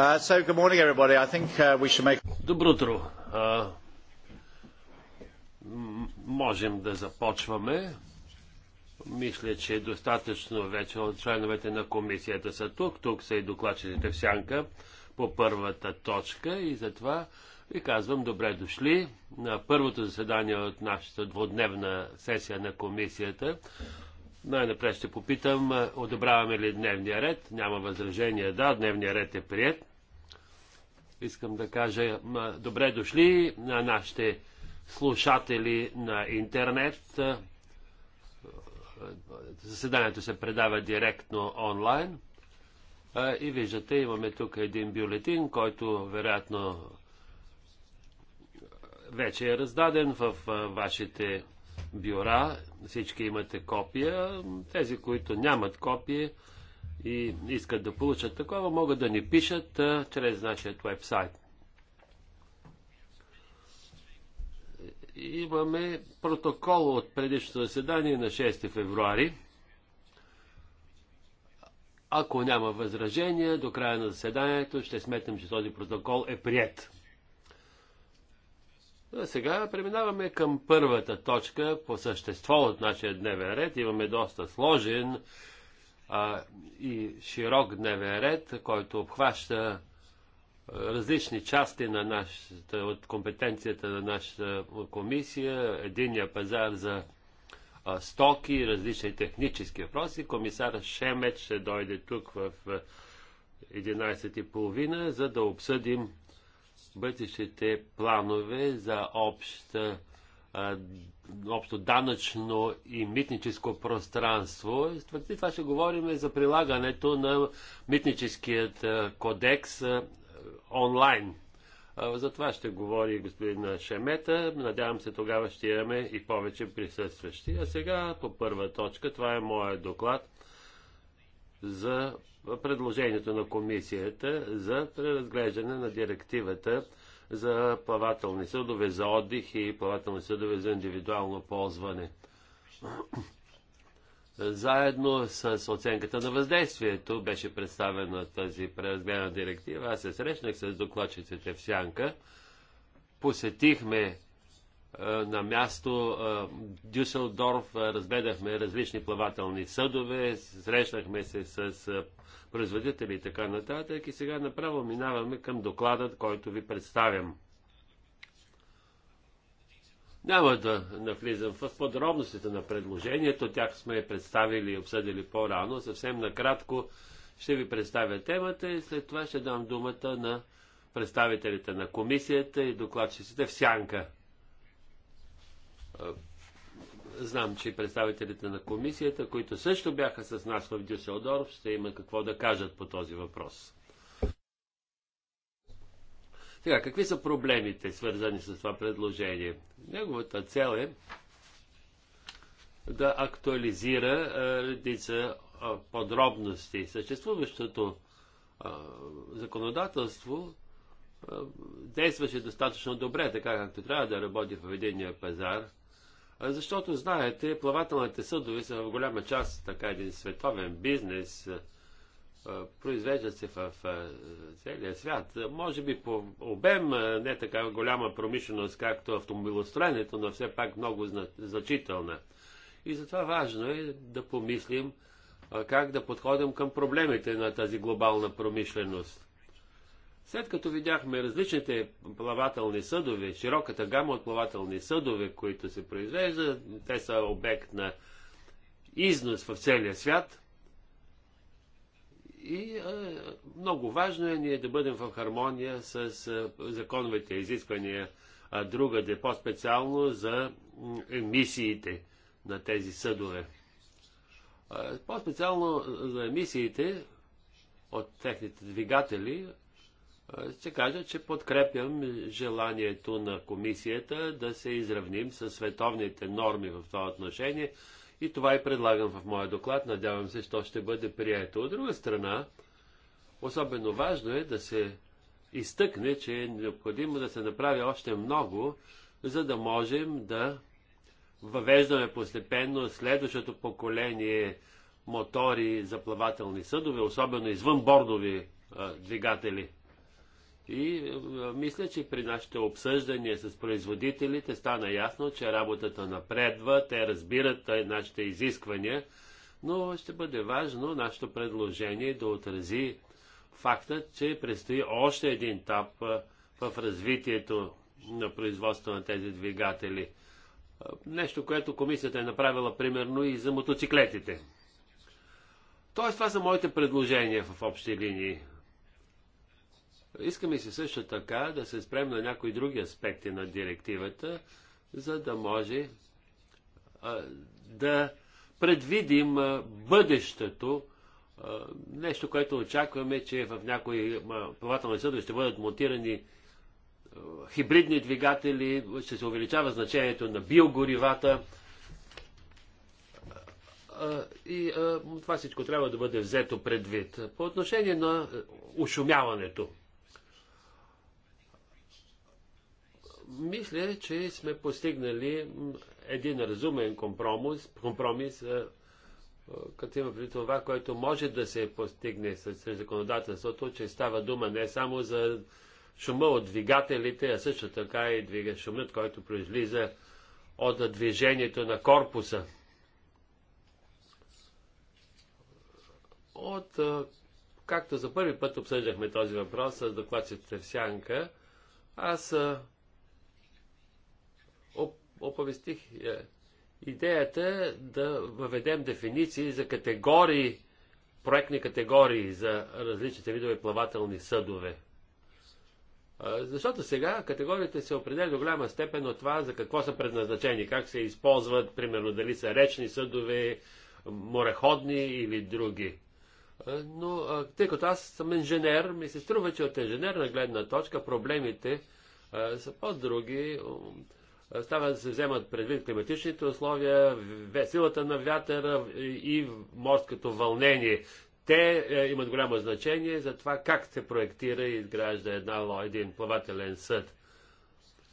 Uh, good morning, everybody. I think uh, we should make... Добро утро. Можем да започваме. Мисля, че е достатъчно вече от членовете на комисията са тук. Тук са и докладчиците в сянка по първата точка и затова ви казвам добре дошли на първото заседание от нашата двудневна сесия на комисията. Най-напред ще попитам, одобряваме ли дневния ред? Няма възражение. Да, дневния ред е прият. Искам да кажа добре дошли на нашите слушатели на интернет. Заседанието се предава директно онлайн. И виждате, имаме тук един бюлетин, който вероятно вече е раздаден в вашите бюра. Всички имате копия. Тези, които нямат копия, и искат да получат такова, могат да ни пишат а, чрез нашия вебсайт. Имаме протокол от предишното заседание на 6 февруари. Ако няма възражения, до края на заседанието ще сметнем, че този протокол е прият. А сега преминаваме към първата точка по същество от нашия дневен ред. Имаме доста сложен а, и широк дневен ред, който обхваща различни части на нашата, от компетенцията на нашата комисия, единия пазар за а, стоки, различни технически въпроси. Комисар Шемет ще дойде тук в 11.30, за да обсъдим бъдещите планове за обща общо данъчно и митническо пространство. И това ще говорим за прилагането на митническият кодекс онлайн. За това ще говори господин Шемета. Надявам се тогава ще имаме и повече присъстващи. А сега по първа точка, това е моят доклад за предложението на комисията за преразглеждане на директивата за плавателни съдове за отдих и плавателни съдове за индивидуално ползване. Заедно с оценката на въздействието беше представена тази преразгледана директива. Аз се срещнах с докладчиците в Сянка. Посетихме е, на място е, Дюселдорф, е, разгледахме различни плавателни съдове, срещнахме се с производители и така нататък. И сега направо минаваме към докладът, който ви представям. Няма да навлизам в подробностите на предложението, тях сме представили и обсъдили по-рано. Съвсем накратко ще ви представя темата и след това ще дам думата на представителите на комисията и докладчиците в сянка. Знам, че представителите на комисията, които също бяха с нас в Дюселдорф, ще има какво да кажат по този въпрос. Сега, какви са проблемите, свързани с това предложение? Неговата цел е да актуализира редица подробности. Съществуващото законодателство действаше достатъчно добре, така както трябва да работи в единния пазар – защото, знаете, плавателните съдове са в голяма част така един световен бизнес, произвеждат се в целия свят. Може би по обем не така голяма промишленост, както автомобилостроенето, но все пак много значителна. И затова важно е да помислим как да подходим към проблемите на тази глобална промишленост. След като видяхме различните плавателни съдове, широката гама от плавателни съдове, които се произвеждат, те са обект на износ в целия свят. И е, много важно е ние да бъдем в хармония с е, законовите изисквания, а другаде по-специално за емисиите на тези съдове. Е, по-специално за емисиите от техните двигатели, ще кажа, че подкрепям желанието на комисията да се изравним с световните норми в това отношение и това и предлагам в моя доклад. Надявам се, що ще бъде прието. От друга страна, особено важно е да се изтъкне, че е необходимо да се направи още много, за да можем да въвеждаме постепенно следващото поколение мотори за плавателни съдове, особено извънбордови бордови двигатели – и мисля, че при нашите обсъждания с производителите стана ясно, че работата напредва, те разбират нашите изисквания, но ще бъде важно нашето предложение да отрази фактът, че предстои още един етап в развитието на производство на тези двигатели. Нещо, което комисията е направила примерно и за мотоциклетите. Тоест, това са моите предложения в общи линии. Искаме се също така да се спрем на някои други аспекти на директивата, за да може а, да предвидим а, бъдещето, а, нещо, което очакваме, че в някои плавателни съдове ще бъдат монтирани хибридни двигатели, ще се увеличава значението на биогоривата. И това всичко трябва да бъде взето предвид. По отношение на ушумяването. мисля, че сме постигнали един разумен компромис, компромис като има преди това, което може да се постигне с, законодателството, че става дума не само за шума от двигателите, а също така и двига шумът, който произлиза от движението на корпуса. От, както за първи път обсъждахме този въпрос с докладците в Сянка, аз оповестих е, идеята е да въведем дефиниции за категории, проектни категории за различните видове плавателни съдове. Защото сега категориите се определят до голяма степен от това за какво са предназначени, как се използват, примерно дали са речни съдове, мореходни или други. Но тъй като аз съм инженер, ми се струва, че от инженерна гледна точка проблемите са по-други Става да се вземат предвид климатичните условия, силата на вятъра и морското вълнение. Те е, имат голямо значение за това как се проектира и изгражда една, един плавателен съд.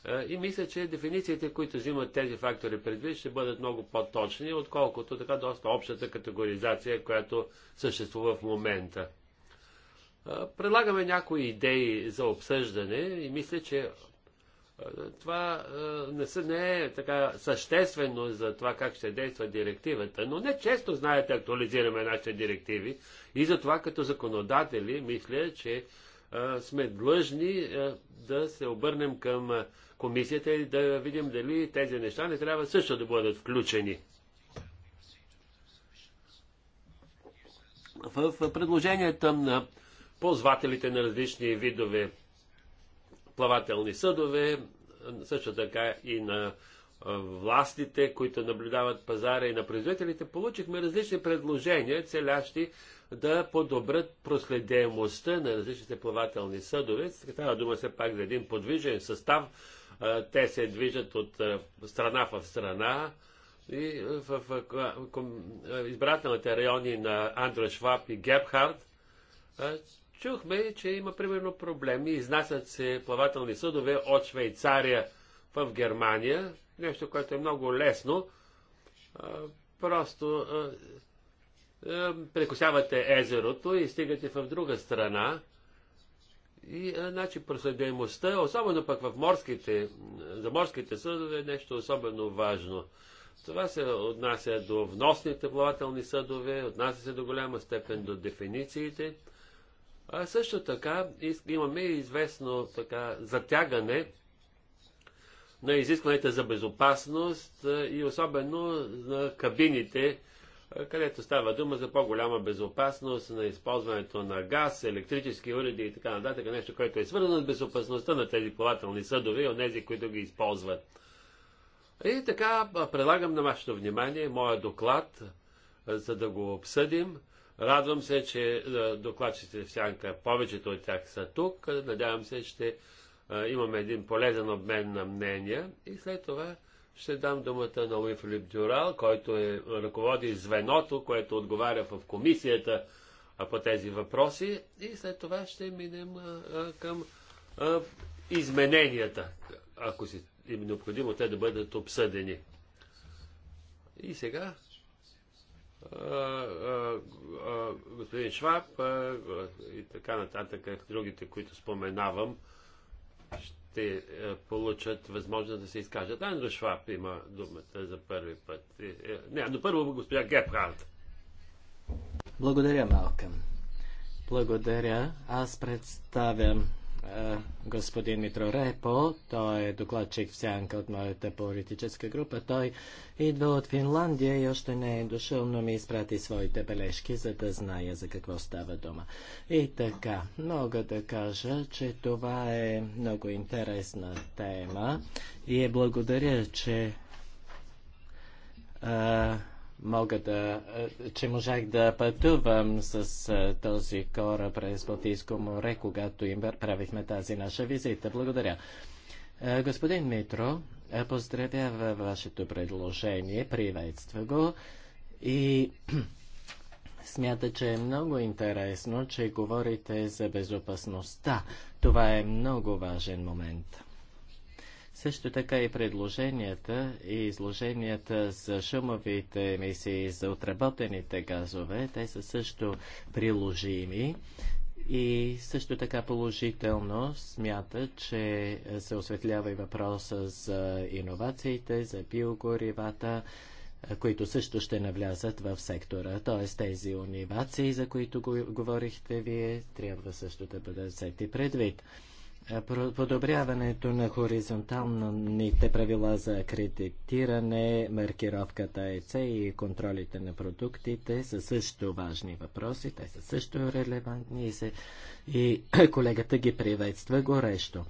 Е, и мисля, че дефинициите, които взимат тези фактори предвид, ще бъдат много по-точни, отколкото така доста общата категоризация, която съществува в момента. Е, предлагаме някои идеи за обсъждане и мисля, че това е, не, са, не е така съществено за това как ще действа директивата, но не често, знаете, актуализираме нашите директиви и за това като законодатели мисля, че а, е, сме длъжни а, е, да се обърнем към комисията и да видим дали тези неща не трябва също да бъдат включени. В предложенията на ползвателите на различни видове плавателни съдове, също така и на властите, които наблюдават пазара и на производителите, получихме различни предложения, целящи да подобрят проследемостта на различните плавателни съдове. Трябва дума се пак за един подвижен състав. Те се движат от страна в страна и в избирателните райони на Андро Шваб и Гебхард чухме, че има примерно проблеми. Изнасят се плавателни съдове от Швейцария в Германия. Нещо, което е много лесно. просто прекусявате езерото и стигате в друга страна. И, значи, проследимостта, особено пък в морските, за морските съдове, е нещо особено важно. Това се отнася до вносните плавателни съдове, отнася се до голяма степен до дефинициите. А също така имаме известно така затягане на изискванията за безопасност и особено на кабините, където става дума за по-голяма безопасност на използването на газ, електрически уреди и така нататък, нещо, което е свързано с безопасността на тези плавателни съдове и от тези, които ги използват. И така предлагам на вашето внимание моя доклад, за да го обсъдим. Радвам се, че е, докладчите в Сянка, повечето от тях са тук. Надявам се, ще е, имаме един полезен обмен на мнения и след това ще дам думата на Луи Филип Дюрал, който е, ръководи звеното, което отговаря в комисията по тези въпроси и след това ще минем към измененията, ако си им е необходимо те да бъдат обсъдени. И сега господин Шваб и така нататък, другите, които споменавам, ще получат възможност да се изкажат. Андро Шваб има думата за първи път. Е, не, но първо господин Гепхард. Благодаря, Малкам. Благодаря. Аз представям е, господин Митро Репо. Той е докладчик в сянка от моята политическа група. Той идва от Финландия и още не е дошъл, но ми изпрати своите бележки, за да зная за какво става дума. И така, мога да кажа, че това е много интересна тема и е благодаря, че а, е, мога да, е, че можах да пътувам с е, този кораб през Балтийско море, когато им правихме тази наша визита. Благодаря. Е, господин Митро, поздравява вашето предложение, приветства го и смята, че е много интересно, че говорите за безопасността. Това е много важен момент. Също така и предложенията и изложенията за шумовите емисии, за отработените газове, те са също приложими. И също така положително смята, че се осветлява и въпроса за иновациите, за биогоривата, които също ще навлязат в сектора. Т.е. тези иновации, за които говорихте вие, трябва също да бъдат взети предвид. Подобряването на хоризонталните правила за акредитиране, маркировката ЕЦ и контролите на продуктите са също важни въпроси, те са също релевантни и, се, и колегата ги приветства горещо.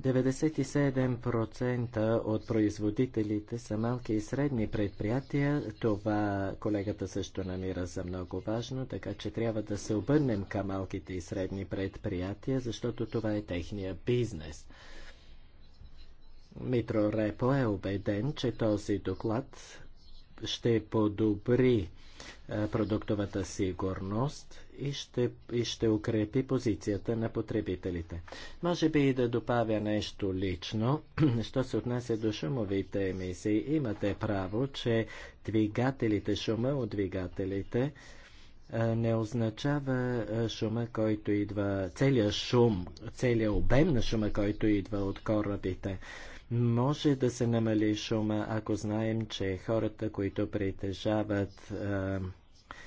97% от производителите са малки и средни предприятия. Това колегата също намира за много важно, така че трябва да се обърнем към малките и средни предприятия, защото това е техния бизнес. Митро Репо е убеден, че този доклад ще подобри е, продуктовата сигурност и ще, и ще укрепи позицията на потребителите. Може би и да добавя нещо лично, що се отнася до шумовите емисии. Имате право, че двигателите, шума от двигателите е, не означава е, шума, който идва, целият шум, целият обем на шума, който идва от корабите. Може да се намали шума, ако знаем, че хората, които притежават е,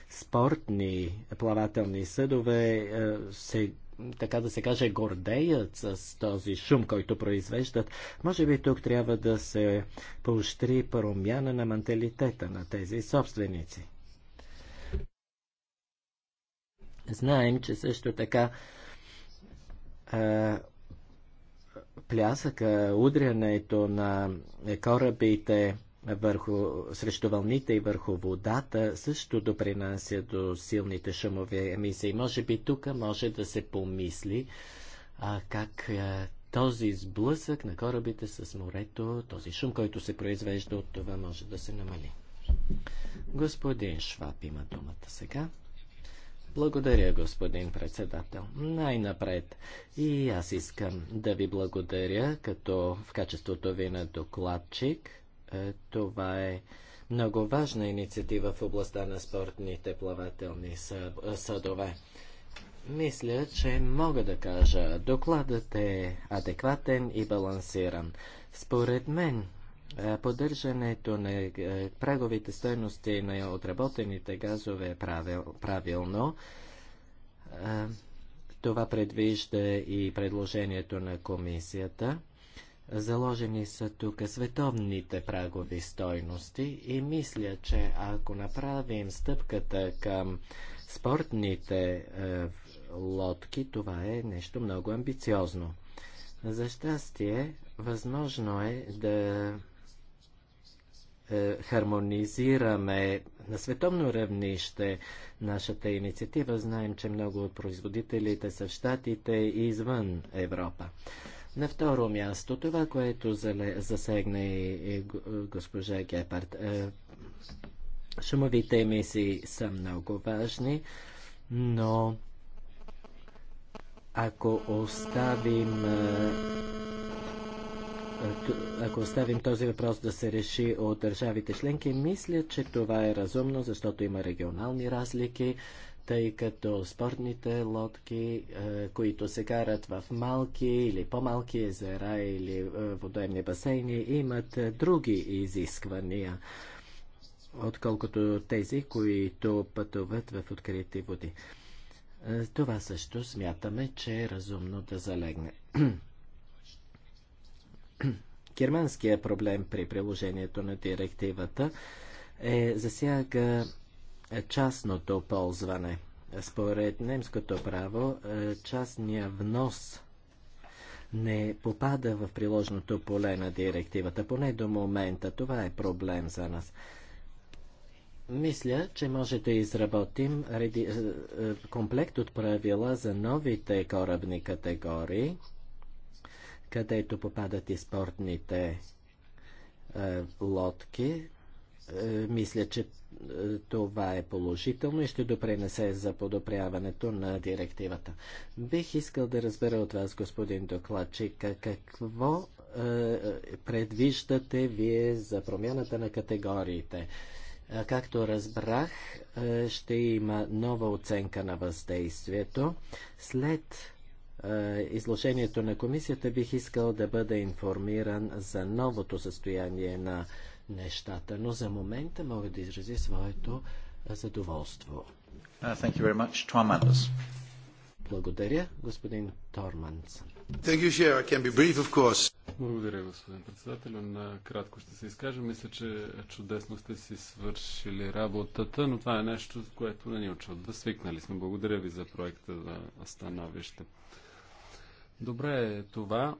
спортни плавателни съдове, е, се така да се каже, гордеят с този шум, който произвеждат. Може би тук трябва да се поощри промяна на менталитета на тези собственици. Знаем, че също така плясъка, удрянето на корабите върху, срещу вълните и върху водата също допринася до силните шумови емисии. Може би тук може да се помисли а, как а, този сблъсък на корабите с морето, този шум, който се произвежда от това, може да се намали. Господин Шваб има думата сега. Благодаря, господин председател. Най-напред и аз искам да ви благодаря, като в качеството ви на докладчик. Е, това е много важна инициатива в областта на спортните плавателни съдове. Мисля, че мога да кажа, докладът е адекватен и балансиран. Според мен, е, поддържането на е, праговите стоености на отработените газове е правилно. Е, това предвижда и предложението на комисията. Заложени са тук световните прагови стойности и мисля, че ако направим стъпката към спортните е, лодки, това е нещо много амбициозно. За щастие, възможно е да е, хармонизираме на световно равнище нашата инициатива. Знаем, че много от производителите са в Штатите и извън Европа. На второ място, това, което засегна и госпожа Гепард, е, шумовите емисии са много важни, но ако оставим е, ако оставим този въпрос да се реши от държавите членки, мисля, че това е разумно, защото има регионални разлики, тъй като спортните лодки, е, които се карат в малки или по-малки езера или е, водоемни басейни, имат е, други изисквания, отколкото тези, които пътуват в открити води. Това също смятаме, че е разумно да залегне. Германския проблем при приложението на директивата е засяга частното ползване. Според немското право, е, частния внос не попада в приложното поле на директивата, поне до момента. Това е проблем за нас. Мисля, че може да изработим е, е, комплект от правила за новите корабни категории – където попадат и спортните е, лодки. Е, мисля, че е, това е положително и ще допринесе за подобряването на директивата. Бих искал да разбера от вас, господин докладчик, какво е, предвиждате вие за промяната на категориите. Е, както разбрах, е, ще има нова оценка на въздействието след е, изложението на комисията бих искал да бъда информиран за новото състояние на нещата, но за момента мога да изрази своето е, задоволство. Uh, Благодаря, господин Торманс. Благодаря, господин председател. Накратко ще се изкажа. Мисля, че чудесно сте си свършили работата, но това е нещо, което не ни очудва. Свикнали сме. Благодаря ви за проекта за становище. Добре е това,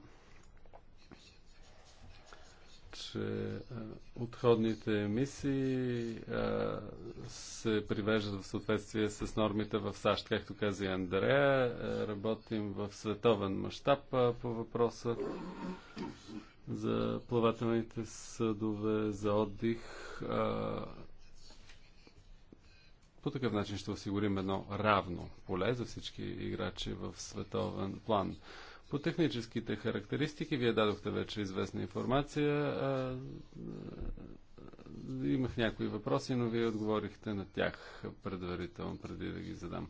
че е, отходните емисии а, е, се привеждат в съответствие с нормите в САЩ. Както каза и Андрея, е, работим в световен мащаб по въпроса за плавателните съдове, за отдих. А, по такъв начин ще осигурим едно равно поле за всички играчи в световен план. По техническите характеристики, вие дадохте вече известна информация. Имах някои въпроси, но вие отговорихте на тях предварително, преди да ги задам.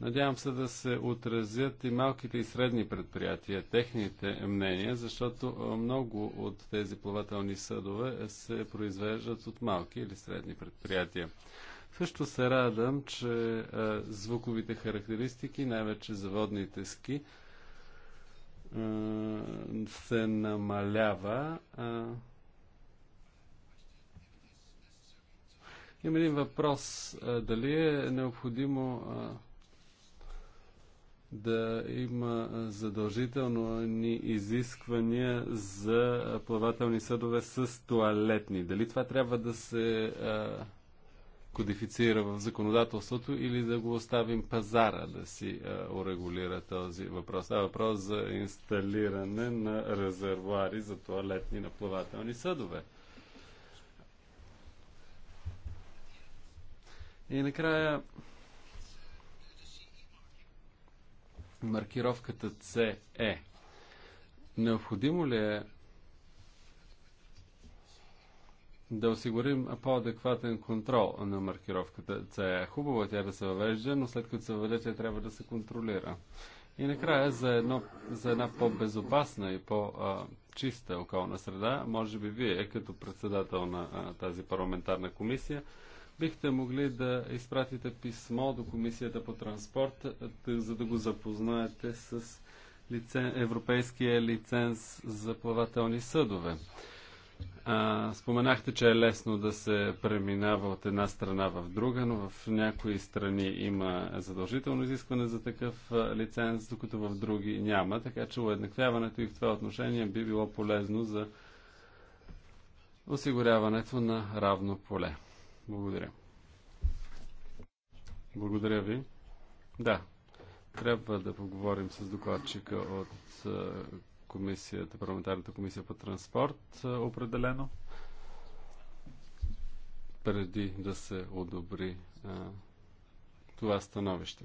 Надявам се да се отразят и малките и средни предприятия, техните мнения, защото много от тези плавателни съдове се произвеждат от малки или средни предприятия. Също се радвам, че звуковите характеристики, най-вече заводните ски, се намалява. Има един въпрос. Дали е необходимо да има задължително ни изисквания за плавателни съдове с туалетни. Дали това трябва да се а, кодифицира в законодателството или да го оставим пазара да си а, урегулира този въпрос. Това е въпрос за инсталиране на резервуари за туалетни наплавателни съдове. И накрая маркировката CE. Необходимо ли е да осигурим по-адекватен контрол на маркировката Це е Хубаво тя да се въвежда, но след като се въведе, тя трябва да се контролира. И накрая за, едно, за една по-безопасна и по-чиста околна среда, може би вие, като председател на тази парламентарна комисия, бихте могли да изпратите писмо до Комисията по транспорт, за да го запознаете с лице, европейския лиценз за плавателни съдове. А, споменахте, че е лесно да се преминава от една страна в друга, но в някои страни има задължително изискване за такъв лиценз, докато в други няма. Така че уеднаквяването и в това отношение би било полезно за осигуряването на равно поле. Благодаря. Благодаря ви. Да, трябва да поговорим с докладчика от комисията, парламентарната комисия по транспорт е, определено преди да се одобри а, е, това становище.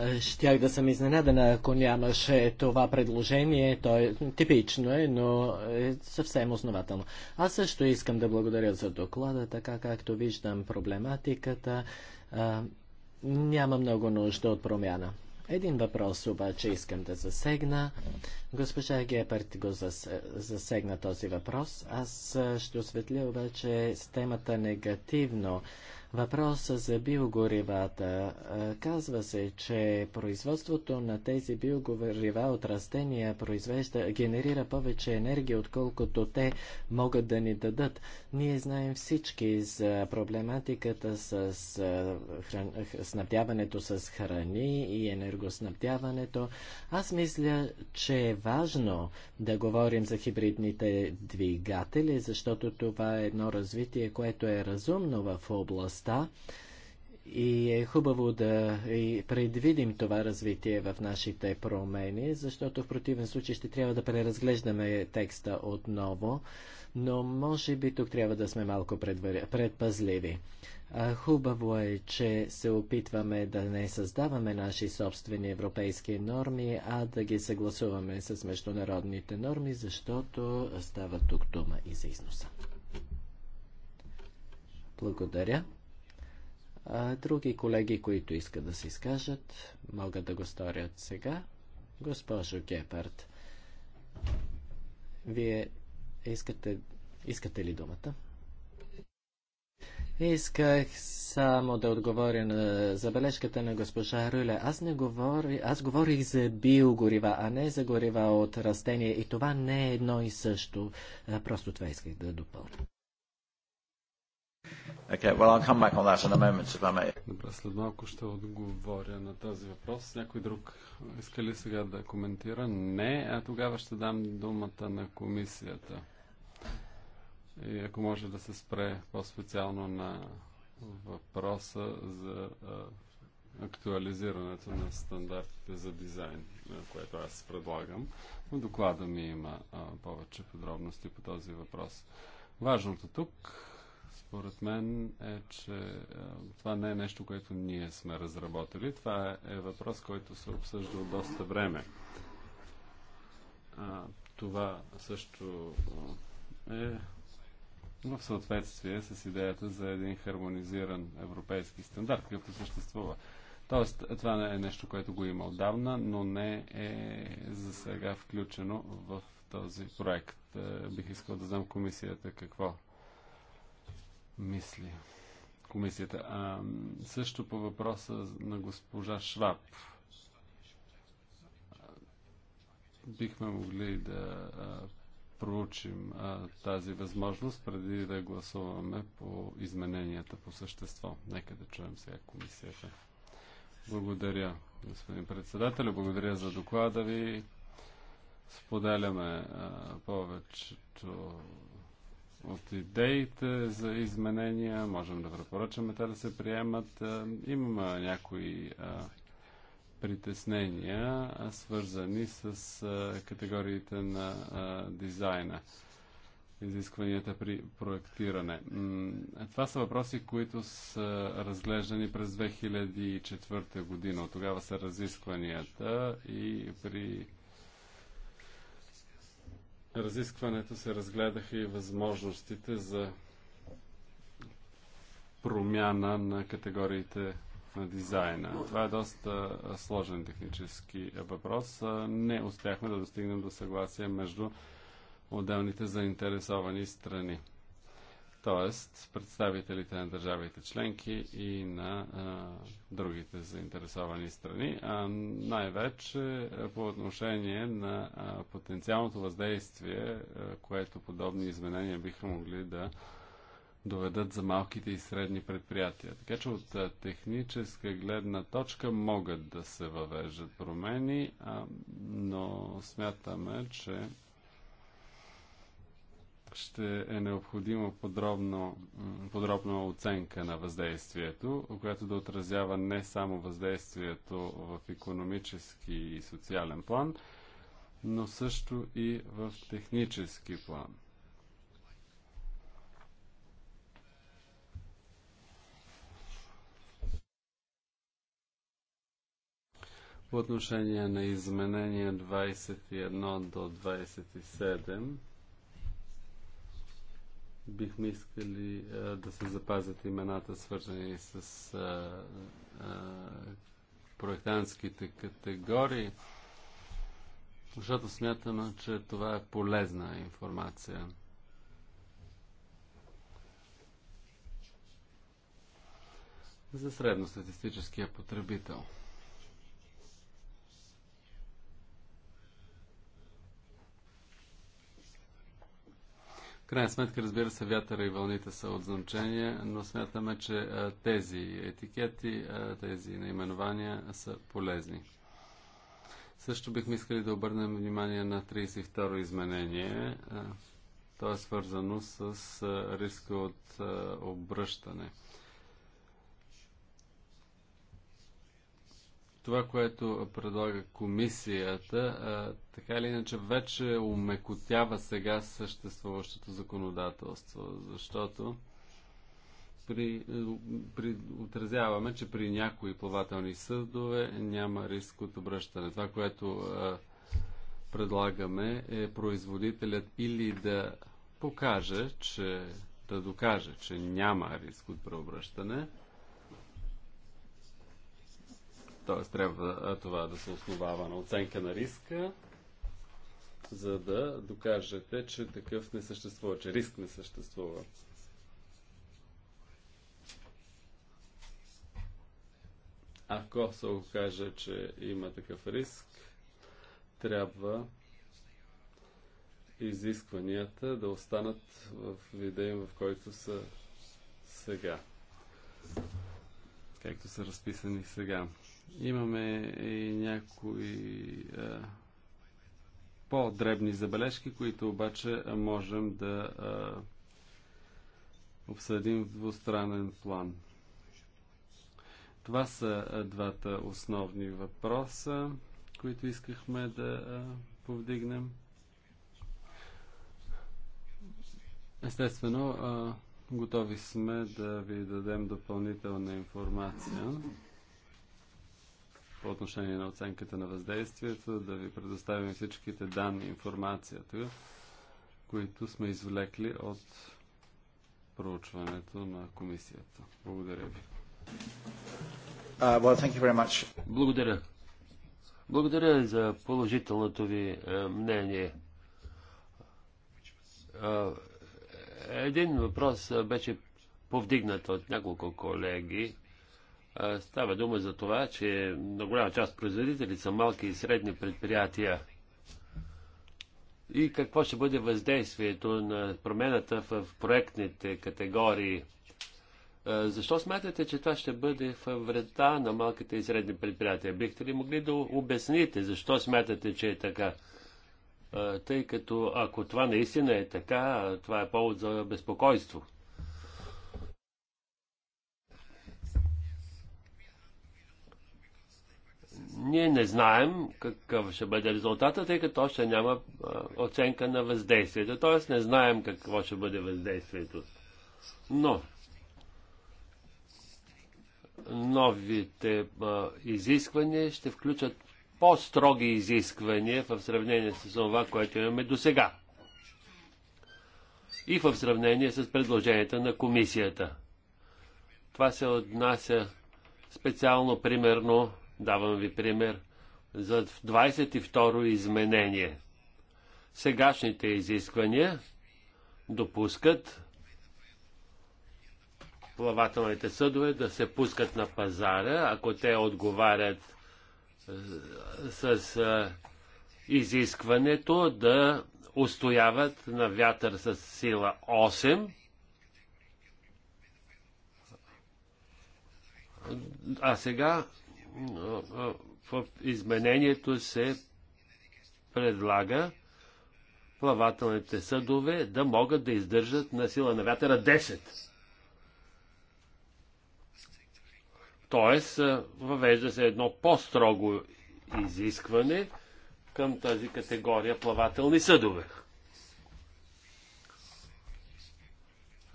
Е, щях да съм изненадана, ако нямаше това предложение. То е типично е, но е съвсем основателно. Аз също искам да благодаря за доклада, така както виждам проблематиката. А, няма много нужда от промяна. Един въпрос обаче искам да засегна. Госпожа Гепард го засегна този въпрос. Аз ще осветля обаче с темата негативно. Въпросът за биогоривата. Казва се, че производството на тези биогорива от растения произвежда, генерира повече енергия, отколкото те могат да ни дадат. Ние знаем всички за проблематиката с хран... снабдяването с храни и енергоснабдяването. Аз мисля, че е важно да говорим за хибридните двигатели, защото това е едно развитие, което е разумно в област места. И е хубаво да предвидим това развитие в нашите промени, защото в противен случай ще трябва да преразглеждаме текста отново, но може би тук трябва да сме малко предпазливи. Хубаво е, че се опитваме да не създаваме наши собствени европейски норми, а да ги съгласуваме с международните норми, защото става тук дума и за износа. Благодаря. Други колеги, които искат да се изкажат, могат да го сторят сега. Госпожо Гепард, вие искате, искате ли думата? Исках само да отговоря на забележката на госпожа Рюля. Аз не говори, аз говорих за биогорива, а не за горива от растения. И това не е едно и също. Просто това исках да допълня. Okay, well, I'll come back on that in a moment, if I may. Добре, след малко ще отговоря на този въпрос. Някой друг иска ли сега да коментира? Не, а тогава ще дам думата на комисията. И ако може да се спре по-специално на въпроса за актуализирането на стандартите за дизайн, което аз предлагам. Но доклада ми има повече подробности по този въпрос. Важното тук според мен, е, че е, това не е нещо, което ние сме разработили. Това е въпрос, който се обсъжда от доста време. Това също е, е в съответствие с идеята за един хармонизиран европейски стандарт, какъвто съществува. Тоест, това не е нещо, което го има отдавна, но не е за сега включено в този проект. Е, бих искал да знам комисията какво мисли комисията. А, също по въпроса на госпожа Шваб. Бихме могли да а, проучим а, тази възможност преди да гласуваме по измененията по същество. Нека да чуем сега комисията. Благодаря, господин председател. Благодаря за доклада ви. Споделяме а, повечето от идеите за изменения, можем да препоръчаме те да се приемат. Е, имаме някои е, притеснения, е, свързани с категориите на дизайна изискванията при проектиране. Това са въпроси, които са разглеждани през 2004 година. От тогава са разискванията и при разискването се разгледаха и възможностите за промяна на категориите на дизайна. Това е доста сложен технически въпрос. Не успяхме да достигнем до съгласие между отделните заинтересовани страни т.е. представителите на държавите членки и на а, другите заинтересовани страни, а най-вече по отношение на а, потенциалното въздействие, а, което подобни изменения биха могли да доведат за малките и средни предприятия. Така че от техническа гледна точка могат да се въвеждат промени, а, но смятаме, че ще е необходима подробно, подробна оценка на въздействието, която да отразява не само въздействието в економически и социален план, но също и в технически план. По отношение на изменения 21 до 27, бихме искали а, да се запазят имената, свързани с а, а, проектантските категории, защото смятаме, че това е полезна информация. За средностатистическия потребител. крайна сметка, разбира се, вятъра и вълните са от значение, но смятаме, че тези етикети, тези наименования са полезни. Също бихме искали да обърнем внимание на 32 о изменение. То е свързано с риска от обръщане – това, което предлага комисията, така или иначе вече умекотява сега съществуващото законодателство, защото при, при, отразяваме, че при някои плавателни съдове няма риск от обръщане. Това, което а, предлагаме е производителят или да покаже, че да докаже, че няма риск от преобръщане, Тоест трябва това да се основава на оценка на риска, за да докажете, че такъв не съществува, че риск не съществува. Ако се окаже, че има такъв риск, трябва изискванията да останат в вида им, в който са сега. Както са разписани сега. Имаме и някои а, е, по-дребни забележки, които обаче можем да а, е, обсъдим в двустранен план. Това са е, двата основни въпроса, които искахме да повдигнем. Естествено, готови сме да ви дадем допълнителна информация по отношение на оценката на въздействието, да ви предоставим всичките данни, информацията, които сме извлекли от проучването на комисията. Благодаря ви. Uh, well, thank you very much. Благодаря. Благодаря за положителното ви е, мнение. Е, един въпрос е, беше повдигнат от няколко колеги Става дума за това, че на голяма част производители са малки и средни предприятия. И какво ще бъде въздействието на промената в проектните категории? Защо смятате, че това ще бъде в вреда на малките и средни предприятия? Бихте ли могли да обясните защо смятате, че е така? Тъй като ако това наистина е така, това е повод за безпокойство. Ние не знаем какъв ще бъде резултата, тъй като още няма оценка на въздействието. Т.е. не знаем какво ще бъде въздействието. Но новите изисквания ще включат по-строги изисквания в сравнение с това, което имаме до сега. И в сравнение с предложенията на комисията. Това се отнася специално, примерно, Давам ви пример за 22-ро изменение. Сегашните изисквания допускат плавателните съдове да се пускат на пазара, ако те отговарят е, с, с е, изискването да устояват на вятър с сила 8, а сега в изменението се предлага плавателните съдове да могат да издържат на сила на вятъра 10. Тоест, въвежда се едно по-строго изискване към тази категория плавателни съдове.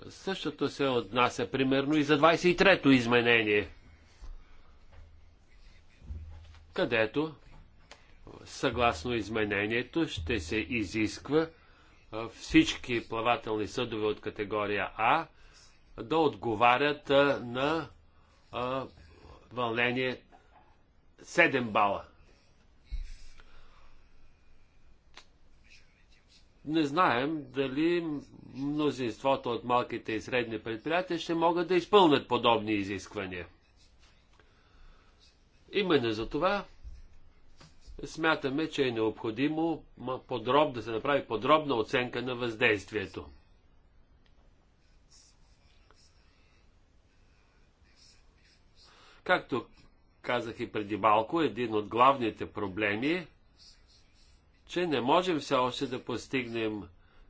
Същото се отнася примерно и за 23-то изменение – където съгласно изменението ще се изисква всички плавателни съдове от категория А да отговарят на вълнение 7 бала. Не знаем дали мнозинството от малките и средни предприятия ще могат да изпълнят подобни изисквания. Именно за това смятаме, че е необходимо подроб, да се направи подробна оценка на въздействието. Както казах и преди малко, един от главните проблеми е, че не можем все още да постигнем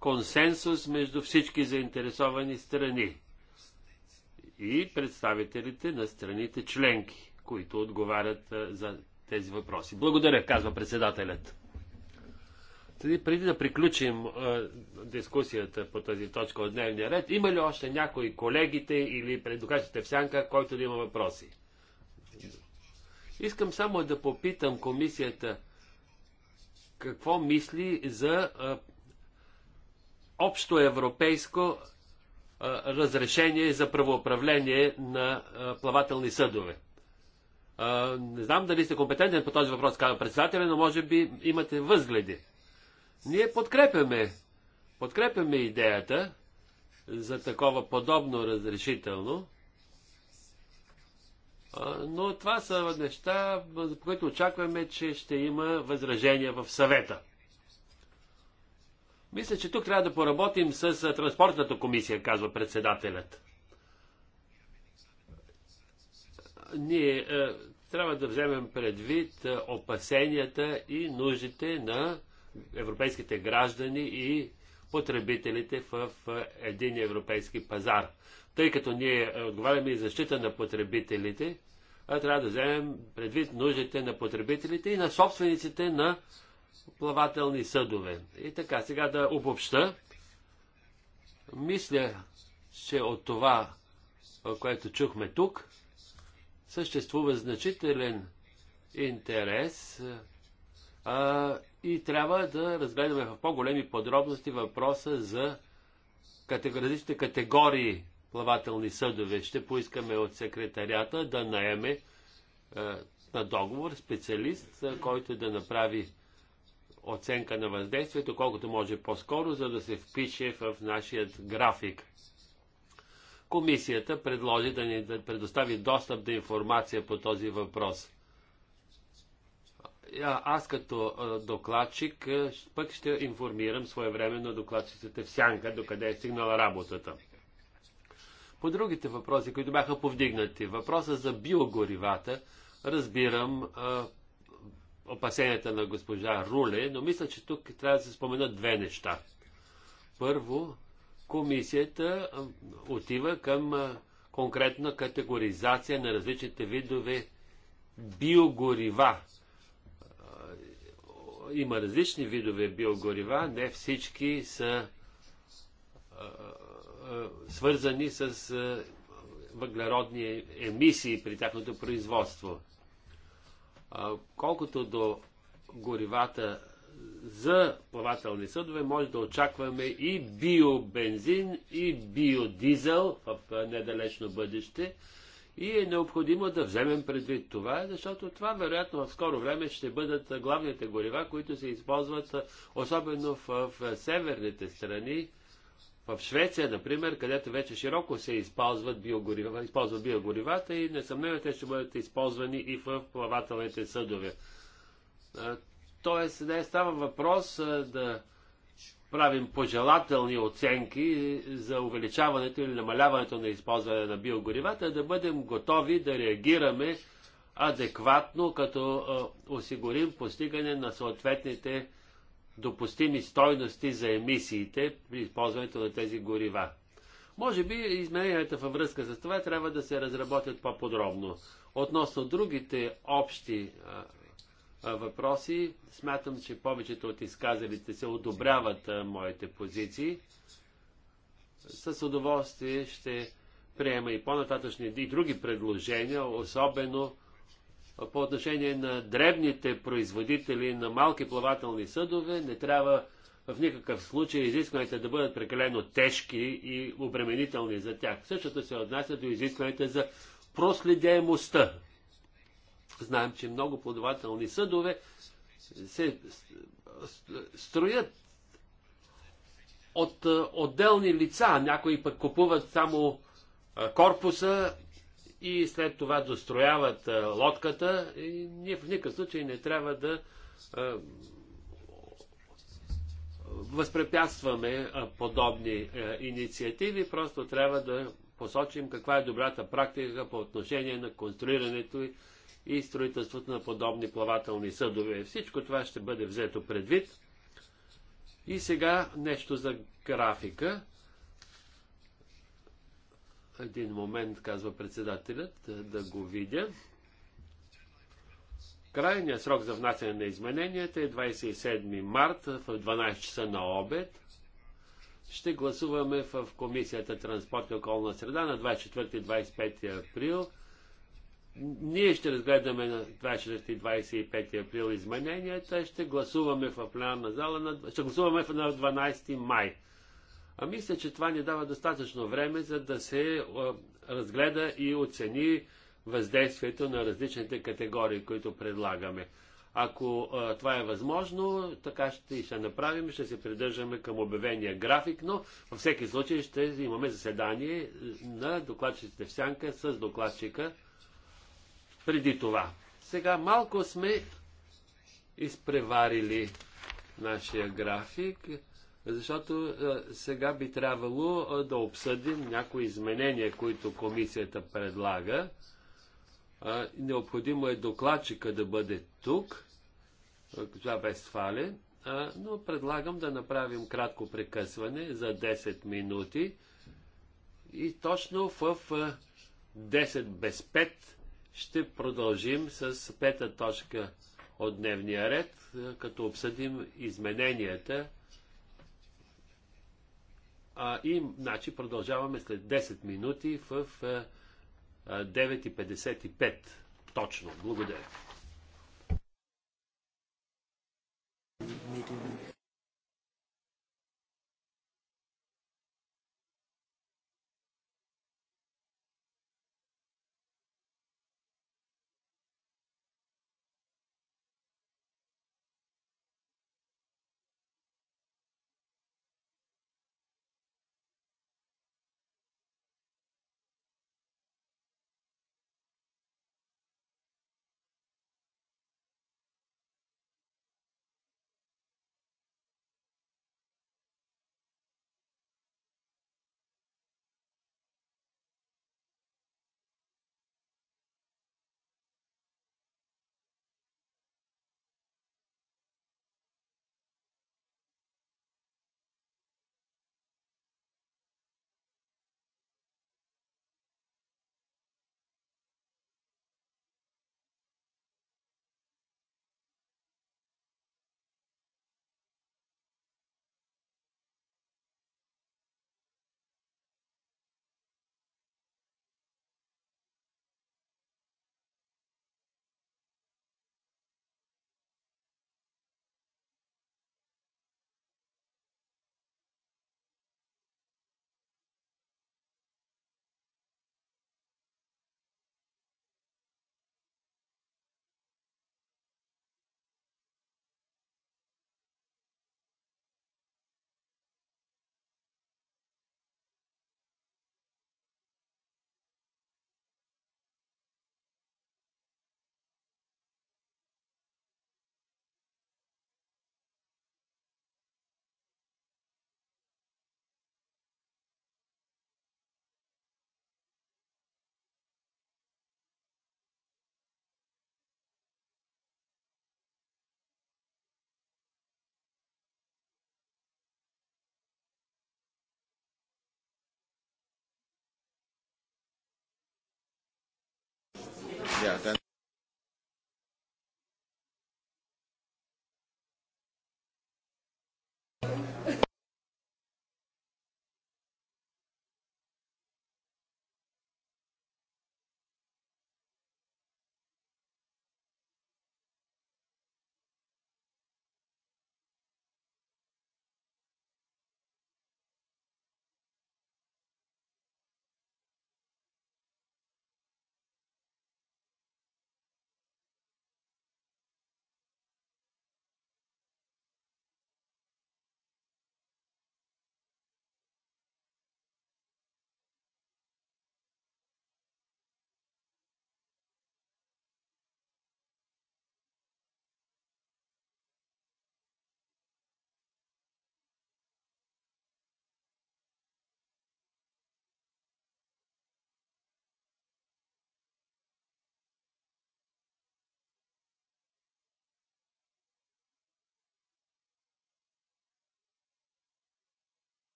консенсус между всички заинтересовани страни и представителите на страните членки които отговарят за тези въпроси. Благодаря, казва председателят. Тъй, преди да приключим а, дискусията по тази точка от дневния ред, има ли още някои колегите или предукачите в сянка, който да има въпроси? Искам само да попитам комисията какво мисли за а, общо европейско а, разрешение за правоуправление на а, плавателни съдове не знам дали сте компетентен по този въпрос, казва председателя, но може би имате възгледи. Ние подкрепяме, подкрепяме идеята за такова подобно разрешително, но това са неща, за които очакваме, че ще има възражения в съвета. Мисля, че тук трябва да поработим с транспортната комисия, казва председателят. ние е, трябва да вземем предвид е, опасенията и нуждите на европейските граждани и потребителите в, един европейски пазар. Тъй като ние е, отговаряме и защита на потребителите, а трябва да вземем предвид нуждите на потребителите и на собствениците на плавателни съдове. И така, сега да обобща. Мисля, че от това, което чухме тук, съществува значителен интерес а, и трябва да разгледаме в по-големи подробности въпроса за категоричните категории плавателни съдове. Ще поискаме от секретарята да наеме а, на договор специалист, а, който да направи оценка на въздействието, колкото може по-скоро, за да се впише в нашия график. Комисията предложи да ни предостави достъп до информация по този въпрос. Аз като докладчик пък ще информирам своевременно докладчиците в сянка, докъде е стигнала работата. По другите въпроси, които бяха повдигнати, въпроса за биогоривата, разбирам а, опасенията на госпожа Руле, но мисля, че тук трябва да се споменат две неща. Първо, комисията отива към конкретна категоризация на различните видове биогорива. Има различни видове биогорива, не всички са свързани с въглеродни емисии при тяхното производство. Колкото до горивата за плавателни съдове може да очакваме и биобензин, и биодизел в недалечно бъдеще. И е необходимо да вземем предвид това, защото това вероятно в скоро време ще бъдат главните горива, които се използват особено в, в северните страни. В Швеция, например, където вече широко се използват биогорива, използват биогоривата и несъмнено те ще бъдат използвани и в плавателните съдове. Тоест, не става въпрос да правим пожелателни оценки за увеличаването или намаляването на използване на биогоривата, да бъдем готови да реагираме адекватно, като осигурим постигане на съответните допустими стойности за емисиите при използването на тези горива. Може би измененията във връзка с това трябва да се разработят по-подробно. Относно другите общи въпроси. Смятам, че повечето от изказалите се одобряват моите позиции. С удоволствие ще приема и по-нататъчни и други предложения, особено по отношение на дребните производители на малки плавателни съдове. Не трябва в никакъв случай изискванията да бъдат прекалено тежки и обременителни за тях. Същото се отнася до изискванията за проследяемостта. Знаем, че много плодователни съдове се строят от отделни лица. Някои пък купуват само корпуса и след това дострояват лодката. И ние в никакъв случай не трябва да възпрепятстваме подобни инициативи. Просто трябва да посочим каква е добрата практика по отношение на конструирането и и строителството на подобни плавателни съдове. Всичко това ще бъде взето предвид. И сега нещо за графика. Един момент, казва председателят, да го видя. Крайният срок за внасяне на измененията е 27 март в 12 часа на обед. Ще гласуваме в Комисията Транспорт и околна среда на 24-25 април ние ще разгледаме на 25 април измененията, ще гласуваме в пленарна зала, на, ще гласуваме на 12 май. А мисля, че това ни дава достатъчно време, за да се разгледа и оцени въздействието на различните категории, които предлагаме. Ако а, това е възможно, така ще и ще направим, ще се придържаме към обявения график, но във всеки случай ще имаме заседание на докладчиците в сянка с докладчика преди това. Сега малко сме изпреварили нашия график, защото е, сега би трябвало е, да обсъдим някои изменения, които комисията предлага. Е, необходимо е докладчика да бъде тук, това без свале, но предлагам да направим кратко прекъсване за 10 минути и точно в 10 без 5 ще продължим с пета точка от дневния ред, е, като обсъдим измененията. А, и, значи, продължаваме след 10 минути в 9.55. Е, е, Точно. Благодаря.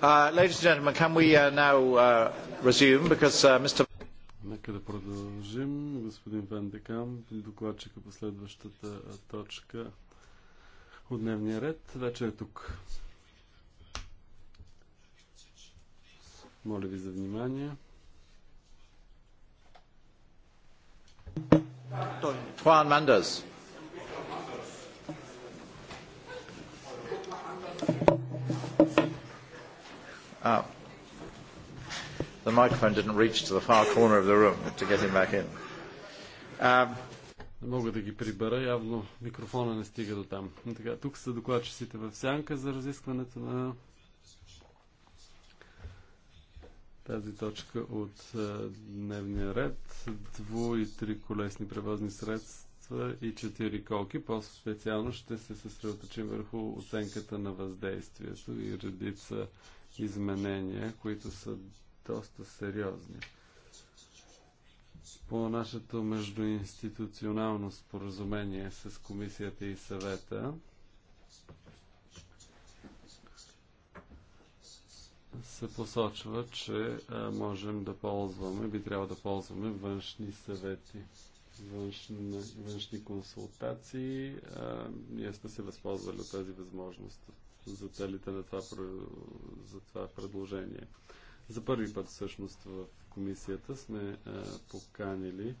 Uh, ladies and gentlemen, can we uh, now uh, resume because Mr. Нека да продължим. Господин Ван Декам, докладчика по следващата точка от дневния ред, вече е тук. Моля ви за внимание. Хуан Manders. Oh. The microphone didn't reach to the far corner of the room to get him back in. Um, не мога да ги прибера. Явно микрофона не стига до там. Така, тук са докладчиците в сянка за разискването на тази точка от е, дневния ред. Дво и три колесни превозни средства и четири колки. По-специално ще се съсредоточим върху оценката на въздействието и редица изменения, които са доста сериозни. По нашето междуинституционално споразумение с комисията и съвета, се посочва, че можем да ползваме, би трябва да ползваме външни съвети, външни, външни консултации. ние сме се възползвали от тази възможност за целите на това, за това предложение. За първи път всъщност в комисията сме а, е, поканили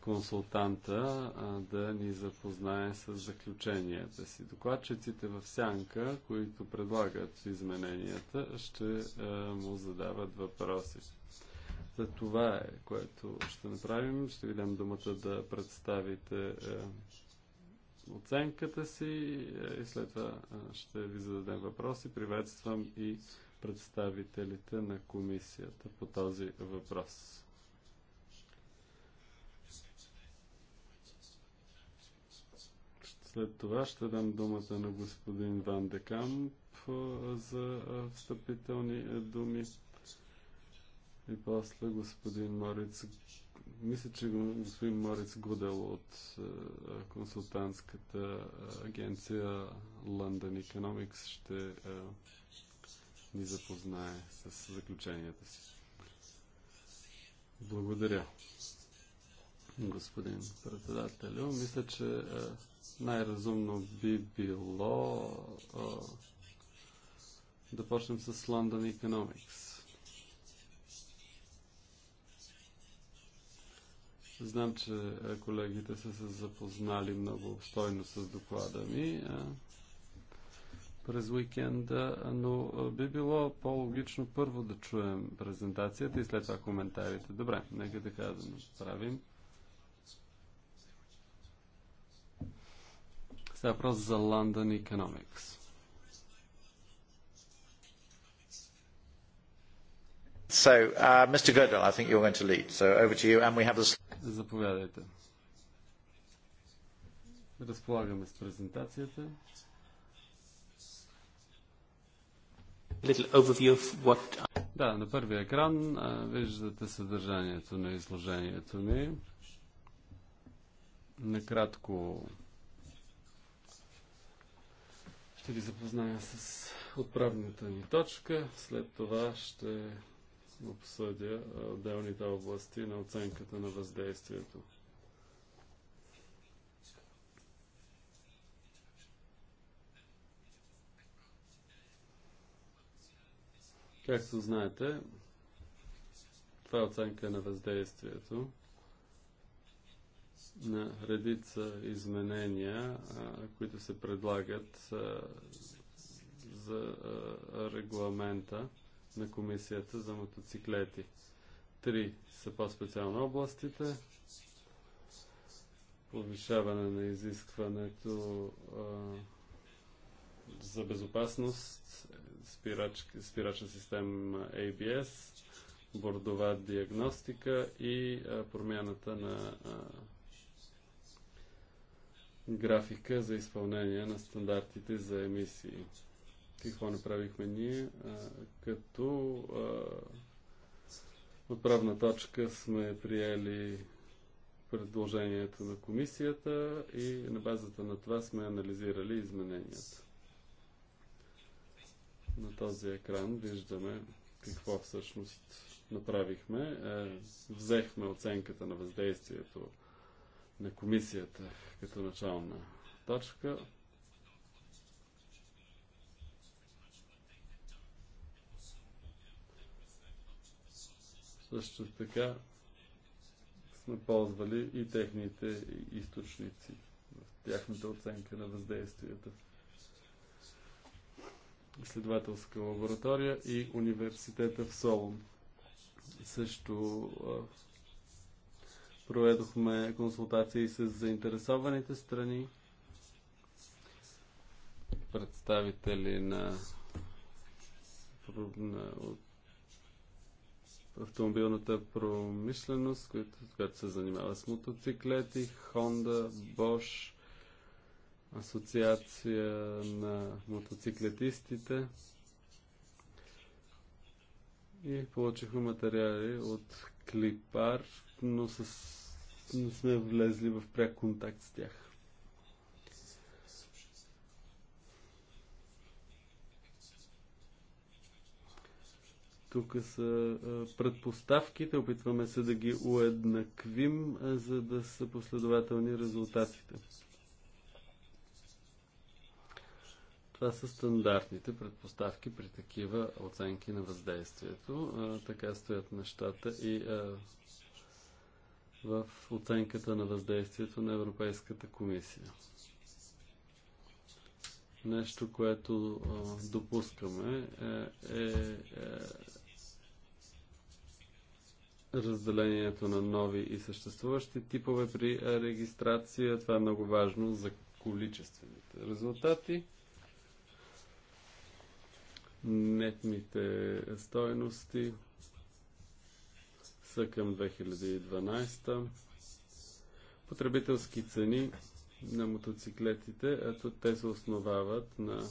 консултанта а, е, да ни запознае с заключенията си. Докладчиците в сянка, които предлагат измененията, ще а, е, му задават въпроси. За това е, което ще направим. Ще ви дам думата да представите оценката си е, и след това ще ви зададем въпроси. Приветствам и представителите на комисията по този въпрос. След това ще дам думата на господин Ван Декамп за встъпителни думи. И после господин Мориц мисля, че господин Морец Гудел от е, консултантската агенция London Economics ще е, ни запознае с заключенията си. Благодаря, господин председателю. Мисля, че е, най-разумно би било да почнем с London Economics Знам, че колегите са се запознали много обстойно с доклада ми през уикенда, но би било по-логично първо да чуем презентацията и след това коментарите. Добре, нека така да правим. Сега въпрос за London Economics. So, uh, Mr. Goodall, I think you're going to lead. So over to you, and we have the... this. Заповядайте. Разполагаме с презентацията. What... Да, на първия екран а, виждате съдържанието на изложението ми. Накратко ще ви запозная с отправната ни точка. След това ще обсъдя отделните области на оценката на въздействието. Както знаете, това е оценка на въздействието на редица изменения, които се предлагат за регламента на комисията за мотоциклети. Три са по-специално областите. Повишаване на изискването а, за безопасност, спирач, спирачна система ABS, бордова диагностика и а, промяната на а, графика за изпълнение на стандартите за емисии какво направихме ние, като отправна точка сме приели предложението на комисията и на базата на това сме анализирали измененията. На този екран виждаме какво всъщност направихме. Е, взехме оценката на въздействието на комисията като начална точка. Също така сме ползвали и техните източници в тяхната оценка на въздействията. Изследователска лаборатория и университета в Солун. Също проведохме консултации с заинтересованите страни, представители на, на от автомобилната промишленост, която, която се занимава с мотоциклети, Honda, Bosch, Асоциация на мотоциклетистите. И получихме материали от Клипар, но с... не сме влезли в пряк контакт с тях. Тук са предпоставките, опитваме се да ги уеднаквим, за да са последователни резултатите. Това са стандартните предпоставки при такива оценки на въздействието. Така стоят нещата и в оценката на въздействието на Европейската комисия. Нещо, което допускаме е, е, е разделението на нови и съществуващи типове при регистрация. Това е много важно за количествените резултати. Нетните стоености са към 2012. Потребителски цени на мотоциклетите, ето те се основават на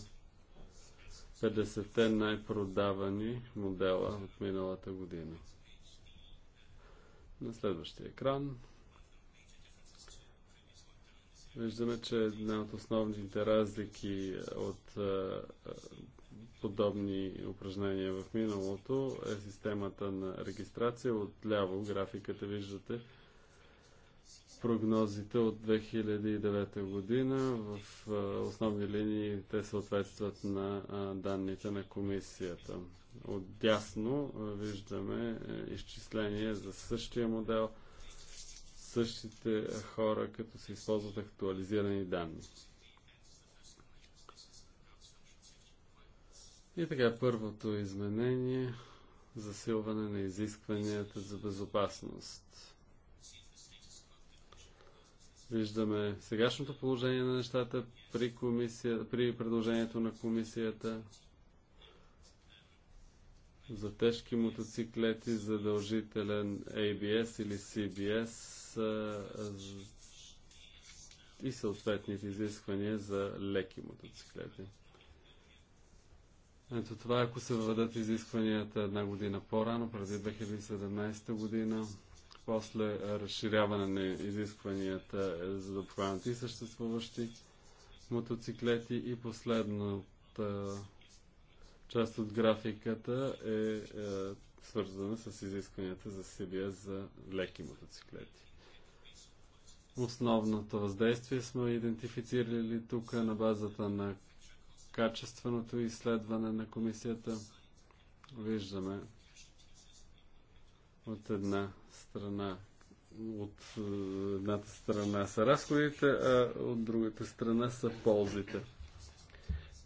50-те най-продавани модела от миналата година. На следващия екран виждаме, че една от основните разлики от е, подобни упражнения в миналото е системата на регистрация. Отляво графиката виждате прогнозите от 2009 година. В основни линии те съответстват на данните на комисията. Отдясно виждаме е, изчисление за същия модел, същите хора, като се използват актуализирани данни. И така, първото изменение засилване на изискванията за безопасност. Виждаме сегашното положение на нещата при, комисия, при предложението на комисията за тежки мотоциклети, задължителен ABS или CBS и съответните изисквания за леки мотоциклети. Ето това, ако се въведат изискванията една година по-рано, преди 2017 година, после разширяване на изискванията е, за да обхванат и съществуващи мотоциклети и последната част от графиката е, е свързана с изискванията за силия за леки мотоциклети. Основното въздействие сме идентифицирали тук на базата на качественото изследване на комисията. Виждаме от една страна от е, едната страна са разходите, а от другата страна са ползите.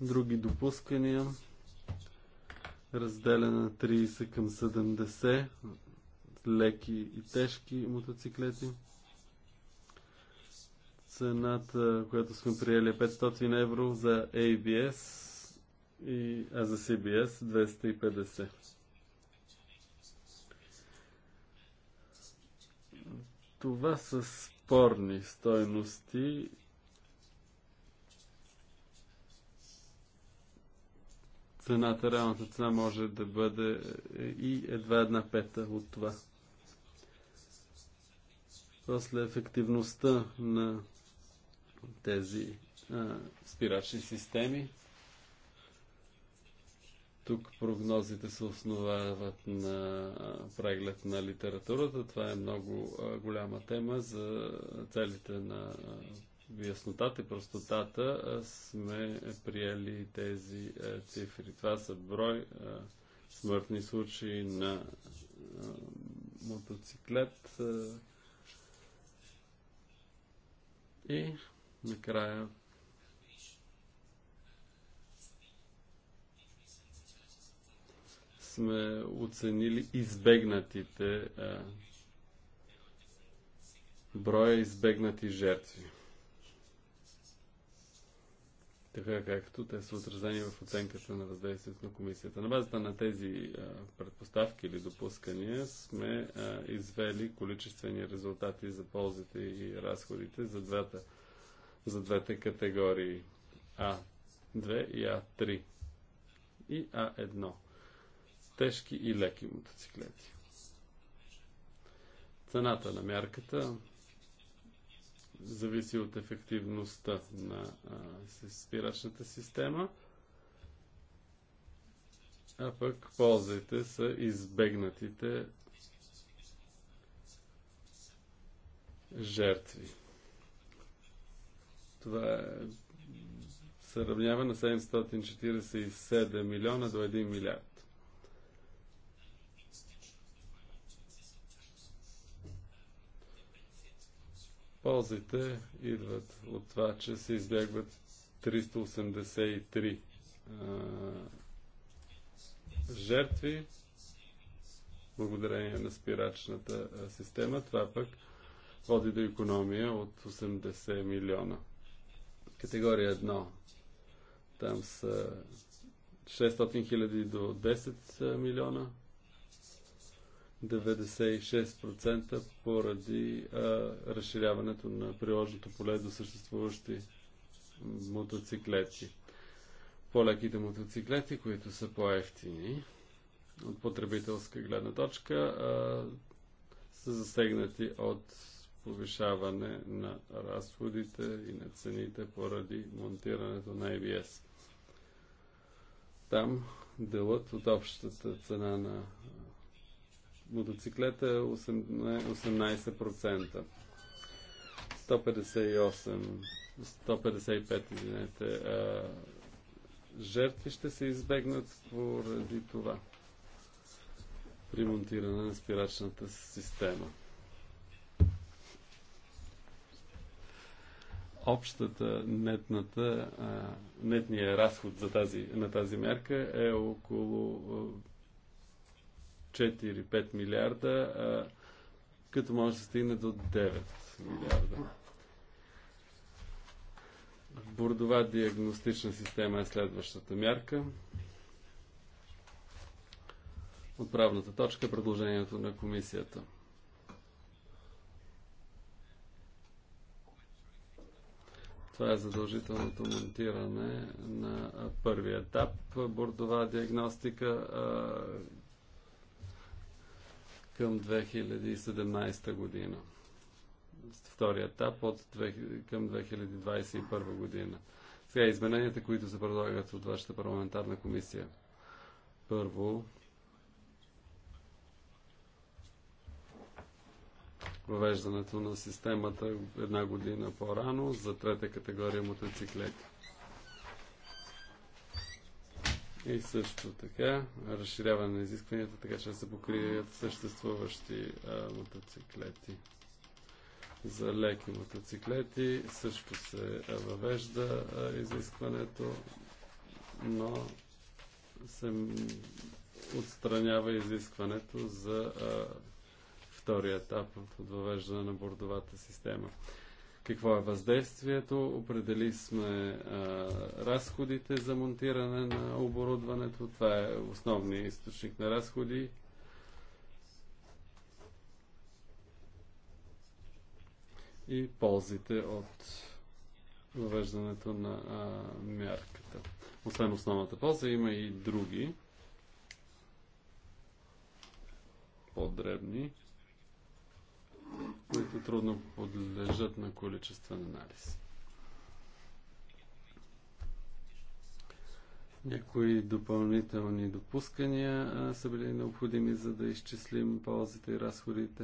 Други допускания разделена на 30 към 70 леки и тежки мотоциклети. Цената, която сме приели е 500 евро за ABS, и, а за CBS 250. Това са спорни стойности. Цената, реалната цена може да бъде и едва една пета от това. После ефективността на тези а, спирачни системи. Тук прогнозите се основават на преглед на литературата. Това е много голяма тема за целите на яснотата и простотата. Сме приели тези цифри. Това са брой смъртни случаи на мотоциклет и накрая сме оценили избегнатите а, броя избегнати жертви. Така както те са отразени в оценката на въздействието на комисията. На базата на тези а, предпоставки или допускания сме а, извели количествени резултати за ползите и разходите за, двете, за двете категории А2 и А3 и А1 тежки и леки мотоциклети. Цената на мярката зависи от ефективността на спирачната система, а пък ползите са избегнатите жертви. Това е, се на 747 милиона до 1 милиард. Ползите идват от това, че се избягват 383 а, жертви благодарение на спирачната система. Това пък води до економия от 80 милиона. Категория 1. Там са 600 хиляди до 10 милиона 96% поради а, разширяването на приложното поле до съществуващи мотоциклети. По-леките мотоциклети, които са по-ефтини от потребителска гледна точка, а, са засегнати от повишаване на разходите и на цените поради монтирането на ABS. Там делът от общата цена на мотоциклета е 18%. 158, 155, жертви ще се избегнат поради това при монтиране на спирачната система. Общата нетната, а, нетния разход за тази, на тази мерка е около 4-5 милиарда, а, като може да стигне до 9 милиарда. Бордова диагностична система е следващата мярка. Отправната точка е предложението на комисията. Това е задължителното монтиране на първи етап бордова диагностика, към 2017 година. Вторият етап от 2, към 2021 година. Сега измененията, които се предлагат от вашата парламентарна комисия. Първо, въвеждането на системата една година по-рано за трета категория мотоциклети. И също така разширяване на изискванията, така че да се покрият съществуващи а, мотоциклети. За леки мотоциклети също се въвежда а, изискването, но се отстранява изискването за а, втори етап от въвеждане на бордовата система какво е въздействието, определи сме а, разходите за монтиране на оборудването, това е основният източник на разходи. И ползите от въвеждането на а, мярката. Освен основната полза, има и други по-дребни които трудно подлежат на количествен анализ. Някои допълнителни допускания а, са били необходими, за да изчислим ползите и разходите.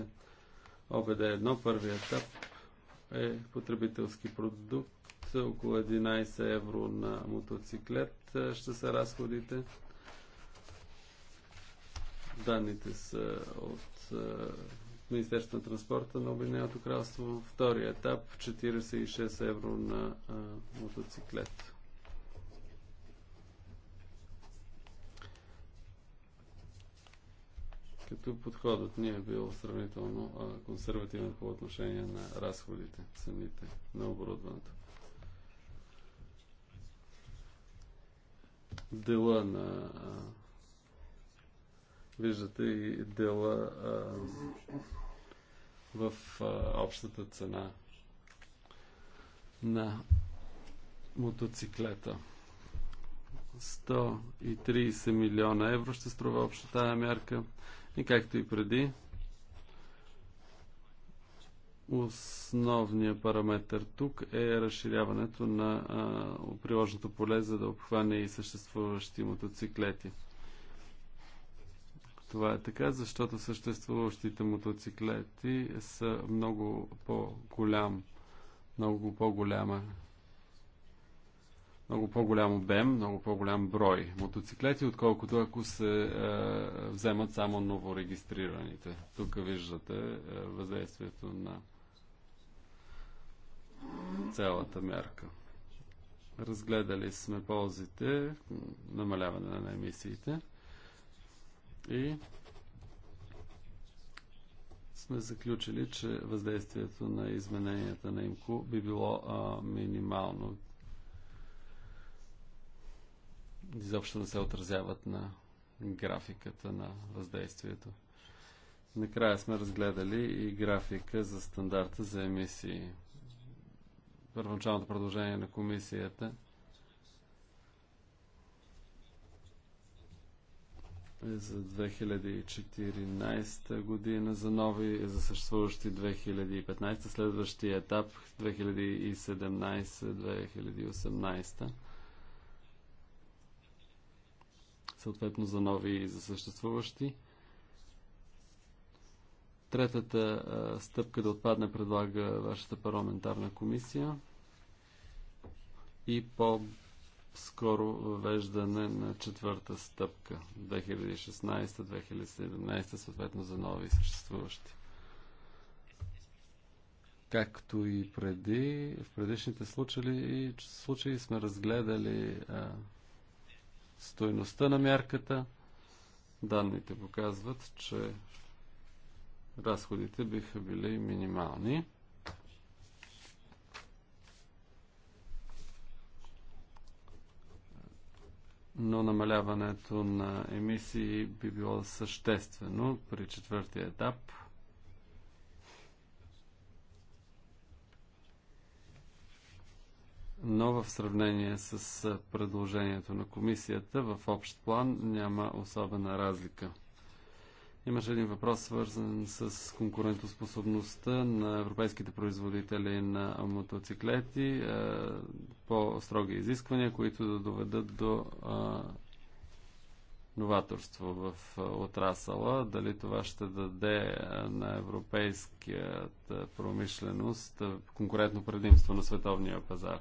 ОБД 1, е първият етап е потребителски продукт. Около 11 евро на мотоциклет ще са разходите. Данните са от Министерството на транспорта на Обединеното кралство. Втори етап 46 евро на а, мотоциклет. Като подходът ни е бил сравнително а, консервативен по отношение на разходите, цените на оборудването. Дела на а, виждате и дела а, в а, общата цена на мотоциклета. 130 милиона евро ще струва общо тая мярка и както и преди Основният параметр тук е разширяването на а, приложното поле, за да обхване и съществуващи мотоциклети. Това е така, защото съществуващите мотоциклети са много по-голям, много по-голяма много по-голям обем, много по-голям брой мотоциклети, отколкото ако се е, вземат само новорегистрираните. Тук виждате е, въздействието на цялата мерка. Разгледали сме ползите, намаляване на емисиите. И сме заключили, че въздействието на измененията на ИМКО би било а, минимално. Изобщо не се отразяват на графиката на въздействието. Накрая сме разгледали и графика за стандарта за емисии. Първоначалното предложение на комисията за 2014 година, за нови, за съществуващи 2015, следващия етап 2017-2018. Съответно за нови и за съществуващи. Третата а, стъпка да отпадне предлага вашата парламентарна комисия и по скоро въвеждане на четвърта стъпка 2016-2017, съответно за нови съществуващи. Както и преди, в предишните случаи, случаи сме разгледали а, стойността на мярката. Данните показват, че разходите биха били минимални. но намаляването на емисии би било съществено при четвъртия етап. Но в сравнение с предложението на комисията в общ план няма особена разлика. Имаше един въпрос, свързан с конкурентоспособността на европейските производители на мотоциклети, е, по-строги изисквания, които да доведат до е, новаторство в е, отрасала, дали това ще даде на европейската промишленост конкурентно предимство на световния пазар.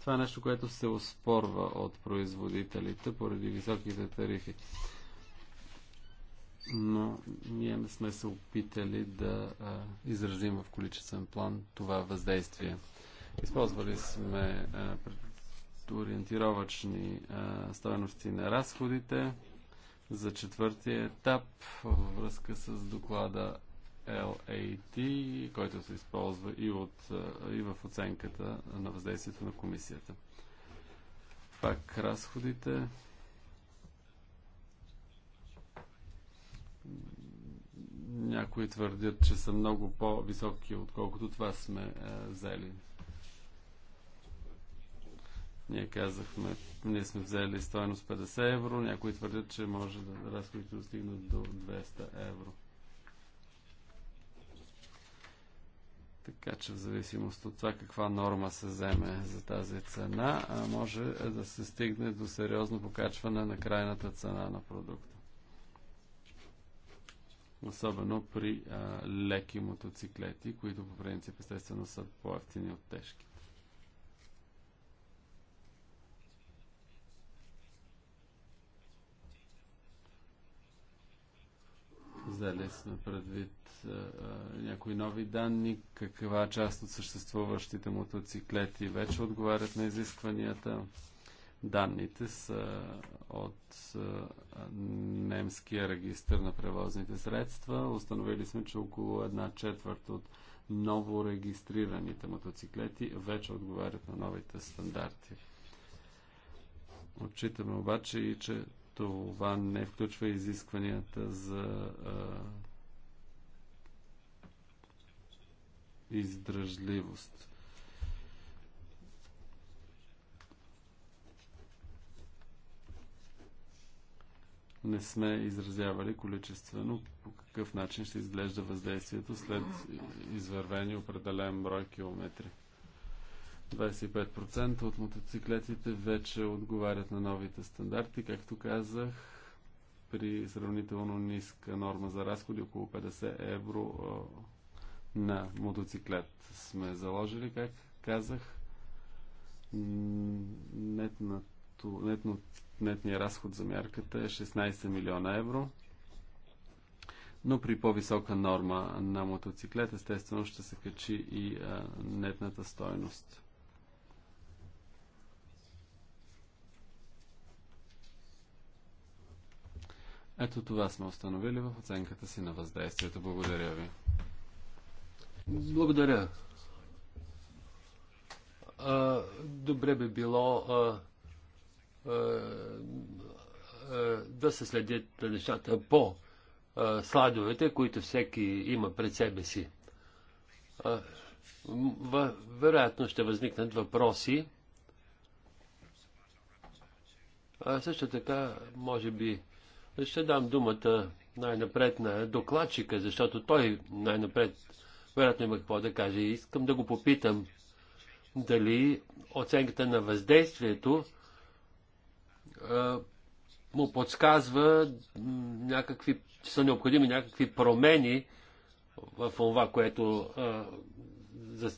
Това е нещо, което се оспорва от производителите поради високите тарифи но ние не сме се опитали да а, изразим в количествен план това въздействие. Използвали сме а, ориентировачни а, стоености на разходите за четвъртия етап във връзка с доклада LAT, който се използва и, от, и в оценката на въздействието на комисията. Пак разходите Някои твърдят, че са много по-високи, отколкото това сме е, взели. Ние казахме, ние сме взели стоеност 50 евро, някои твърдят, че може да разходите достигнат до 200 евро. Така че в зависимост от това каква норма се вземе за тази цена, може да се стигне до сериозно покачване на крайната цена на продукта особено при а, леки мотоциклети, които по принцип естествено са по-ефтини от тежки. Взели сме предвид а, а, някои нови данни, каква част от съществуващите мотоциклети вече отговарят на изискванията. Данните са от немския регистр на превозните средства. Установили сме, че около една четвърт от ново регистрираните мотоциклети вече отговарят на новите стандарти. Отчитаме обаче и, че това не включва изискванията за издръжливост. не сме изразявали количествено по какъв начин ще изглежда въздействието след извървени определен брой километри. 25% от мотоциклетите вече отговарят на новите стандарти, както казах, при сравнително ниска норма за разходи, около 50 евро на мотоциклет сме заложили, как казах. Нетното, нетното нетния разход за мярката е 16 милиона евро, но при по-висока норма на мотоциклет естествено ще се качи и а, нетната стоеност. Ето това сме установили в оценката си на въздействието. Благодаря ви. Благодаря. А, добре би било а, е, е, да се следят нещата по е, сладовете, които всеки има пред себе си. Вероятно ще възникнат въпроси. А също така, може би, ще дам думата най-напред на докладчика, защото той най-напред вероятно има какво да каже. Искам да го попитам дали оценката на въздействието му подсказва някакви, че са необходими някакви промени в това, което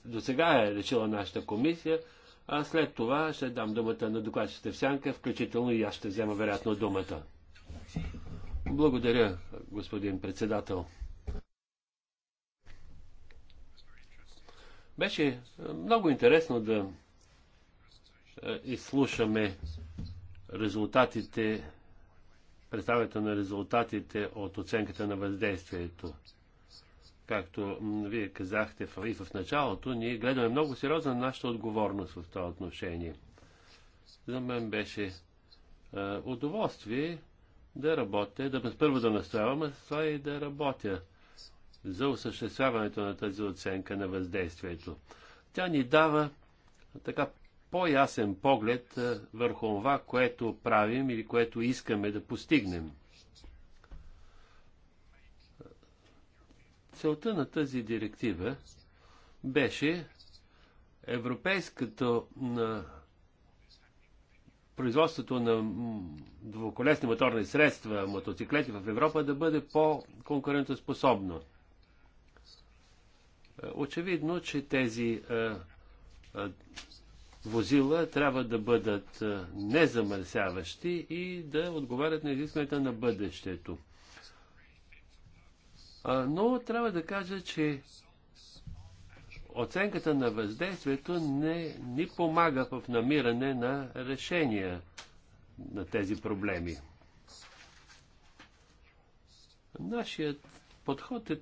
до сега е решила нашата комисия, а след това ще дам думата на докладчите в сянка, включително и аз ще взема вероятно думата. Благодаря, господин председател. Беше много интересно да изслушаме резултатите, представянето на резултатите от оценката на въздействието. Както вие казахте и в началото, ние гледаме много сериозно нашата отговорност в това отношение. За мен беше е, удоволствие да работя, да първо да настоявам, а това и да работя за осъществяването на тази оценка на въздействието. Тя ни дава така по-ясен поглед върху това, което правим или което искаме да постигнем. Целта на тази директива беше европейското на производството на двуколесни моторни средства, мотоциклети в Европа да бъде по-конкурентоспособно. Е, очевидно, че тези е, е, возила трябва да бъдат незамърсяващи и да отговарят на изискванията на бъдещето. Но трябва да кажа, че оценката на въздействието не ни помага в намиране на решения на тези проблеми. Нашият подход е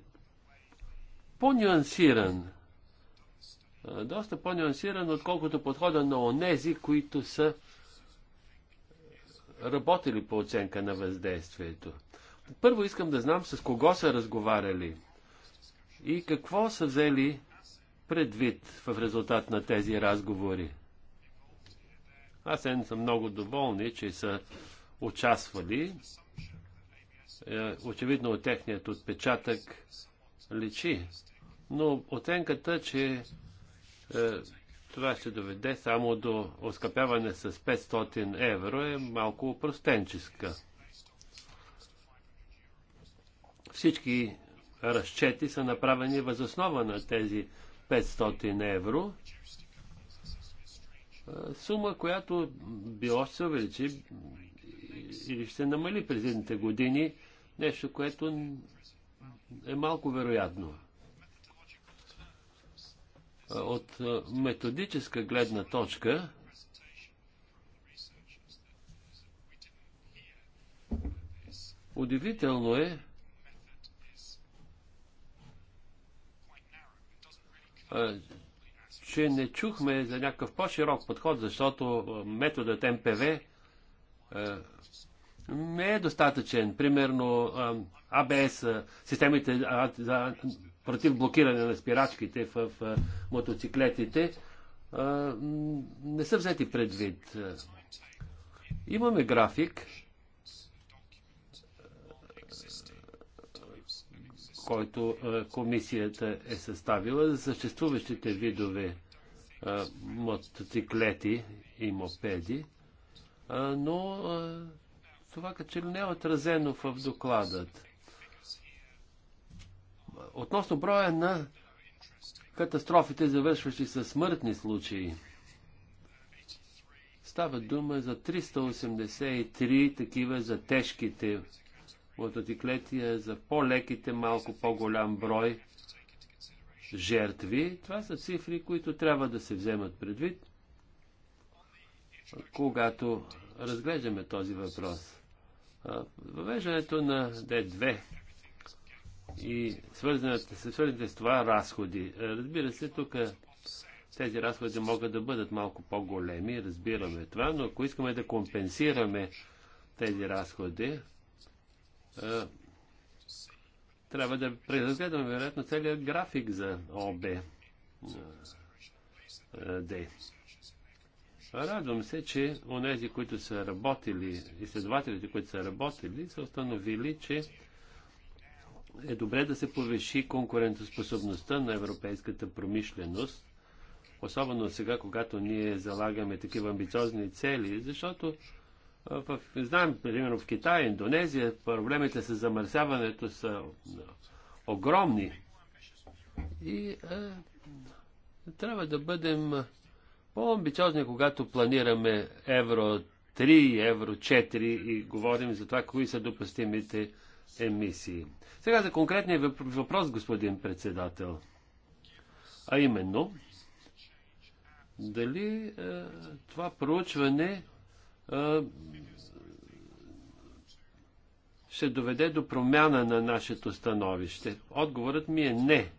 по-нюансиран доста по-нюансиран, отколкото подхода на онези, които са работили по оценка на въздействието. Първо искам да знам с кого са разговаряли и какво са взели предвид в резултат на тези разговори. Аз не съм много доволни, че са участвали. Е, очевидно от техният отпечатък личи. Но оценката, че е, това ще доведе само до оскъпяване с 500 евро е малко простенческа. Всички разчети са направени възоснова на тези 500 евро. Е, сума, която било ще се увеличи или ще намали през едните години, нещо, което е малко вероятно. От е, методическа гледна точка удивително е, е, че не чухме за някакъв по-широк подход, защото е, методът МПВ не е достатъчен. Примерно АБС, системите за против блокиране на спирачките в мотоциклетите не са взети предвид. Имаме график, който комисията е съставила за съществуващите видове мотоциклети и мопеди, но това като че не е отразено в докладът. Относно броя на катастрофите, завършващи със смъртни случаи, става дума за 383 такива за тежките мотоциклетия, за по-леките, малко по-голям брой жертви. Това са цифри, които трябва да се вземат предвид, когато разглеждаме този въпрос. Въвеждането на д 2 и свързаните, свързаните с това разходи. Е, разбира се, тук тези разходи могат да бъдат малко по-големи, разбираме това, но ако искаме да компенсираме тези разходи, е, трябва да преразгледаме вероятно целият график за ОБ. Е, Д. Радвам се, че онези, които са работили, изследователите, които са работили, са установили, че е добре да се повиши конкурентоспособността на европейската промишленост, особено сега, когато ние залагаме такива амбициозни цели, защото в, знаем, примерно в Китай, Индонезия, проблемите с замърсяването са огромни. И е, трябва да бъдем по-амбициозни, когато планираме евро 3, евро 4 и говорим за това, кои са допустимите емисии. Сега за конкретния въпрос, господин председател. А именно, дали е, това проучване е, ще доведе до промяна на нашето становище? Отговорът ми е не.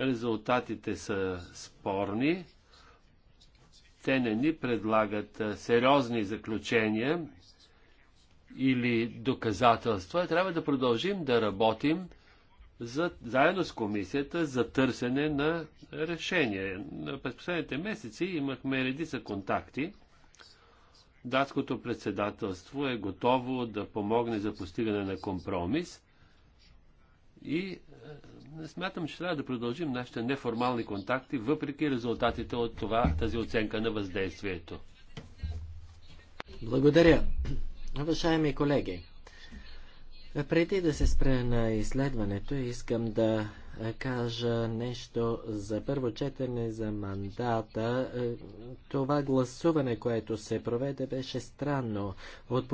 Резултатите са спорни. Те не ни предлагат е, сериозни заключения или доказателства, трябва да продължим да работим за, заедно с комисията за търсене на решение. През последните месеци имахме редица контакти. Датското председателство е готово да помогне за постигане на компромис и е, смятам, че трябва да продължим нашите неформални контакти, въпреки резултатите от това, тази оценка на въздействието. Благодаря. Уважаеми колеги, преди да се спре на изследването, искам да кажа нещо за първо четене за мандата. Това гласуване, което се проведе, беше странно. От,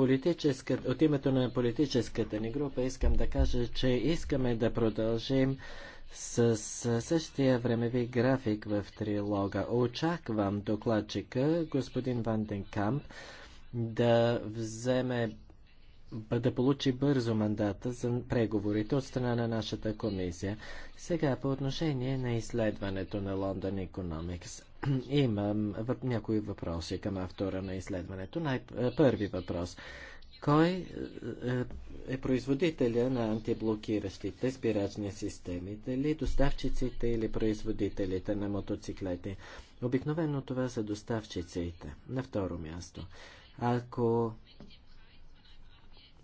от името на политическата ни група искам да кажа, че искаме да продължим с същия времеви график в трилога. Очаквам докладчика, господин Ванденкамп, Камп, да вземе да получи бързо мандата за преговорите от страна на нашата комисия. Сега по отношение на изследването на London Economics. Имам въп, някои въпроси към автора на изследването. Най- е, първи въпрос. Кой е, е производителя на антиблокиращите спирачни системи? Дали доставчиците или производителите на мотоциклети? Обикновено това са доставчиците. На второ място. Ако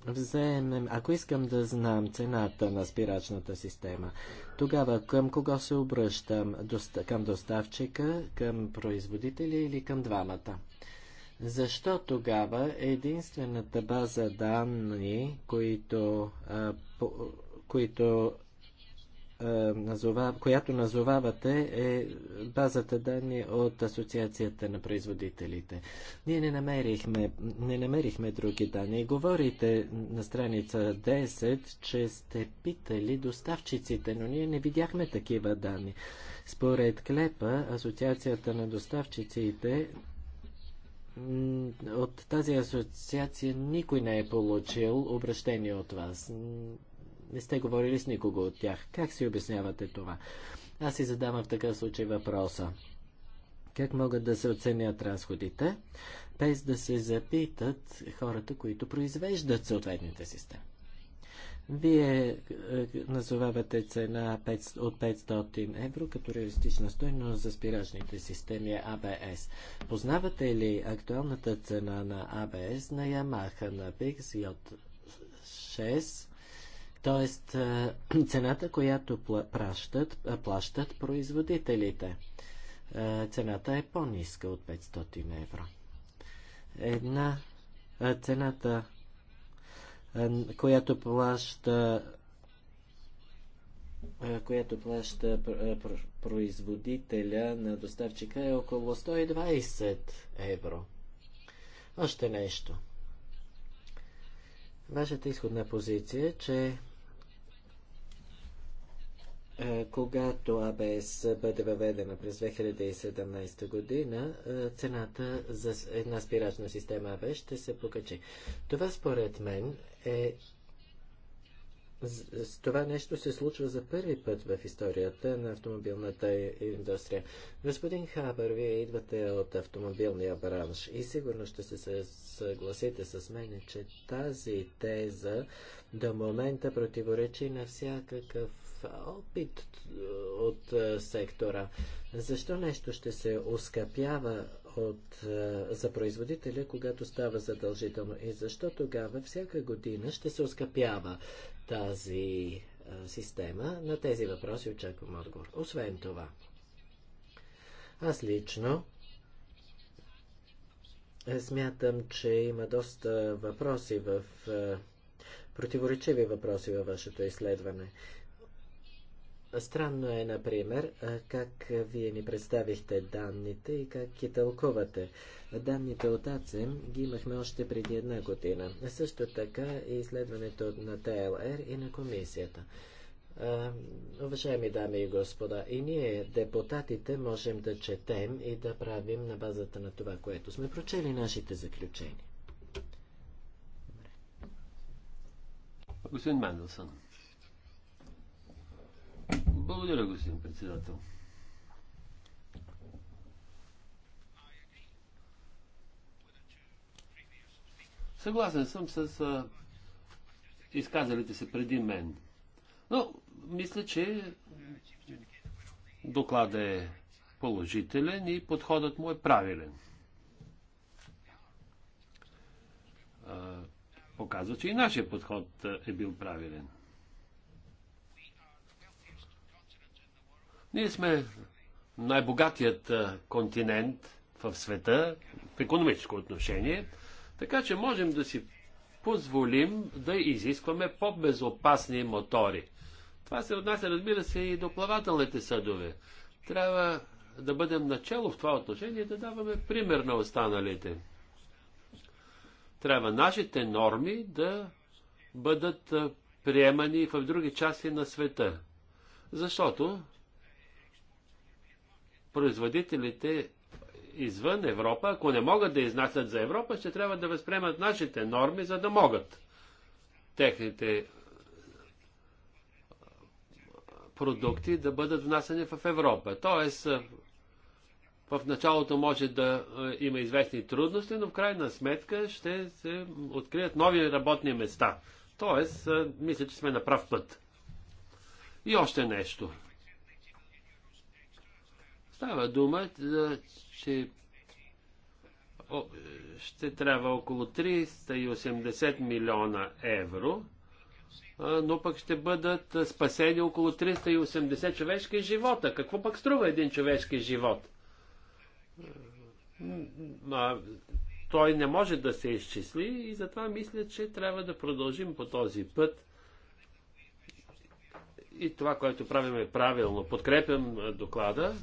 вземем, ако искам да знам цената на спирачната система, тогава към кого се обръщам? Доста, към доставчика, към производителя или към двамата? Защо тогава единствената база данни, които, а, по, които е, която назовавате, е базата данни от Асоциацията на производителите. Ние не намерихме, не намерихме други данни. Говорите на страница 10, че сте питали доставчиците, но ние не видяхме такива данни. Според Клепа, Асоциацията на доставчиците от тази асоциация никой не е получил обращение от вас не сте говорили с никого от тях. Как си обяснявате това? Аз си задавам в такъв случай въпроса. Как могат да се оценят разходите, без да се запитат хората, които произвеждат съответните системи? Вие е, е, назовавате цена от 500 евро като реалистична стойност за спиражните системи АБС. Познавате ли актуалната цена на АБС на Ямаха на BX J6 Тоест, цената, която плащат, плащат производителите. Цената е по-ниска от 500 евро. Една цената, която плаща която плаща производителя на доставчика е около 120 евро. Още нещо. Вашата изходна позиция е, че когато АБС бъде въведена през 2017 година, цената за една спирачна система АБС ще се покачи. Това според мен е това нещо се случва за първи път в историята на автомобилната индустрия. Господин Хабър, вие идвате от автомобилния бранш и сигурно ще се съгласите с мен, че тази теза до момента противоречи на всякакъв опит е, от е, сектора. Защо нещо ще се оскъпява от, е, за производителя, когато става задължително? И защо тогава всяка година ще се оскъпява тази система? На тези въпроси очаквам отговор. Освен това, аз лично смятам, че има доста въпроси в противоречиви въпроси във вашето изследване. Странно е, например, как вие ни представихте данните и как ги тълкувате. Данните от АЦЕМ ги имахме още преди една година. Също така и изследването на ТЛР и на комисията. уважаеми дами и господа, и ние, депутатите, можем да четем и да правим на базата на това, което сме прочели нашите заключения. Господин Мандълсън. Благодаря, господин председател. Съгласен съм с а, изказалите се преди мен. Но мисля, че докладът е положителен и подходът му е правилен. А, показва, че и нашия подход е бил правилен. Ние сме най-богатият континент в света в економическо отношение, така че можем да си позволим да изискваме по-безопасни мотори. Това се отнася, разбира се, и до плавателните съдове. Трябва да бъдем начало в това отношение и да даваме пример на останалите. Трябва нашите норми да бъдат приемани в други части на света. Защото производителите извън Европа, ако не могат да изнасят за Европа, ще трябва да възприемат нашите норми, за да могат техните продукти да бъдат внасяни в Европа. Тоест, в началото може да има известни трудности, но в крайна сметка ще се открият нови работни места. Тоест, мисля, че сме на прав път. И още нещо – Става дума, че ще трябва около 380 милиона евро, но пък ще бъдат спасени около 380 човешки живота. Какво пък струва един човешки живот? Той не може да се изчисли и затова мисля, че трябва да продължим по този път. И това, което правим е правилно. Подкрепям доклада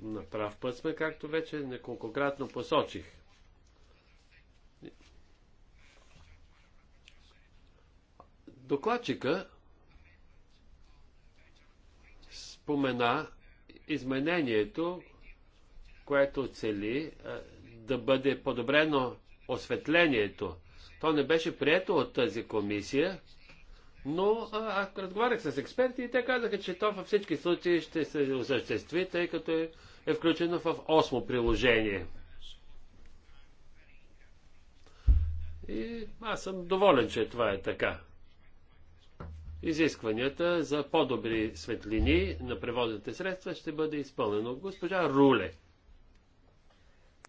на прав път сме, както вече неколкократно посочих. Докладчика спомена изменението, което цели е, да бъде подобрено осветлението. То не беше прието от тази комисия, но аз разговарях с експерти и те казаха, че то във всички случаи ще се осъществи, тъй като е, е включено в осмо приложение. И аз съм доволен, че това е така. Изискванията за по-добри светлини на преводните средства ще бъде изпълнено. Госпожа Руле.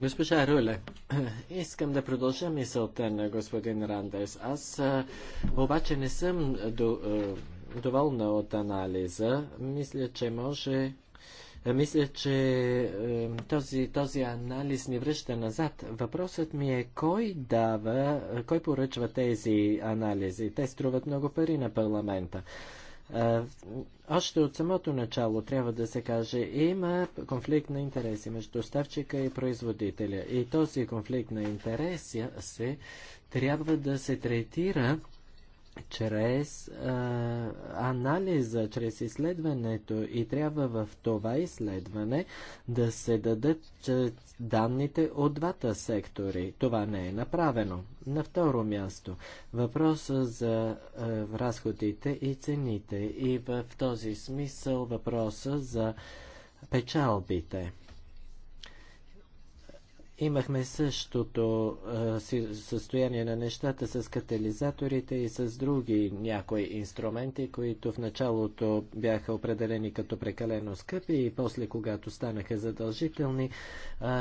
Госпожа Руле, искам да продължа мисълта на господин Рандес. Аз обаче не съм до, доволна от анализа. Мисля, че може. мисля, че този, този анализ ни връща назад. Въпросът ми е кой дава, кой поръчва тези анализи. Те струват много пари на парламента. Още от самото начало трябва да се каже, има конфликт на интереси между доставчика и производителя. И този конфликт на интереси се трябва да се третира чрез а, анализа, чрез изследването и трябва в това изследване да се дадат данните от двата сектори. Това не е направено. На второ място, въпроса за а, разходите и цените и в този смисъл въпроса за печалбите. Имахме същото състояние на нещата с катализаторите и с други някои инструменти, които в началото бяха определени като прекалено скъпи и после, когато станаха задължителни,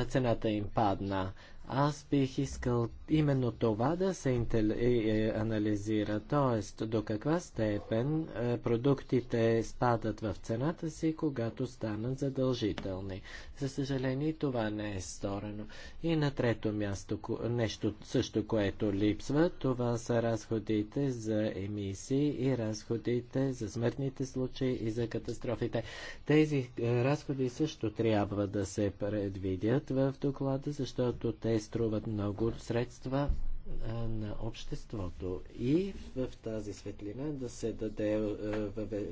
цената им падна. Аз бих искал именно това да се интел... Е, е, анализира, т.е. до каква степен е, продуктите спадат в цената си, когато станат задължителни. За съжаление, това не е сторено. И на трето място, нещо също, което липсва, това са разходите за емисии и разходите за смъртните случаи и за катастрофите. Тези разходи също трябва да се предвидят в доклада, защото те те струват много средства на обществото и в тази светлина да се даде въве...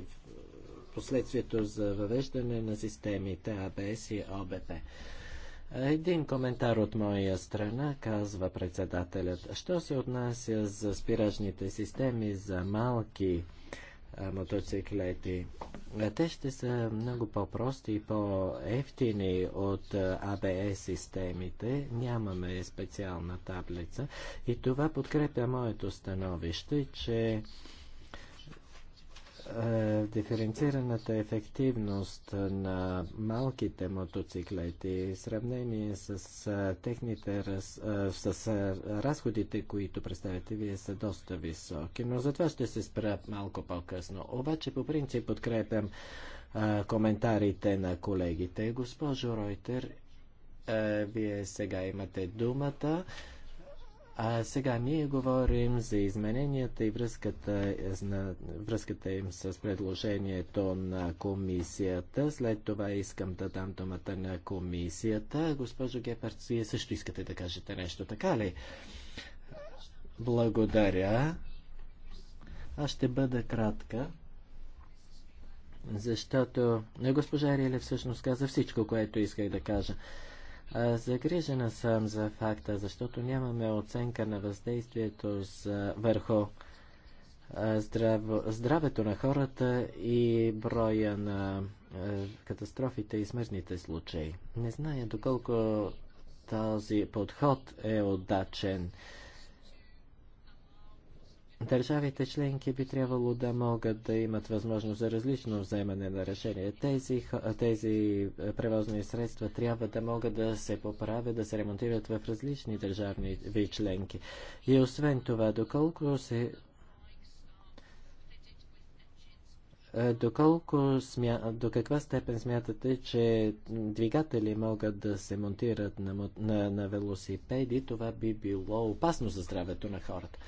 последствието за въвеждане на системите АБС и ОБП. Един коментар от моя страна, казва председателят. Що се отнася за спиражните системи за малки мотоциклети. Те ще са много по-прости и по-ефтини от АБС системите. Нямаме специална таблица. И това подкрепя моето становище, че е, диференцираната ефективност на малките мотоциклети в сравнение с, е, техните, раз, е, с разходите, които представяте вие, са доста високи, но за това ще се спра малко по-късно. Обаче по принцип подкрепям а, коментарите на колегите. Госпожо Ройтер, а, вие сега имате думата. А сега ние говорим за измененията и връзката, на, връзката им с предложението на комисията. След това искам да дам думата на комисията. Госпожо Гепард, вие също искате да кажете нещо, така ли? Благодаря. Аз ще бъда кратка, защото госпожа Риле всъщност каза всичко, което исках да кажа. Загрижена съм за факта, защото нямаме оценка на въздействието за, върху здраво, здравето на хората и броя на катастрофите и смъртните случаи. Не зная доколко този подход е удачен. Държавите членки би трябвало да могат да имат възможност за различно вземане на решение. Тези, тези е, превозни средства трябва да могат да се поправят, да се ремонтират в различни държавни ви членки. И освен това, доколко се е, Доколко смя... до каква степен смятате, че двигатели могат да се монтират на, на, на велосипеди, това би било опасно за здравето на хората?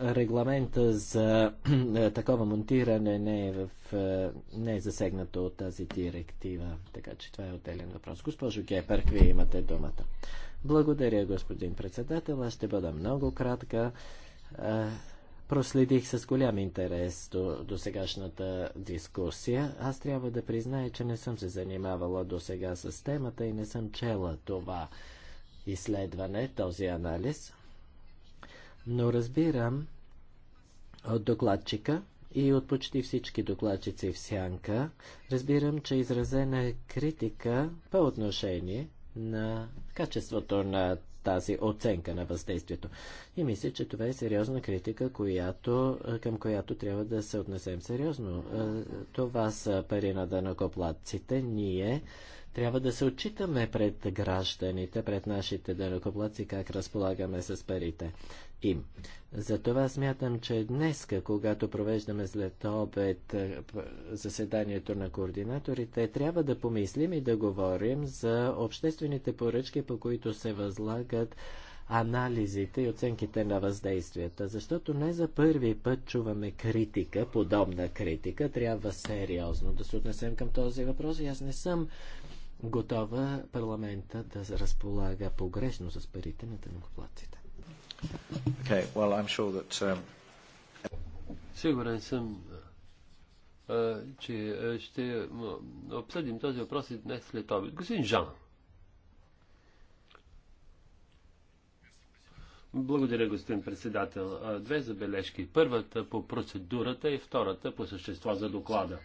регламента за е, такова монтиране не е, в, е, не е засегнато от тази директива, така че това е отделен въпрос. Госпожо Гепарк, вие имате думата. Благодаря, господин председател. Аз ще бъда много кратка. Е, проследих с голям интерес до, до сегашната дискусия. Аз трябва да призная, че не съм се занимавала до сега с темата и не съм чела това изследване, този анализ. Но разбирам от докладчика и от почти всички докладчици в Сянка, разбирам, че изразена е критика по отношение на качеството на тази оценка на въздействието. И мисля, че това е сериозна критика, която, към която трябва да се отнесем сериозно. Е, това са пари на данъкоплатците. Ние трябва да се отчитаме пред гражданите, пред нашите данъкоплатци, как разполагаме с парите им. Затова смятам, че днес, когато провеждаме след обед е, заседанието на координаторите, трябва да помислим и да говорим за обществените поръчки, по които се възлагат анализите и оценките на въздействията, защото не за първи път чуваме критика, подобна критика. Трябва сериозно да се отнесем към този въпрос и аз не съм готова парламента да разполага погрешно с парите на тънкоплатците. Okay, well, I'm sure that, um... Сигурен съм, а, че ще обсъдим този въпрос и днес след обид. Господин Жан. Благодаря, господин председател. Две забележки. Първата по процедурата и втората по същество за доклада.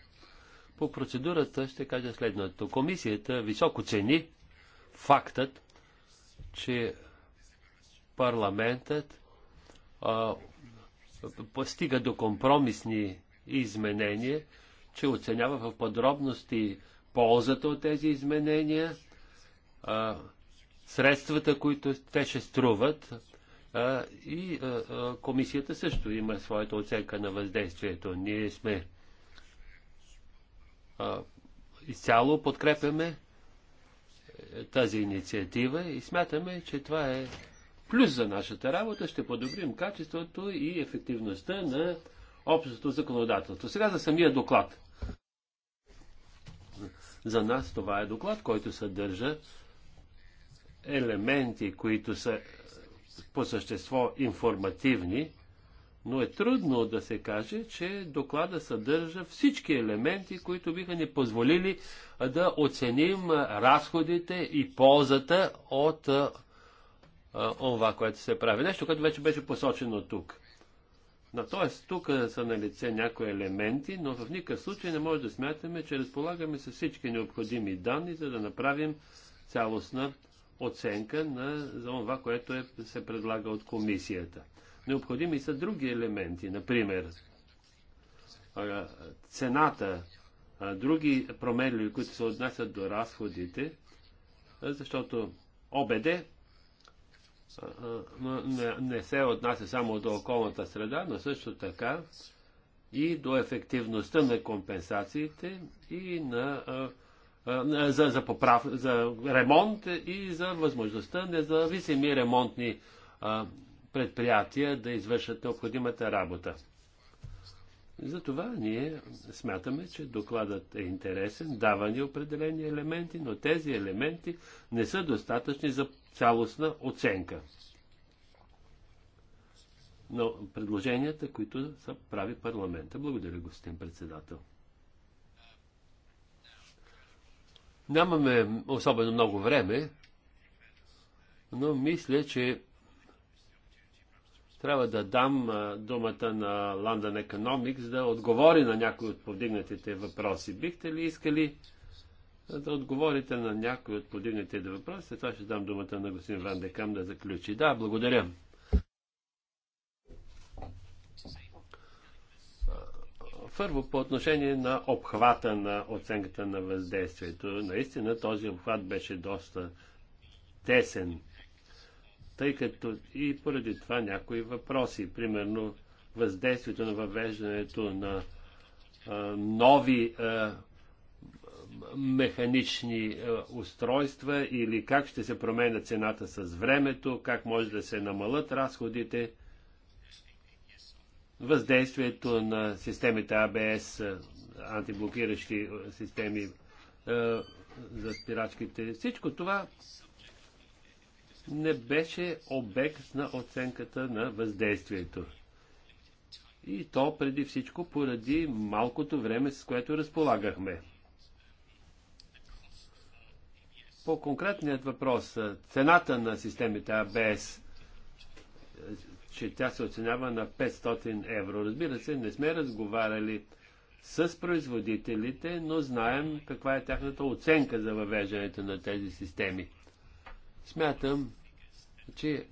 По процедурата ще кажа следното. Комисията високо цени фактът, че парламентът а, постига до компромисни изменения, че оценява в подробности ползата от тези изменения, а, средствата, които те ще струват, а, и а, комисията също има своята оценка на въздействието. Ние сме а, изцяло подкрепяме е, тази инициатива и смятаме, че това е плюс за нашата работа, ще подобрим качеството и ефективността на общото законодателство. Сега за самия доклад. За нас това е доклад, който съдържа елементи, които са по същество информативни, но е трудно да се каже, че доклада съдържа всички елементи, които биха ни позволили да оценим разходите и ползата от онова, което се прави. Нещо, което вече беше посочено тук. Но, т.е. тук са на лице някои елементи, но в никакъв случай не може да смятаме, че разполагаме с всички необходими данни, за да направим цялостна оценка на, за това, което е, се предлага от комисията. Необходими са други елементи, например цената, други промени, които се отнасят до разходите, защото ОБД не, не се отнася само до околната среда, но също така и до ефективността на компенсациите и на, а, за, за, поправ, за ремонт и за възможността независими ремонтни а, предприятия да извършат необходимата работа. Затова ние смятаме, че докладът е интересен, дава ни определени елементи, но тези елементи не са достатъчни за цялостна оценка. Но предложенията, които са прави парламента. Благодаря, господин председател. Нямаме особено много време, но мисля, че трябва да дам думата на London Economics да отговори на някои от повдигнатите въпроси. Бихте ли искали да отговорите на някои от повдигнатите въпроси? След това ще дам думата на господин Ван Декам да заключи. Да, благодаря. Първо, по отношение на обхвата на оценката на въздействието. Наистина този обхват беше доста тесен тъй като и поради това някои въпроси, примерно въздействието на въвеждането на а, нови а, механични а, устройства или как ще се променя цената с времето, как може да се намалят разходите, въздействието на системите АБС, антиблокиращи системи а, за пирачките. Всичко това не беше обект на оценката на въздействието. И то преди всичко поради малкото време, с което разполагахме. По конкретният въпрос, цената на системите АБС, че тя се оценява на 500 евро. Разбира се, не сме разговаряли с производителите, но знаем каква е тяхната оценка за въвеждането на тези системи. Смятам, че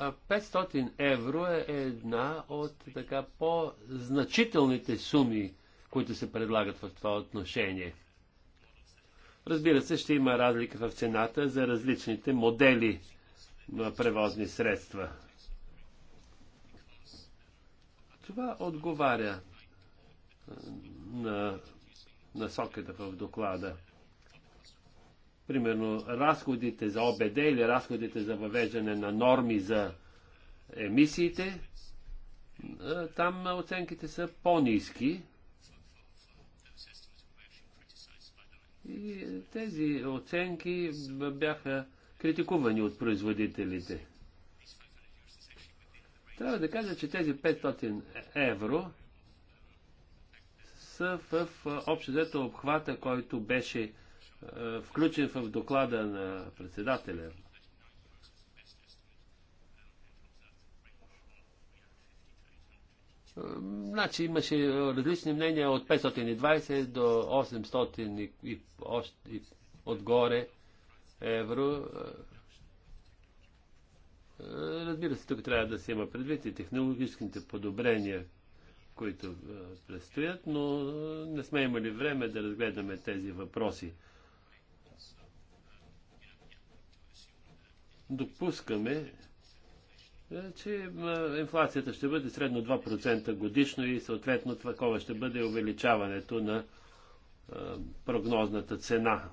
500 евро е една от така по-значителните суми, които се предлагат в това отношение. Разбира се, ще има разлика в цената за различните модели на превозни средства. Това отговаря на насоката в доклада. Примерно, разходите за ОБД или разходите за въвеждане на норми за емисиите, е, там оценките са по-низки. И тези оценки бяха критикувани от производителите. Трябва да кажа, че тези 500 евро са в общо взето обхвата, който беше е, включен в доклада на председателя. Е, значи имаше различни мнения от 520 до 800 и, и, и отгоре евро. Е, разбира се, тук трябва да се има предвид и технологическите подобрения, които предстоят, но не сме имали време да разгледаме тези въпроси. допускаме, е, че инфлацията ще бъде средно 2% годишно и съответно такова ще бъде увеличаването на е, прогнозната цена.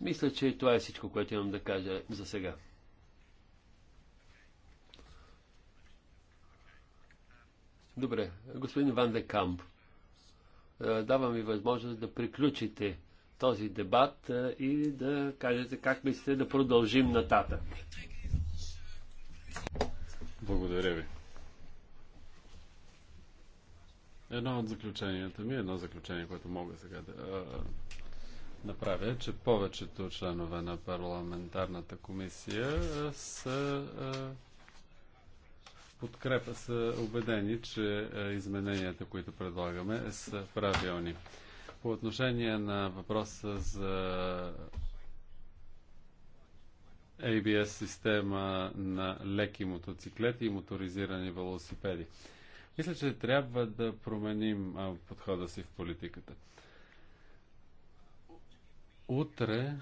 Мисля, че това е всичко, което имам да кажа за сега. Добре, господин Ван де Камп, е, давам ви възможност да приключите този дебат и да кажете как мислите да продължим нататък. Благодаря ви. Едно от заключенията ми, едно заключение, което мога сега да а, направя, е, че повечето членове на парламентарната комисия са а, подкрепа са убедени, че измененията, които предлагаме, са правилни по отношение на въпроса за ABS система на леки мотоциклети и моторизирани велосипеди. Мисля, че трябва да променим подхода си в политиката. Утре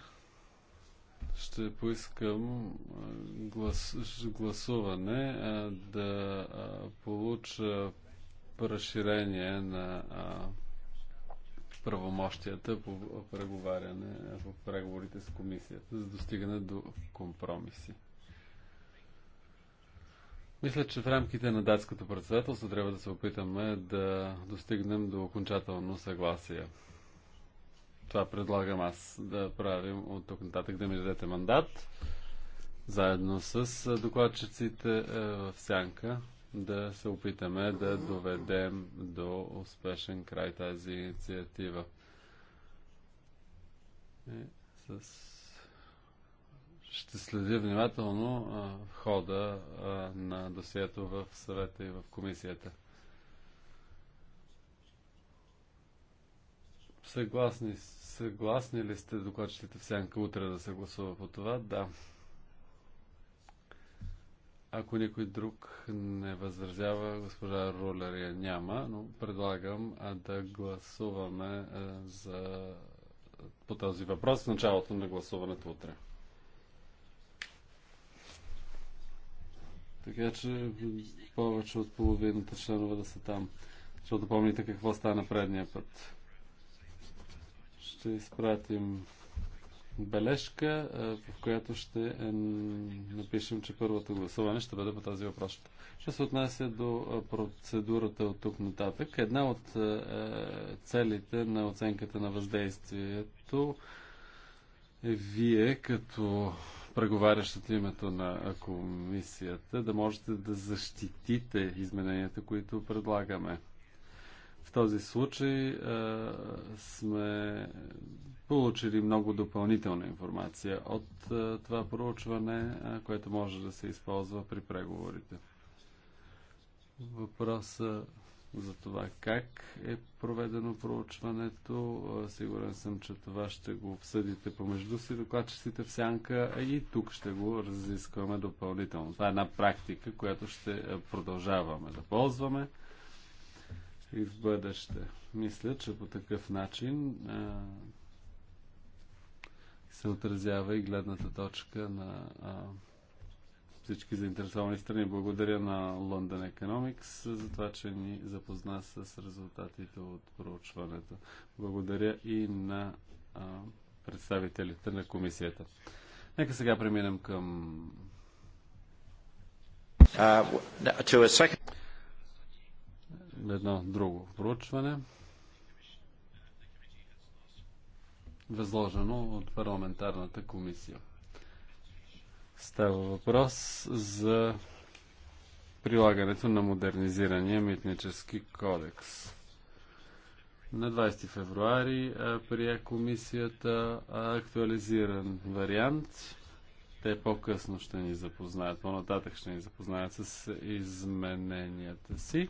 ще поискам глас, гласуване да получа разширение на а, правомощията по преговаряне, по преговорите с комисията за достигане до компромиси. Мисля, че в рамките на датското председателство трябва да се опитаме да достигнем до окончателно съгласие. Това предлагам аз да правим от тук нататък, да ми дадете мандат, заедно с докладчиците е, в Сянка да се опитаме да доведем до успешен край тази инициатива. И с... Ще следя внимателно а, хода а, на досието в съвета и в комисията. Съгласни, съгласни ли сте докладчетите в сянка утре да се гласува по това? Да. Ако никой друг не възразява, госпожа Рулер я няма, но предлагам да гласуваме за, по този въпрос в началото на гласуването утре. Така че повече от половината членове да са там. Защото помните какво стана предния път. Ще изпратим бележка, е, в която ще е, напишем, че първото гласуване ще бъде по тази въпрос. Ще се отнася до е, процедурата от тук нататък. Една от целите на оценката на въздействието е вие като преговарящата името на комисията да можете да защитите измененията, които предлагаме. В този случай а, е, сме получили много допълнителна информация от а, е, това проучване, а, е, което може да се използва при преговорите. Въпроса за това как е проведено проучването. Сигурен съм, че това ще го обсъдите помежду си докладчиците в сянка и тук ще го разискваме допълнително. Това е една практика, която ще продължаваме да ползваме и в бъдеще. Мисля, че по такъв начин а, се отразява и гледната точка на а, всички заинтересовани страни. Благодаря на London Economics за това, че ни запозна с резултатите от проучването. Благодаря и на а, представителите на комисията. Нека сега преминем към. Uh, to a second едно друго проучване, възложено от парламентарната комисия. Става въпрос за прилагането на модернизирания митнически кодекс. На 20 февруари прие комисията актуализиран вариант. Те по-късно ще ни запознаят, по-нататък ще ни запознаят с измененията си.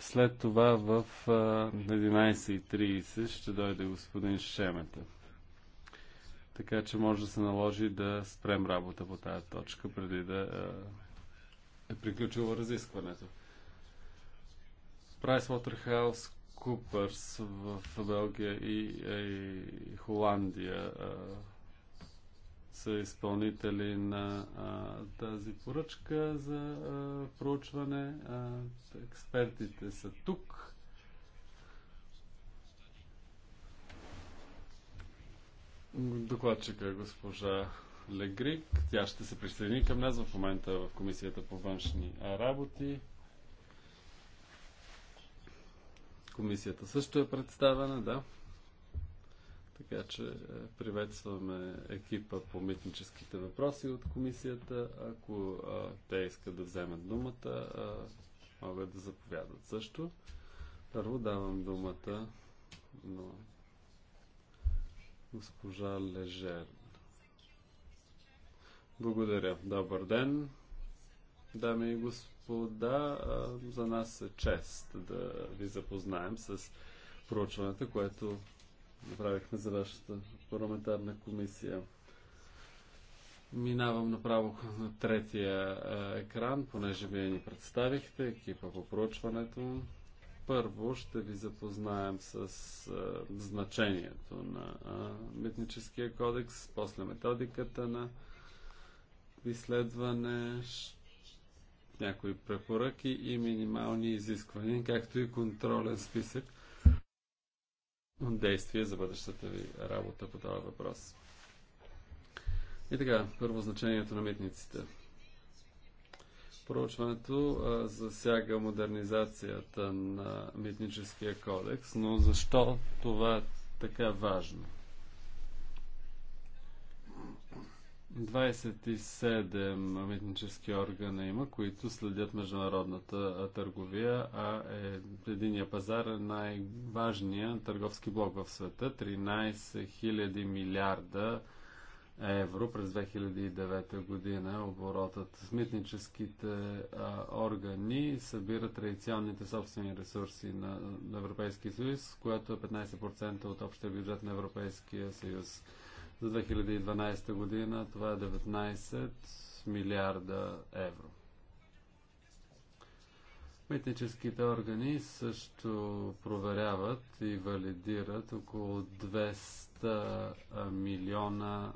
След това в 11.30 ще дойде господин Шемета. Така че може да се наложи да спрем работа по тази точка, преди да е приключило разискването. PricewaterhouseCoopers Купърс в Белгия и, и Холандия са изпълнители на а, тази поръчка за а, проучване. А, експертите са тук. Докладчика е госпожа Легрик. Тя ще се присъедини към нас в момента в Комисията по външни работи. Комисията също е представена, да. Така че е, приветстваме екипа по митническите въпроси от комисията. Ако а, е, те искат да вземат думата, а, е, могат да заповядат също. Първо давам думата на госпожа Лежер. Благодаря. Добър ден, дами и господа. За нас е чест да ви запознаем с проучването, което направихме за вашата парламентарна комисия. Минавам направо на третия е, екран, понеже вие ни представихте екипа по проучването. Първо ще ви запознаем с а, е, значението на а, е, Митническия кодекс, после методиката на изследване, някои препоръки и минимални изисквания, както и контролен списък Действие за бъдещата ви работа по този въпрос. И така, първо значението на митниците. Проучването засяга модернизацията на митническия кодекс, но защо това е така важно? 27 митнически органа има, които следят международната търговия, а е, единия пазар е най-важният търговски блок в света. 13 000 милиарда евро през 2009 година оборотът. Митническите а, органи събират традиционните собствени ресурси на, на Европейския съюз, което е 15% от общия бюджет на Европейския съюз. За 2012 година това е 19 милиарда евро. Митническите органи също проверяват и валидират около 200 милиона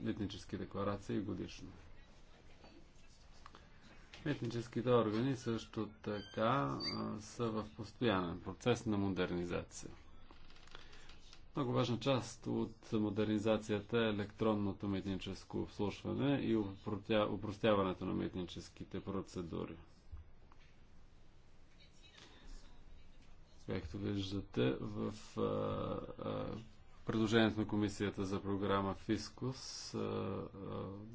митнически декларации годишно. Митническите органи също така са в постоянен процес на модернизация. Много важна част от модернизацията е електронното митническо обслушване и упростяването на митническите процедури. Както виждате, в а, а, предложението на Комисията за програма Фискус, а, а,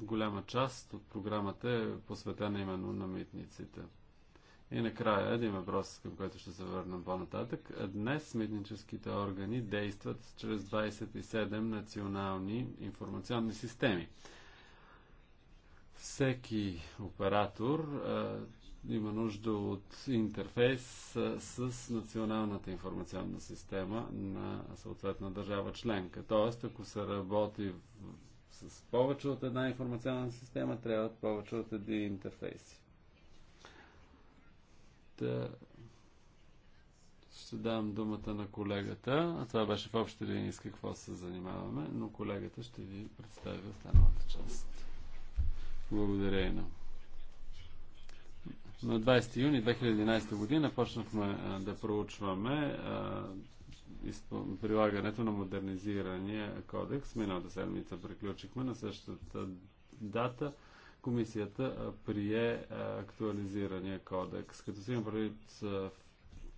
голяма част от програмата е посветена именно на митниците. И накрая един въпрос, към който ще се върнем по-нататък. Днес митническите органи действат чрез 27 национални информационни системи. Всеки оператор а, има нужда от интерфейс а, с националната информационна система на съответна държава членка. Тоест, ако се работи в, с повече от една информационна система, трябва повече от един интерфейс. Та, ще дам думата на колегата. А това беше в общи линии с какво се занимаваме, но колегата ще ви представи останалата част. Благодаря и на. На 20 юни 2011 година почнахме а, да проучваме а, прилагането на модернизирания кодекс. Миналата седмица приключихме на същата дата комисията прие актуализирания кодекс. Като си има предвид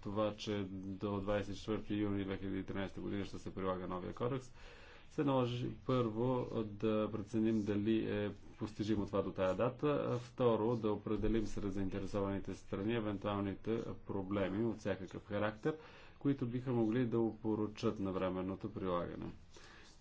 това, че до 24 юни 2013 година ще се прилага новия кодекс, се наложи първо да преценим дали е постижимо това до тая дата, второ да определим сред заинтересованите страни евентуалните проблеми от всякакъв характер, които биха могли да опоручат на временното прилагане.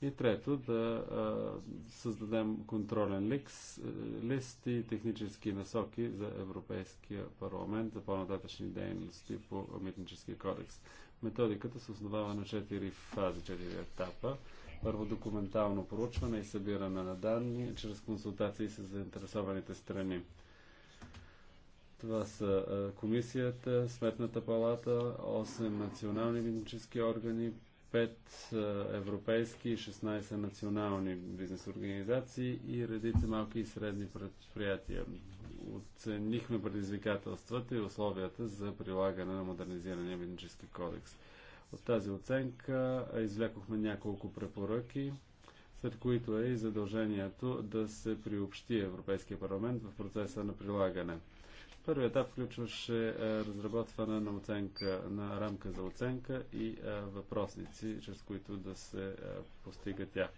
И трето, да а, създадем контролен ликс, е, лист и технически насоки за Европейския парламент за по-нататъчни дейности по Митническия кодекс. Методиката се основава на 4 фази, 4 етапа. Първо документално проучване и събиране на данни чрез консултации с заинтересованите страни. Това са е, комисията, Сметната палата, 8 национални митнически органи, 5 европейски и 16 национални бизнес организации и редица малки и средни предприятия. Оценихме предизвикателствата и условията за прилагане на модернизирания митнически кодекс. От тази оценка извлякохме няколко препоръки, след които е и задължението да се приобщи Европейския парламент в процеса на прилагане. Първият етап включваше е, разработване на оценка, на рамка за оценка и е, въпросници, чрез които да се е, постига тя.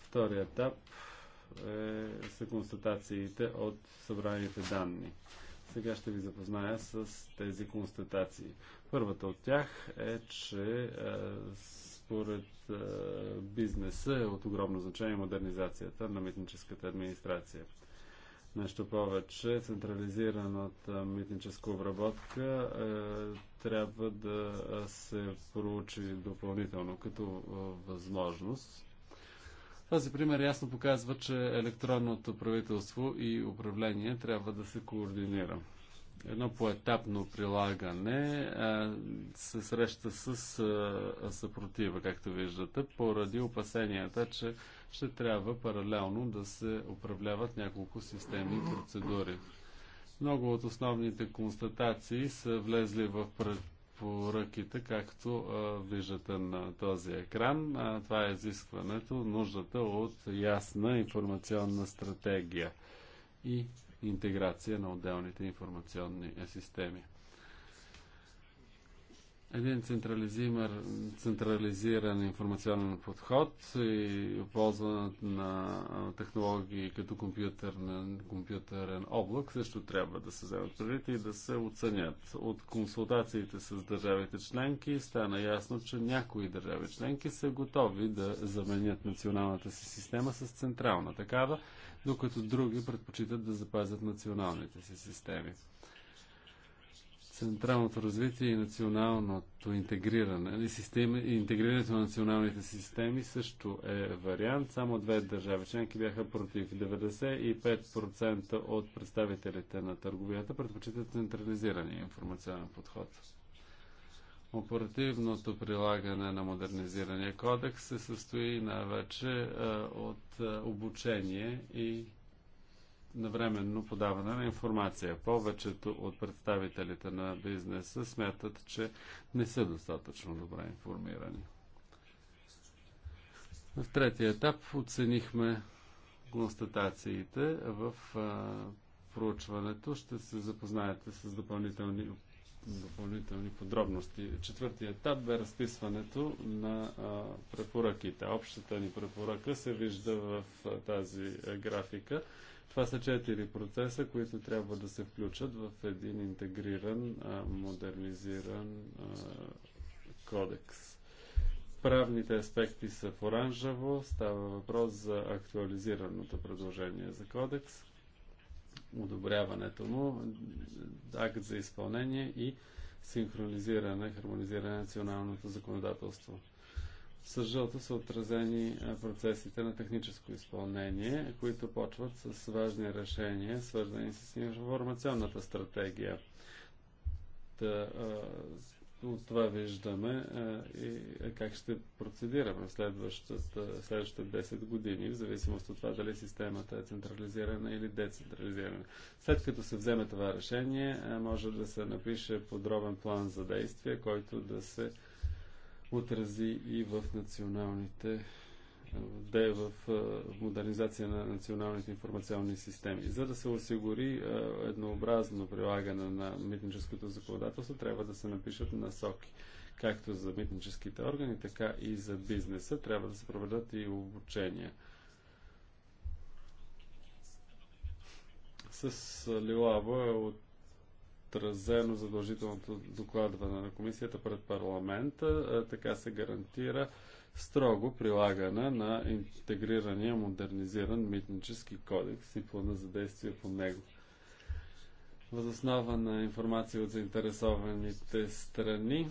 Вторият етап е, са констатациите от събраните данни. Сега ще ви запозная с тези констатации. Първата от тях е, че е, според е, бизнеса е от огромно значение модернизацията на митническата администрация. Нещо повече, централизираната митническа обработка е, трябва да се проучи допълнително като е, възможност. Този пример ясно показва, че електронното правителство и управление трябва да се координира. Едно поетапно прилагане а, е, се среща с а, е, съпротива, както виждате, поради опасенията, че ще трябва паралелно да се управляват няколко системи и процедури. Много от основните констатации са влезли в препоръките, както виждате на този екран. това е изискването, нуждата от ясна информационна стратегия и интеграция на отделните информационни системи един централизиран информационен подход и ползване на технологии като компютърен, компютърен облак също трябва да се вземат предвид и да се оценят. От консултациите с държавите членки стана ясно, че някои държави членки са готови да заменят националната си система с централна такава, докато други предпочитат да запазят националните си системи централното развитие и националното интегриране. Системи, интегрирането на националните системи също е вариант. Само две държави членки бяха против. 95% от представителите на търговията предпочитат централизирания информационен подход. Оперативното прилагане на модернизирания кодекс се състои най-вече от обучение и навременно подаване на информация. Повечето от представителите на бизнеса смятат, че не са достатъчно добре информирани. В третия етап оценихме констатациите в а, проучването. Ще се запознаете с допълнителни, допълнителни подробности. Четвъртият етап бе разписването на а, препоръките. Общата ни препоръка се вижда в а, тази графика. Това са четири процеса, които трябва да се включат в един интегриран, модернизиран кодекс. Правните аспекти са в оранжево. Става въпрос за актуализираното предложение за кодекс, одобряването му, акт за изпълнение и синхронизиране, хармонизиране на националното законодателство. С жълто са отразени процесите на техническо изпълнение, които почват с важни решения, свързани с информационната стратегия. Та, от това виждаме и как ще процедираме в следващата, следващите 10 години, в зависимост от това дали системата е централизирана или децентрализирана. След като се вземе това решение, може да се напише подробен план за действие, който да се отрази и в националните да е в модернизация на националните информационни системи. За да се осигури еднообразно прилагане на митническото законодателство, трябва да се напишат насоки както за митническите органи, така и за бизнеса. Трябва да се проведат и обучения. С лилава от отразено задължителното докладване на комисията пред парламента. Е, така се гарантира строго прилагане на интегрирания модернизиран митнически кодекс и плана за действие по него. Възоснова на информация от заинтересованите страни,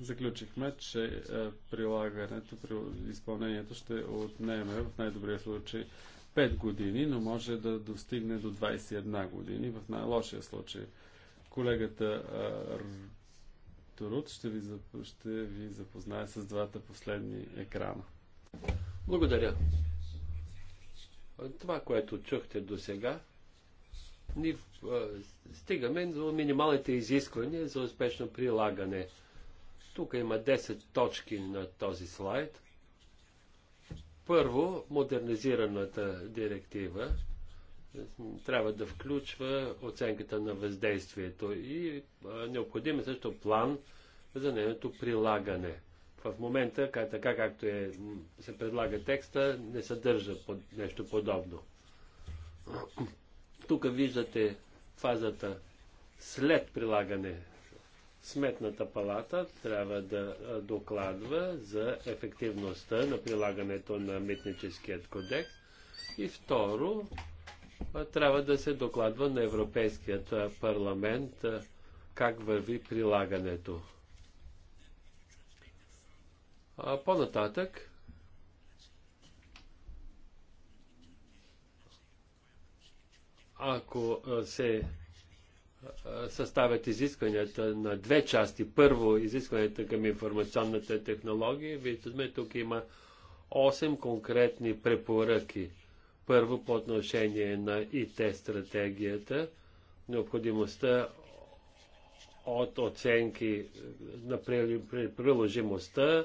заключихме, че е, прилагането, изпълнението ще отнеме в най-добрия случай 5 години, но може да достигне до 21 години в най-лошия случай. Колегата Турут ще ви, ще ви запознае с двата последни екрана. Благодаря. Това, което чухте до сега, ни стигаме до минималните изисквания за успешно прилагане. Тук има 10 точки на този слайд. Първо, модернизираната директива трябва да включва оценката на въздействието и необходим е също план за нейното прилагане. В момента, така както е, се предлага текста, не съдържа под, нещо подобно. Тук виждате фазата след прилагане Сметната палата трябва да докладва за ефективността на прилагането на митническият кодекс и второ трябва да се докладва на Европейският парламент как върви прилагането. По-нататък ако се съставят изискванията на две части. Първо, изискванията към информационната технология. Виждаме, тук има 8 конкретни препоръки. Първо, по отношение на ИТ стратегията, необходимостта от оценки на приложимостта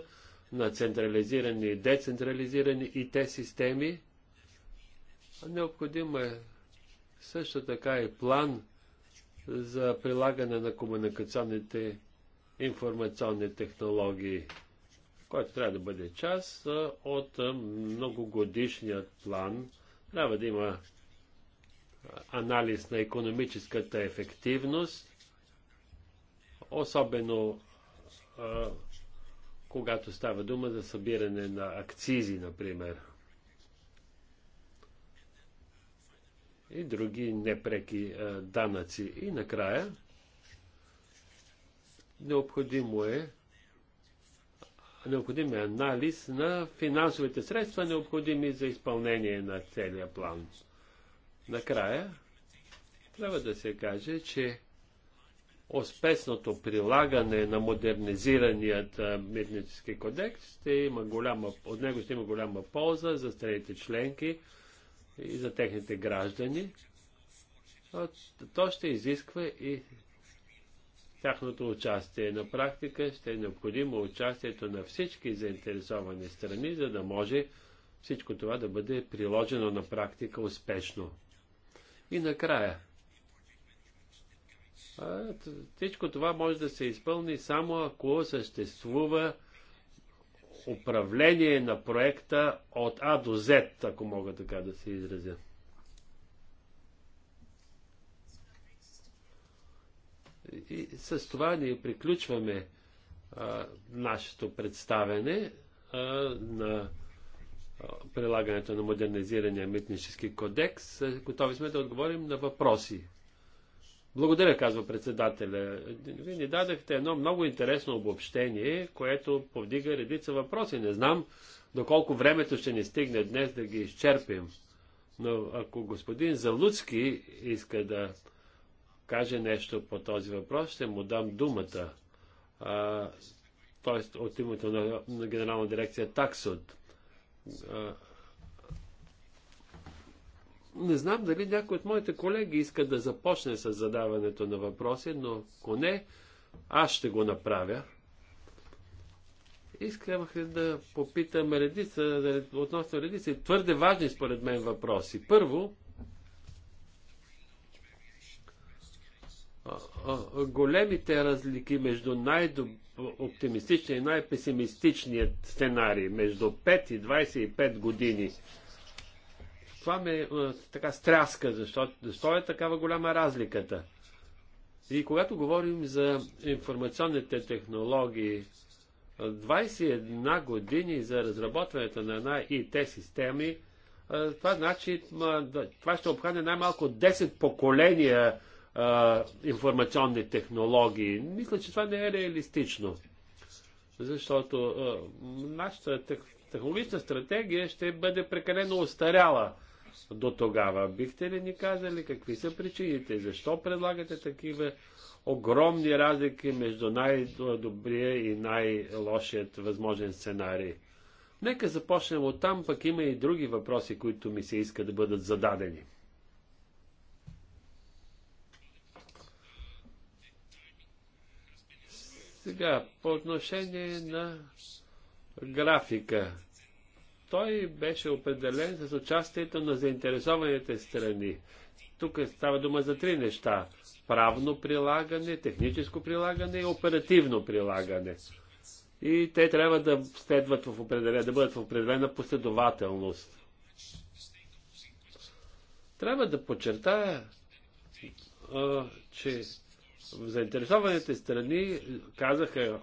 на централизирани и децентрализирани ИТ системи. Необходимо е също така и план за прилагане на комуникационните информационни технологии, който трябва да бъде част от многогодишният план. Трябва да има анализ на економическата ефективност, особено когато става дума за събиране на акцизи, например. и други непреки данъци. И накрая, необходимо е необходим е анализ на финансовите средства, необходими за изпълнение на целия план. Накрая, трябва да се каже, че успешното прилагане на модернизираният митнически кодекс ще има голяма, от него ще има голяма полза за страните членки, и за техните граждани, то ще изисква и тяхното участие. На практика ще е необходимо участието на всички заинтересовани страни, за да може всичко това да бъде приложено на практика успешно. И накрая, всичко това може да се изпълни само ако съществува управление на проекта от А до Z, ако мога така да се изразя. И с това ние приключваме а, нашето представене а, на прилагането на модернизирания митнически кодекс. Готови сме да отговорим на въпроси. Благодаря, казва председателя. Вие ни дадахте едно много интересно обобщение, което повдига редица въпроси. Не знам доколко времето ще ни стигне днес да ги изчерпим. Но ако господин Залуцки иска да каже нещо по този въпрос, ще му дам думата. Тоест от името на, на генерална дирекция Таксот. Не знам дали някой от моите колеги иска да започне с задаването на въпроси, но ако не, аз ще го направя. Исках да попитам редица, относно редица твърде важни според мен въпроси. Първо, големите разлики между най-оптимистичния и най-песимистичният сценарий, между 5 и 25 години – това ме е, така стряска, защото защо е такава голяма разликата. И когато говорим за информационните технологии, 21 години за разработването на една ИТ системи, това значи, това ще обхване най-малко 10 поколения информационни технологии. Мисля, че това не е реалистично. Защото нашата технологична стратегия ще бъде прекалено устаряла до тогава. Бихте ли ни казали какви са причините? Защо предлагате такива огромни разлики между най-добрия и най-лошият възможен сценарий? Нека започнем от там, пък има и други въпроси, които ми се иска да бъдат зададени. Сега, по отношение на графика. Той беше определен с участието на заинтересованите страни. Тук става дума за три неща. Правно прилагане, техническо прилагане и оперативно прилагане. И те трябва да следват в определен, да бъдат в определена последователност. Трябва да подчертая, а, че заинтересованите страни казаха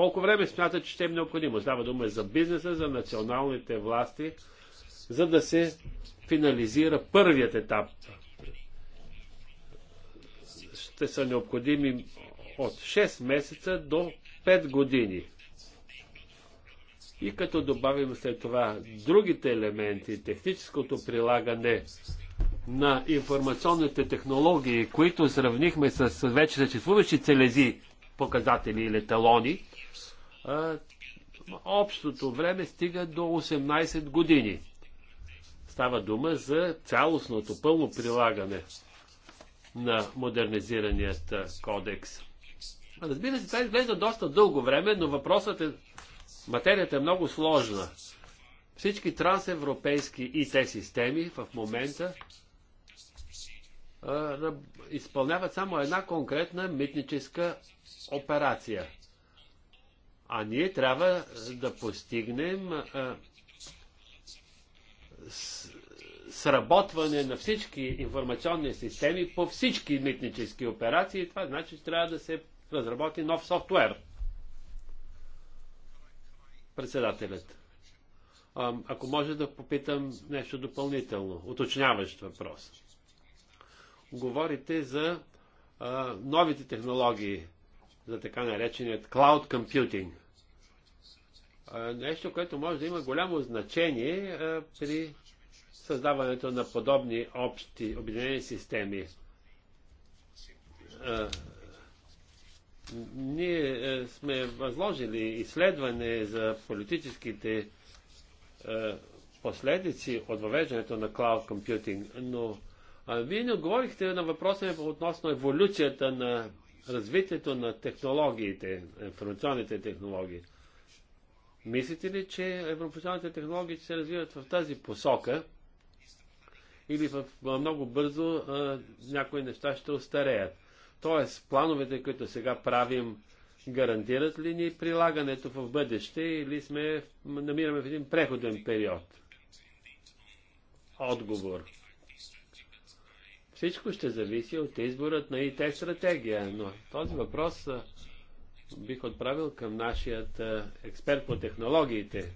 колко време смятат, че ще е необходимо? Става дума за бизнеса, за националните власти, за да се финализира първият етап. Ще са необходими от 6 месеца до 5 години. И като добавим след това другите елементи, техническото прилагане на информационните технологии, които сравнихме с вече съществуващи целези показатели или талони, общото време стига до 18 години. Става дума за цялостното пълно прилагане на модернизираният кодекс. Разбира се, това изглежда доста дълго време, но въпросът е, материята е много сложна. Всички трансевропейски ИТ системи в момента а, изпълняват само една конкретна митническа операция – а ние трябва да постигнем а, с, сработване на всички информационни системи по всички митнически операции. Това значи, че трябва да се разработи нов софтуер. Председателят. А, ако може да попитам нещо допълнително, уточняващ въпрос. Говорите за а, новите технологии за така нареченият cloud computing. Нещо, което може да има голямо значение при създаването на подобни общи обединени системи. Ние сме възложили изследване за политическите последици от въвеждането на cloud computing, но вие не отговорихте на въпроса ми относно еволюцията на развитието на технологиите, информационните технологии. Мислите ли, че информационните технологии ще се развиват в тази посока или в много бързо а, някои неща ще остареят? Тоест, плановете, които сега правим, гарантират ли ни прилагането в бъдеще или сме, намираме в един преходен период? Отговор. Всичко ще зависи от изборът на ИТ стратегия, но този въпрос бих отправил към нашият експерт по технологиите.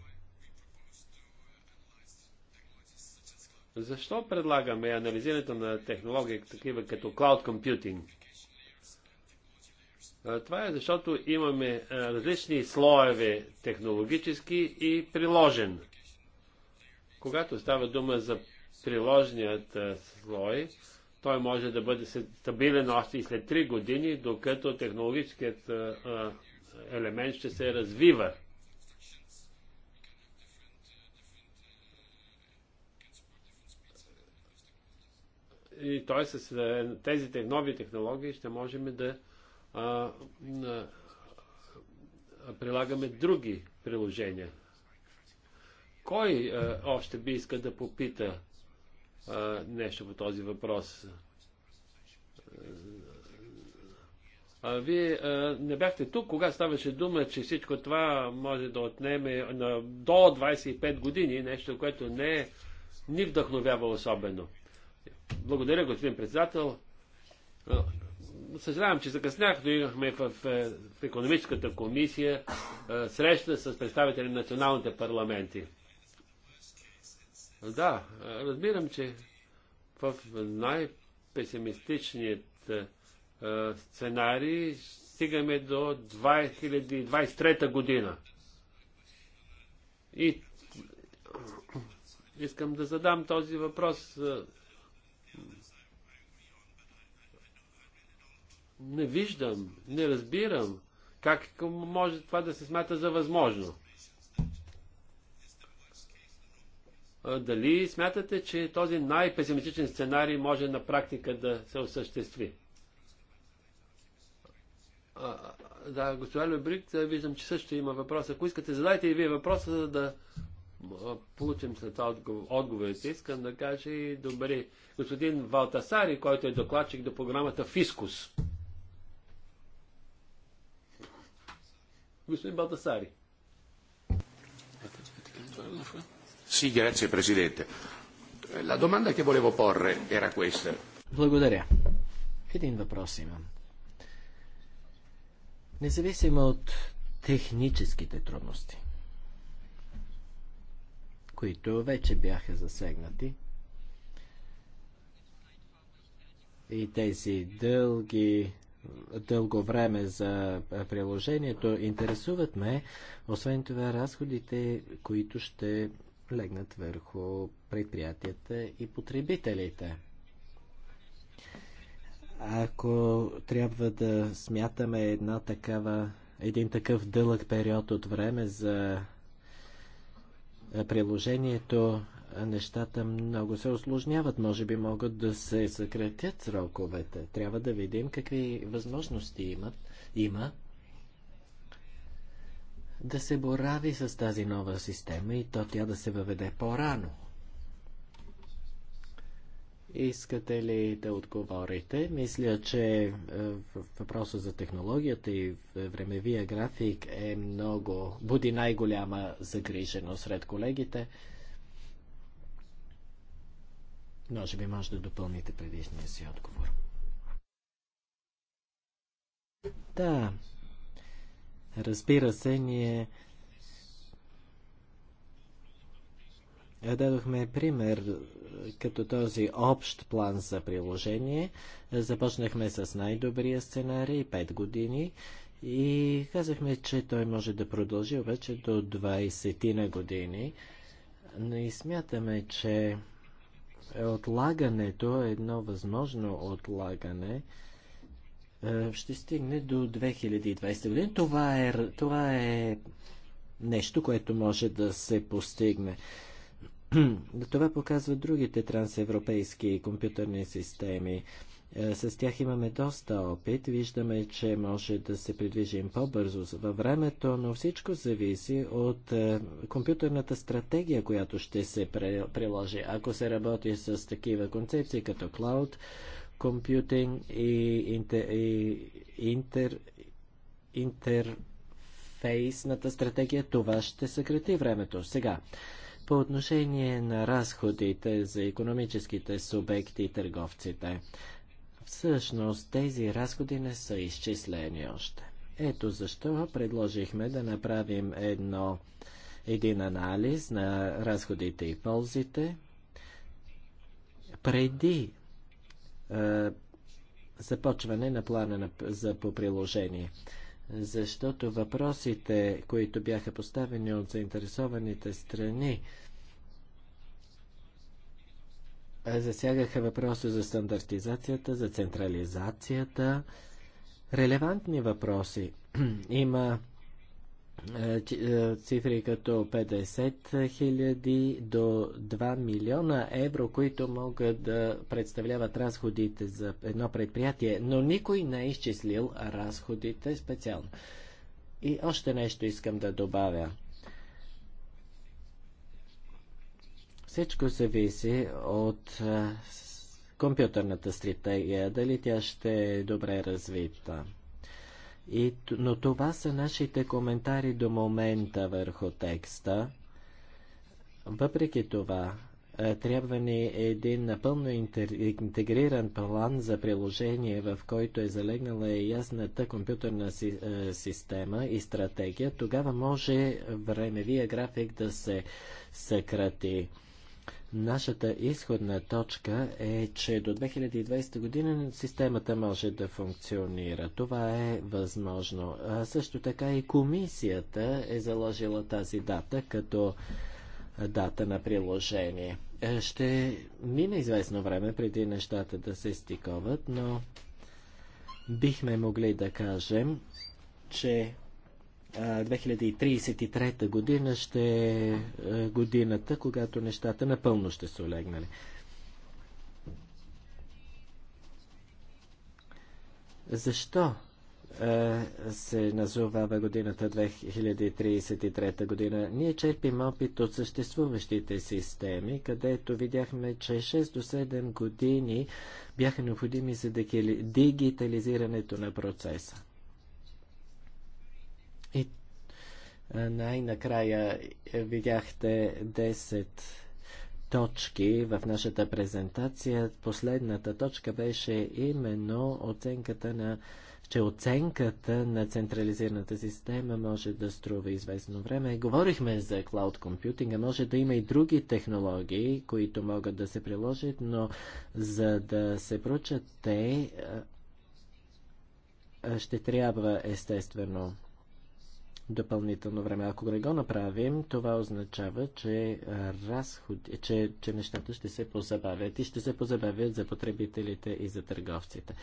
Защо предлагаме анализирането на технологии такива като Cloud Computing? Това е защото имаме различни слоеве технологически и приложен. Когато става дума за приложният слой, той може да бъде стабилен още и след 3 години, докато технологическият елемент ще се развива. И той с тези нови технологии ще можем да а, а, прилагаме други приложения. Кой а, още би иска да попита? нещо по този въпрос. А, вие а, не бяхте тук, кога ставаше дума, че всичко това може да отнеме на, до 25 години, нещо, което не е, ни вдъхновява особено. Благодаря, господин председател. Съжалявам, че закъснях, но имахме в, е, в економическата комисия е, среща с представители на националните парламенти. Да, разбирам, че в най-песимистичният е, е, сценарий стигаме до 2023 година. И искам да задам този въпрос. Е, не виждам, не разбирам как може това да се смята за възможно. дали смятате, че този най-песимистичен сценарий може на практика да се осъществи? А, да, госпожа Любрик, виждам, че също има въпрос. Ако искате, задайте и вие въпроса, за да получим след това отговорите. Искам да кажа и добре. Господин Валтасари, който е докладчик до програмата Фискус. Господин Балтасари. Thank you. Signor Presidente. La domanda che volevo porre era questa. Благодаря. Един въпрос имам. Независимо от техническите трудности, които вече бяха засегнати, и тези дълги дълго време за приложението. Интересуват ме, освен това, разходите, които ще легнат върху предприятията и потребителите. Ако трябва да смятаме една такава, един такъв дълъг период от време за приложението, нещата много се осложняват. Може би могат да се съкратят сроковете. Трябва да видим какви възможности имат, има да се борави с тази нова система и то тя да се въведе по-рано. Искате ли да отговорите? Мисля, че е, въпросът за технологията и времевия график е много, буди най-голяма загриженост сред колегите. Може би може да допълните предишния си отговор. Да, Разбира се, ние дадохме пример е, като този общ план за приложение. Е, започнахме с най-добрия сценарий 5 години и казахме, че той може да продължи обаче до 20 на години. Но и смятаме, че отлагането, е едно възможно отлагане, е, ще стигне до 2020 година. Това е, това е нещо, което може да се постигне. Това показват другите трансевропейски компютърни системи. Е, с тях имаме доста опит. Виждаме, че може да се придвижим по-бързо във времето, но всичко зависи от е, компютърната стратегия, която ще се приложи. Ако се работи с такива концепции като клауд, computing и, интер, и интер, интерфейсната стратегия, това ще съкрати времето. Сега, по отношение на разходите за економическите субекти и търговците, всъщност тези разходи не са изчислени още. Ето защо предложихме да направим едно, един анализ на разходите и ползите, преди е, започване на плана на, за, по приложение. Защото въпросите, които бяха поставени от заинтересованите страни, засягаха въпроси за стандартизацията, за централизацията, релевантни въпроси. Има е, е, цифри като 50 хиляди до 2 милиона евро, които могат да представляват разходите за едно предприятие, но никой не е изчислил разходите специално. И още нещо искам да добавя. Всичко зависи от е, компютърната стратегия, дали тя ще е добре развита. И, но това са нашите коментари до момента върху текста. Въпреки това, е, трябва ни един напълно интегриран план за приложение, в който е залегнала и ясната компютърна си, е, система и стратегия. Тогава може времевия график да се съкрати. Нашата изходна точка е, че до 2020 година системата може да функционира. Това е възможно. А също така и комисията е заложила тази дата като дата на приложение. Е, ще мине известно време преди нещата да се стиковат, но бихме могли да кажем, че 2033 година ще е годината, когато нещата напълно ще са олегнали. Защо е, се назовава годината 2033 година. Ние черпим опит от съществуващите системи, където видяхме, че 6 до 7 години бяха необходими за дигитализирането на процеса. Най-накрая е, видяхте 10 точки в нашата презентация. Последната точка беше именно оценката на че оценката на централизираната система може да струва известно време. Говорихме за клауд компютинга, може да има и други технологии, които могат да се приложат, но за да се проучат те, е, ще трябва естествено допълнително време. Ако не го направим, това означава, че, разход, че, че нещата ще се позабавят и ще се позабавят за потребителите и за търговците.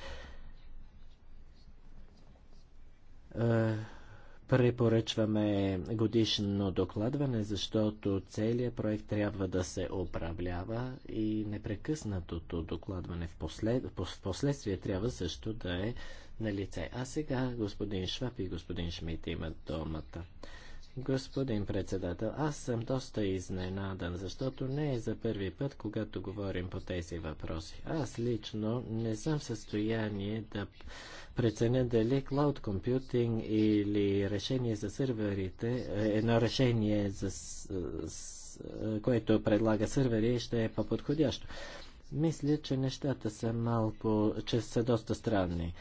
Препоръчваме годишно докладване, защото целият проект трябва да се управлява и непрекъснатото докладване в, послед... в последствие трябва също да е на лице. А сега господин Шваб и господин Шмидт имат думата. Господин председател, аз съм доста изненадан, защото не е за първи път, когато говорим по тези въпроси. Аз лично не съм в състояние да преценя дали клауд компютинг или решение за серверите, е, едно решение, за, което предлага сервери, ще е по-подходящо. Мисля, че нещата са малко, че са доста странни.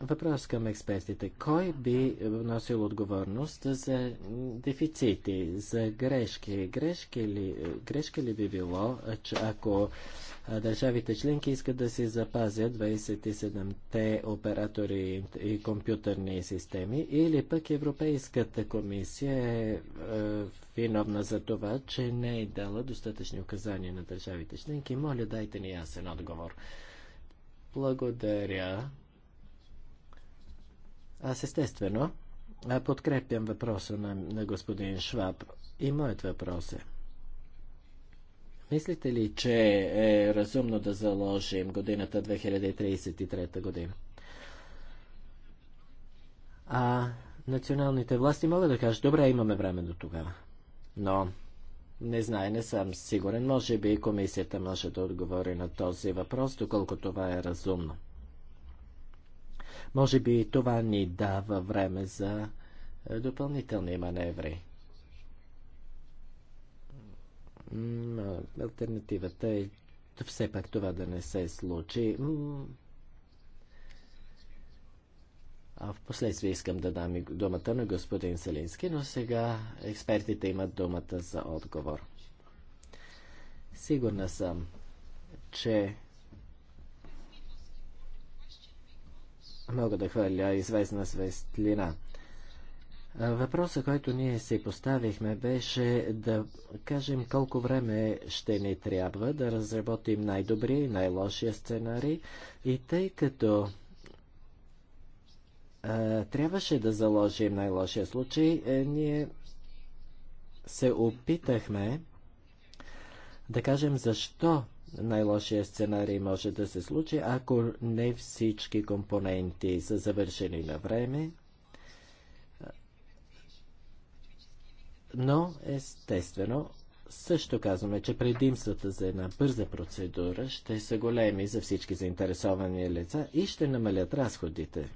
Въпрос към експертите. Кой би носил отговорност за дефицити, за грешки? Грешки ли, грешки ли би било, че ако държавите членки искат да си запазят 27-те оператори и компютърни системи, или пък Европейската комисия е, е виновна за това, че не е дала достатъчни указания на държавите членки? Моля, дайте ни ясен отговор. Благодаря. Аз естествено подкрепям въпроса на, на господин Шваб и моят въпрос е. Мислите ли, че е разумно да заложим годината 2033 година? А националните власти могат да кажат, добре, имаме време до тогава. Но не знае, не съм сигурен. Може би комисията може да отговори на този въпрос, доколко това е разумно. Може би това ни дава време за е, допълнителни маневри. Альтернативата е все пак това да не се случи. А в последствие искам да дам думата на господин Селински, но сега експертите имат думата за отговор. Сигурна съм, че мога да хвърля известна светлина. Въпросът, който ние си поставихме, беше да кажем колко време ще ни трябва да разработим най-добрия и най-лошия сценарий. И тъй като а, трябваше да заложим най-лошия случай, е, ние се опитахме да кажем защо най-лошия сценарий може да се случи, ако не всички компоненти са завършени на време. Но, естествено, също казваме, че предимствата за една бърза процедура ще са големи за всички заинтересовани лица и ще намалят разходите.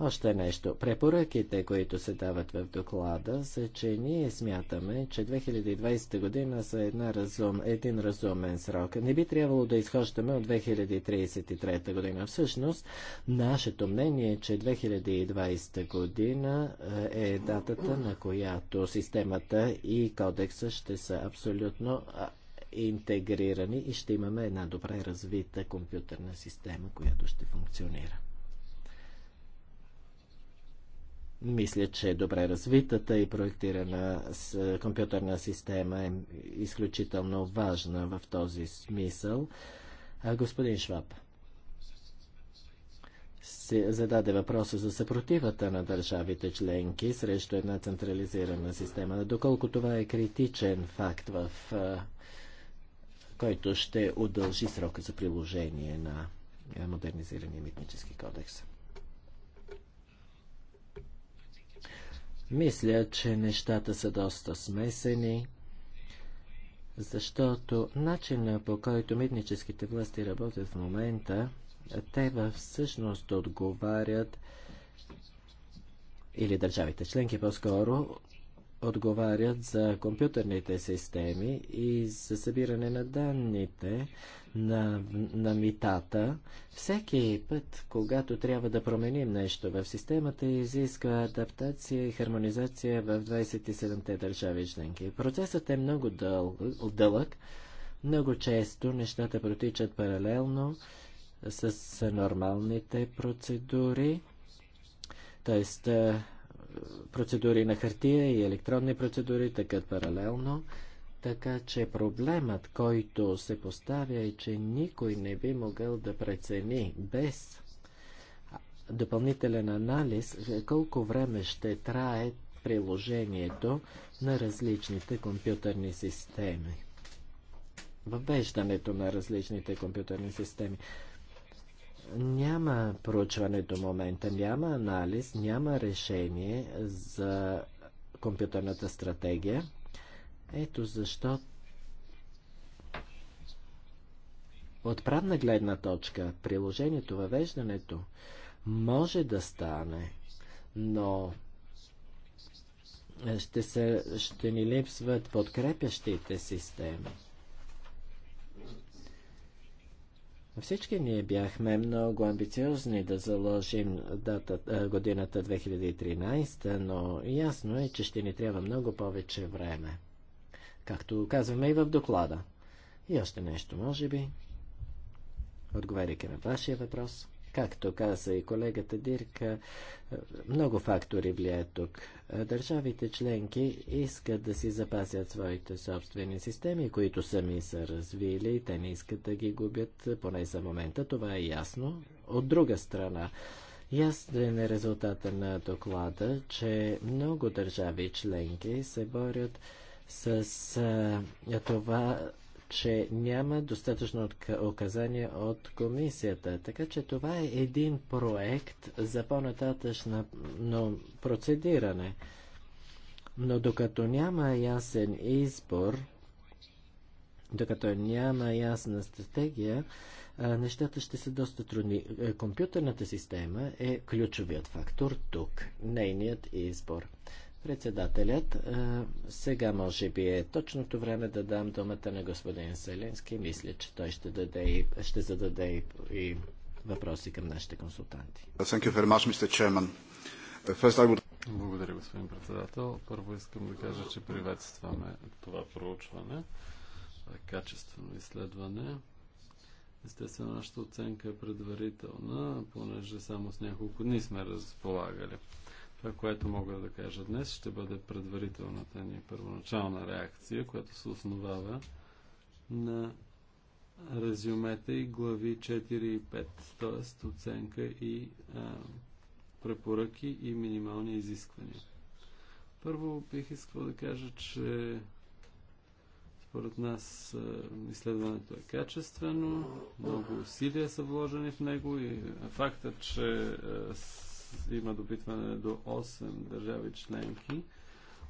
Още нещо. Препоръките, които се дават в доклада, са, че ние смятаме, че 2020 година са една разум, един разумен срок. Не би трябвало да изхождаме от 2033 година. Всъщност, нашето мнение е, че 2020 година е, е датата, на която системата и кодекса ще са абсолютно интегрирани и ще имаме една добре развита компютърна система, която ще функционира. Мисля, че е добре развитата и проектирана с компютърна система е изключително важна в този смисъл. А господин Шваб се зададе въпроса за съпротивата на държавите членки срещу една централизирана система. Доколко това е критичен факт, в който ще удължи срока за приложение на модернизирания митнически кодекс. Мисля, че нещата са доста смесени, защото начина по който митническите власти работят в момента, те всъщност отговарят или държавите членки по-скоро отговарят за компютърните системи и за събиране на данните на, на митата. Всеки път, когато трябва да променим нещо в системата, изисква адаптация и хармонизация в 27-те държави членки. Процесът е много дъл, дълъг. Много често нещата протичат паралелно с нормалните процедури. Тоест, процедури на хартия и електронни процедури тъкат паралелно. Така че проблемът, който се поставя е, че никой не би могъл да прецени без допълнителен анализ е, колко време ще трае приложението на различните компютърни системи. Въвеждането на различните компютърни системи няма проучване до момента, няма анализ, няма решение за компютърната стратегия. Ето защо от правна гледна точка приложението, въвеждането може да стане, но ще, се, ще ни липсват подкрепящите системи. Всички ние бяхме много амбициозни да заложим дата, е, годината 2013, но ясно е, че ще ни трябва много повече време. Както казваме и в доклада. И още нещо, може би, отговаряйки на вашия въпрос. Както каза и колегата Дирка, много фактори влияят тук. Държавите членки искат да си запасят своите собствени системи, които сами са развили. Те не искат да ги губят, поне за момента. Това е ясно. От друга страна, Ясен е резултата на доклада, че много държави членки се борят с а, това че няма достатъчно оказания от комисията. Така че това е един проект за по-нататъчно процедиране. Но докато няма ясен избор, докато няма ясна стратегия, нещата ще са доста трудни. Е, компютърната система е ключовият фактор тук, нейният избор. Председателят, сега може би е точното време да дам думата на господин Селински. Мисля, че той ще, даде и, ще зададе и, и въпроси към нашите консултанти. Благодаря, господин председател. Първо искам да кажа, че приветстваме това проучване, е качествено изследване. Естествено, нашата оценка е предварителна, понеже само с няколко дни сме разполагали. Това, което мога да кажа днес, ще бъде предварителната ни първоначална реакция, която се основава на резюмета и глави 4 и 5, т.е. оценка и а, препоръки и минимални изисквания. Първо бих искал да кажа, че според нас изследването е качествено, много усилия са вложени в него и фактът, че има допитване до 8 държави членки,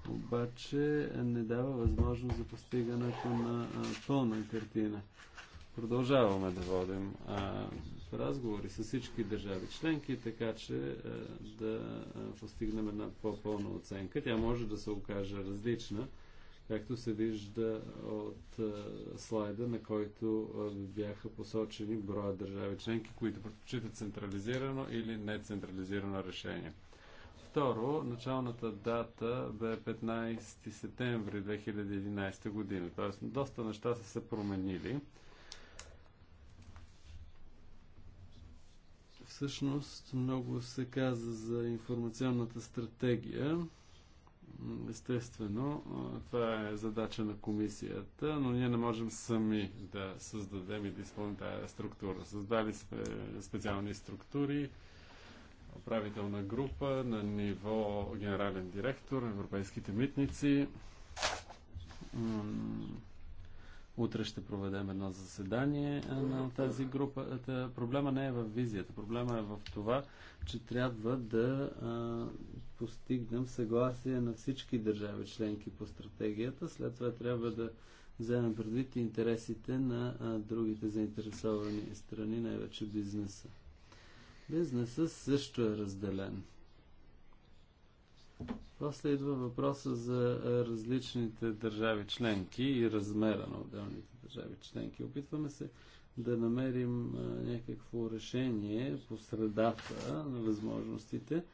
обаче не дава възможност за постигането на пълна картина. Продължаваме да водим а, разговори с всички държави членки, така че а, да постигнем една по-пълна оценка. Тя може да се окаже различна както се вижда от е, слайда, на който е, бяха посочени броя държави членки, които предпочитат централизирано или нецентрализирано решение. Второ, началната дата бе 15 септември 2011 година, т.е. доста неща са се променили. Всъщност много се каза за информационната стратегия. Естествено, това е задача на комисията, но ние не можем сами да създадем и да изпълним тази структура. Създали сме специални структури, управителна група на ниво генерален директор, европейските митници, Утре ще проведем едно заседание на тази група. Проблема не е в визията. Проблема е в това, че трябва да а, постигнем съгласие на всички държави членки по стратегията. След това трябва да вземем предвид интересите на а, другите заинтересовани страни, най-вече бизнеса. Бизнесът също е разделен. После идва въпроса за различните държави членки и размера на отделните държави членки. Опитваме се да намерим някакво решение по средата на възможностите.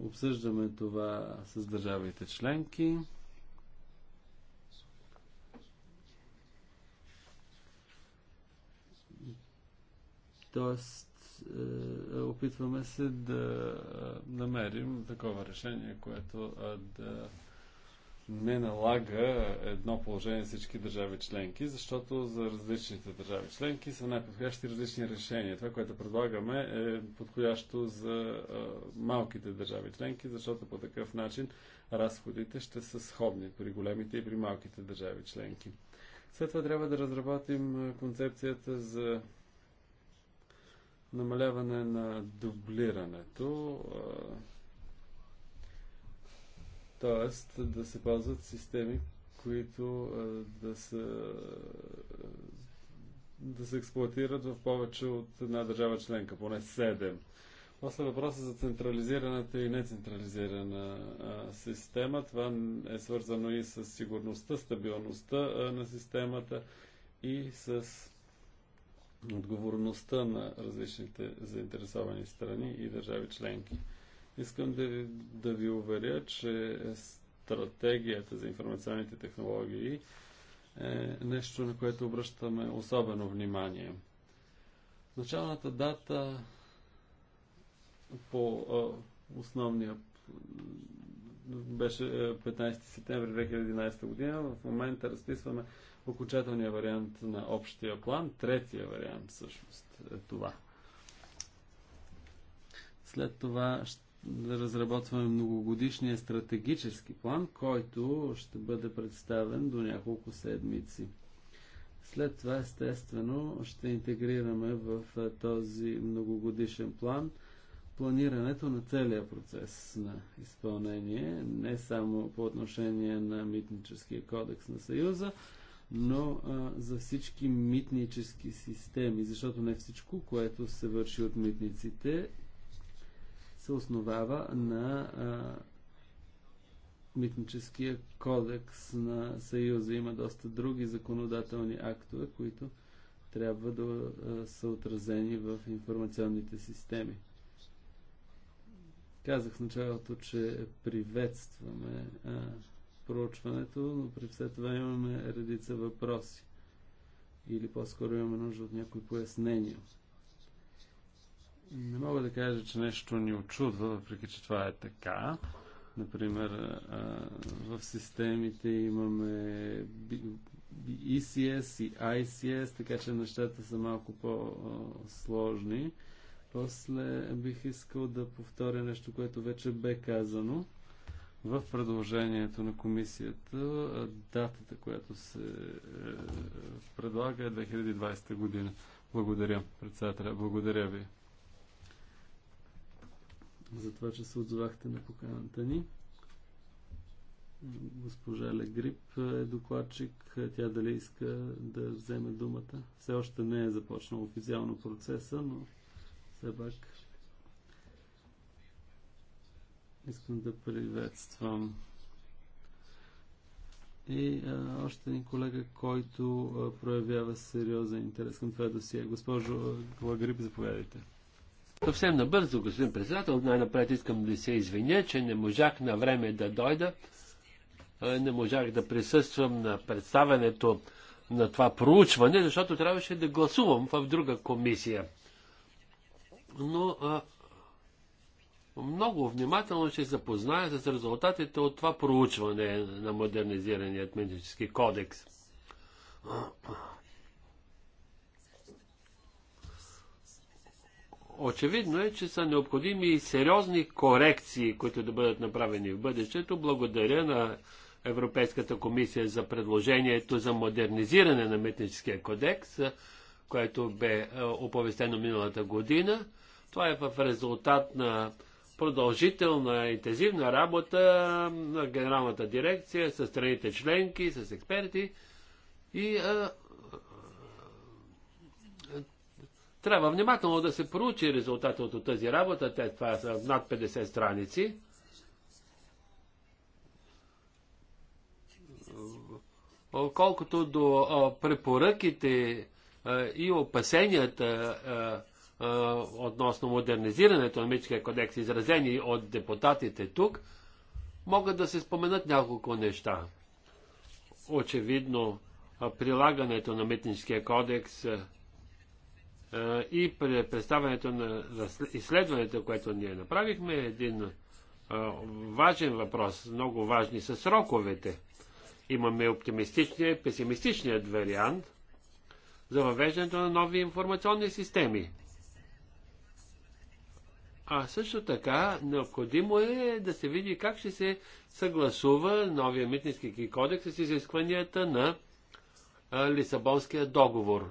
Обсъждаме това с държавите членки. Тоест, е, е, опитваме се да е, намерим такова решение, което да не налага едно положение всички държави членки, защото за различните държави членки са най-подходящи различни решения. Това, което предлагаме е подходящо за малките държави членки, защото по такъв начин разходите ще са сходни при големите и при малките държави членки. След това трябва да разработим концепцията за намаляване на дублирането, т.е. да се ползват системи, които да се да се експлуатират в повече от една държава членка, поне 7. После въпроса за централизираната и нецентрализирана система. Това е свързано и с сигурността, стабилността на системата и с отговорността на различните заинтересовани страни и държави членки. Искам да ви, да ви уверя, че стратегията за информационните технологии е нещо, на което обръщаме особено внимание. Началната дата по а, основния беше 15 септември 2011 година. В момента разписваме окончателния вариант на общия план. Третия вариант всъщност е това. След това ще да разработваме многогодишния стратегически план, който ще бъде представен до няколко седмици. След това, естествено, ще интегрираме в е, този многогодишен план планирането на целия процес на изпълнение, не само по отношение на митническия кодекс на Съюза, но а, за всички митнически системи, защото не всичко, което се върши от митниците, се основава на а, митническия кодекс на Съюза. Има доста други законодателни актове, които трябва да а, са отразени в информационните системи. Казах в началото, че приветстваме а, проучването, но при все това имаме редица въпроси. Или по-скоро имаме нужда от някои пояснения. Не мога да кажа, че нещо ни очудва, въпреки че това е така. Например, в системите имаме ECS и ICS, така че нещата са малко по-сложни. После бих искал да повторя нещо, което вече бе казано в предложението на комисията датата, която се е, предлага е 2020 година. Благодаря, председателя. Благодаря ви за това, че се отзовахте на поканата ни. Госпожа Легрип е докладчик. Тя дали иска да вземе думата? Все още не е започнал официално процеса, но все пак Искам да приветствам и а, още един колега, който а, проявява сериозен интерес към това досие. Госпожо Лагрип, заповядайте. Съвсем набързо, господин председател, най-напред искам да се извиня, че не можах на време да дойда. Не можах да присъствам на представянето на това проучване, защото трябваше да гласувам в друга комисия. Но а, много внимателно ще се запозная с резултатите от това проучване на модернизирания медицински кодекс. Очевидно е, че са необходими и сериозни корекции, които да бъдат направени в бъдещето. Благодаря на Европейската комисия за предложението за модернизиране на митническия кодекс, което бе е, оповестено миналата година. Това е в резултат на продължителна, интензивна работа на Генералната дирекция, с страните членки, с експерти и а, трябва внимателно да се проучи резултата от тази работа. Те, това са над 50 страници. Колкото до препоръките и опасенията относно модернизирането на митническия кодекс, изразени от депутатите тук, могат да се споменат няколко неща. Очевидно, прилагането на митническия кодекс и представянето на изследването, което ние направихме, е един важен въпрос. Много важни са сроковете. Имаме оптимистичния и песимистичният вариант за въвеждането на нови информационни системи. А също така необходимо е да се види как ще се съгласува новия митнически кодекс с изискванията на Лисабонския договор.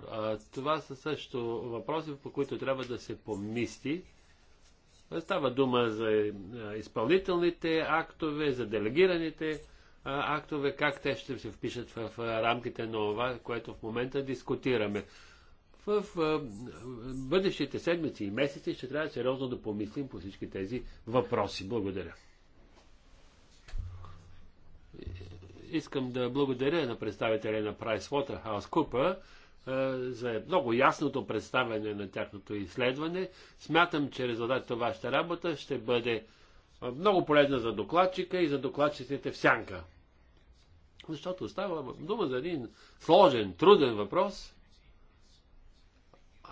Това са също въпроси, по които трябва да се помисли. Става дума за изпълнителните актове, за делегираните актове, как те ще се впишат в рамките на това, което в момента дискутираме в бъдещите седмици и месеци ще трябва сериозно да помислим по всички тези въпроси. Благодаря. Искам да благодаря на представителя на PricewaterhouseCoopers за много ясното представяне на тяхното изследване. Смятам, че резултатът от вашата работа ще бъде много полезна за докладчика и за докладчиците в сянка. Защото става дума за един сложен, труден въпрос,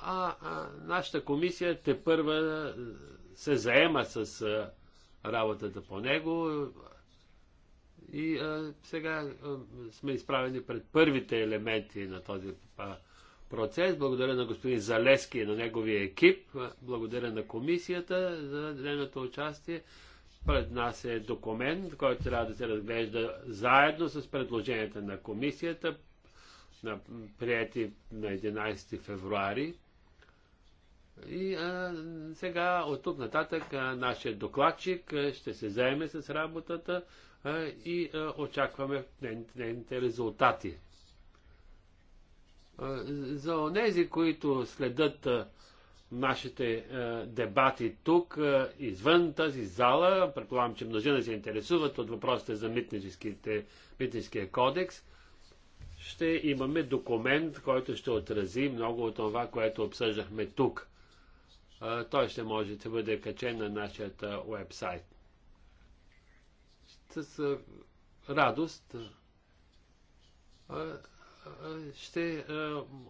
а, а нашата комисия те първа се заема с а, работата по него и а, сега а, сме изправени пред първите елементи на този а, процес. Благодаря на господин Залески и на неговия екип. Благодаря на комисията за деленото участие. Пред нас е документ, който трябва да се разглежда заедно с предложенията на комисията, на, прияти на 11 февруари и а, сега от тук нататък а, нашия докладчик а, ще се заеме с работата а, и а, очакваме нейните резултати. А, за онези, които следят а, нашите а, дебати тук, а, извън тази зала, предполагам, че множина се интересуват от въпросите за митническия кодекс, ще имаме документ, който ще отрази много от това, което обсъждахме тук той ще може да бъде качен на нашия вебсайт. С радост ще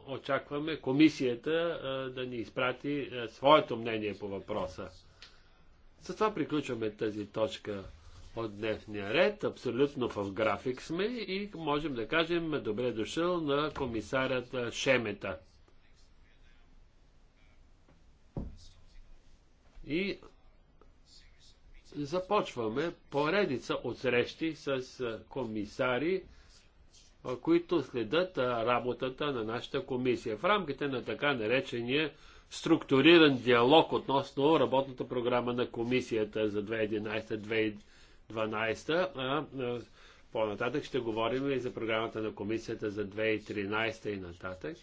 очакваме комисията да ни изпрати своето мнение по въпроса. С това приключваме тази точка от дневния ред. Абсолютно в график сме и можем да кажем добре дошъл на комисарят Шемета. И започваме поредица от срещи с комисари, които следят работата на нашата комисия в рамките на така наречения структуриран диалог относно работната програма на комисията за 2011-2012. По-нататък ще говорим и за програмата на комисията за 2013 и нататък.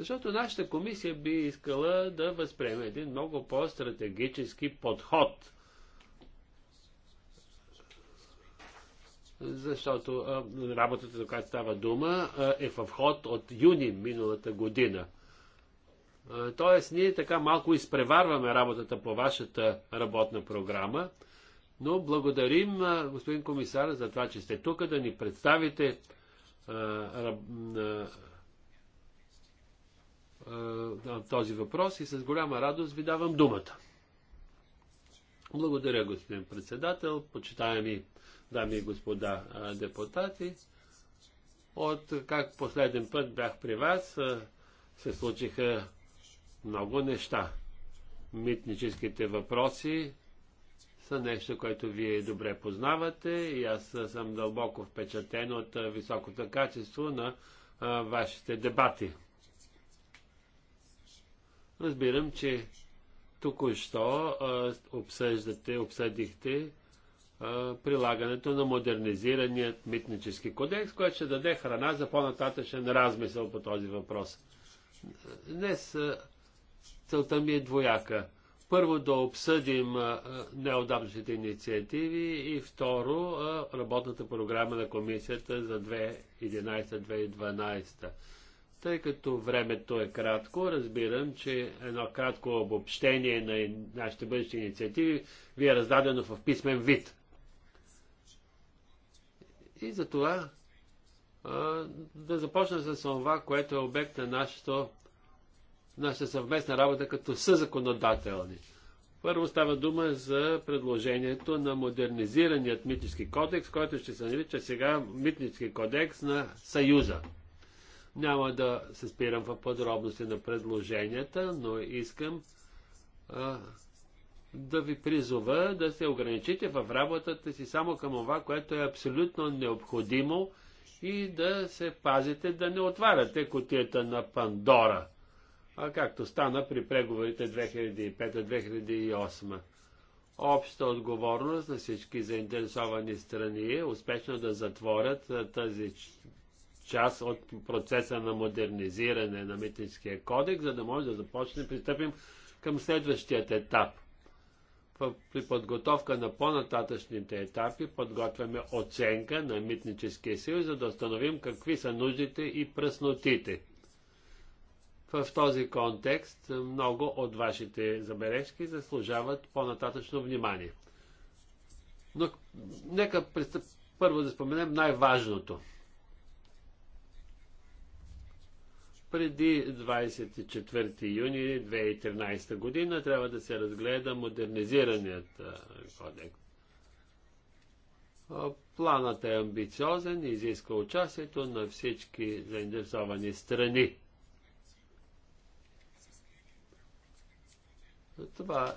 Защото нашата комисия би искала да възприеме един много по-стратегически подход. Защото а, работата, за която става дума, а, е в ход от юни миналата година. А, тоест, ние така малко изпреварваме работата по вашата работна програма, но благодарим, а, господин комисар, за това, че сте тук да ни представите а, а, е, на този въпрос и с голяма радост ви давам думата. Благодаря, господин председател, почитаеми дами и господа е, депутати. От как последен път бях при вас, е, се случиха много неща. Митническите въпроси са нещо, което вие добре познавате и аз съм дълбоко впечатлен от високото качество на вашите дебати. Разбирам, че току-що обсъждате, обсъдихте прилагането на модернизираният митнически кодекс, който ще даде храна за по-нататъчен размисъл по този въпрос. Днес целта ми е двояка. Първо да обсъдим неодавнашните инициативи и второ работната програма на комисията за 2011-2012. Тъй като времето е кратко, разбирам, че едно кратко обобщение на нашите бъдещи инициативи ви е раздадено в писмен вид. И за това да започна с това, което е обект на нашото, нашата съвместна работа като съзаконодателни. Първо става дума за предложението на модернизираният митнически кодекс, който ще се нарича сега митнически кодекс на Съюза. Няма да се спирам в подробности на предложенията, но искам а, да ви призова да се ограничите в работата си само към това, което е абсолютно необходимо и да се пазите да не отваряте котията на Пандора, а както стана при преговорите 2005-2008. Обща отговорност на всички заинтересовани страни е успешно да затворят тази част от процеса на модернизиране на митническия кодекс, за да може да започнем, пристъпим към следващият етап. При подготовка на по-нататъчните етапи подготвяме оценка на митническия съюз, за да установим какви са нуждите и пръснотите. В този контекст много от вашите забележки заслужават по-нататъчно внимание. Но нека пристъп... първо да споменем най-важното – преди 24 юни 2013 година трябва да се разгледа модернизираният кодекс. Планът е амбициозен и изисква участието на всички заинтересовани страни. Това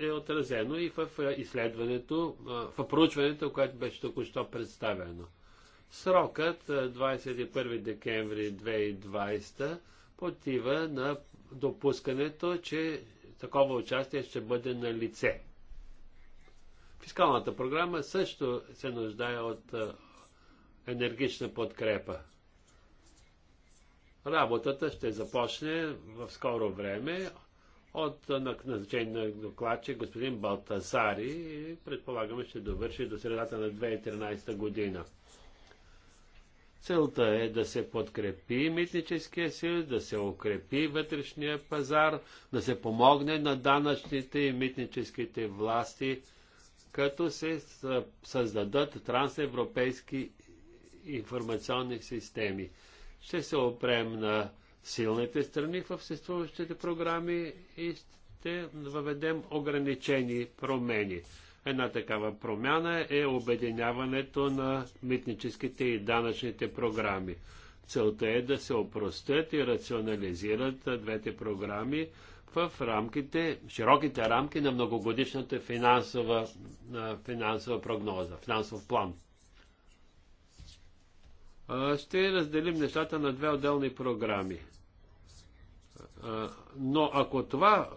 е отразено и в изследването, в проучването, което беше току-що представено. Срокът 21 е, декември 2020 потива на допускането, че такова участие ще бъде на лице. Фискалната програма също се нуждае от е, енергична подкрепа. Работата ще започне в скоро време от е, назначение на докладчик господин Балтазари и предполагаме ще довърши до средата на 2013 година. Целта е да се подкрепи митническия съюз, да се укрепи вътрешния пазар, да се помогне на данъчните и митническите власти, като се създадат трансевропейски информационни системи. Ще се опрем на силните страни в съществуващите програми и ще въведем ограничени промени. Една такава промяна е обединяването на митническите и данъчните програми. Целта е да се опростят и рационализират двете програми в рамките, широките рамки на многогодишната финансова, финансова прогноза, финансов план. Ще разделим нещата на две отделни програми. Но ако това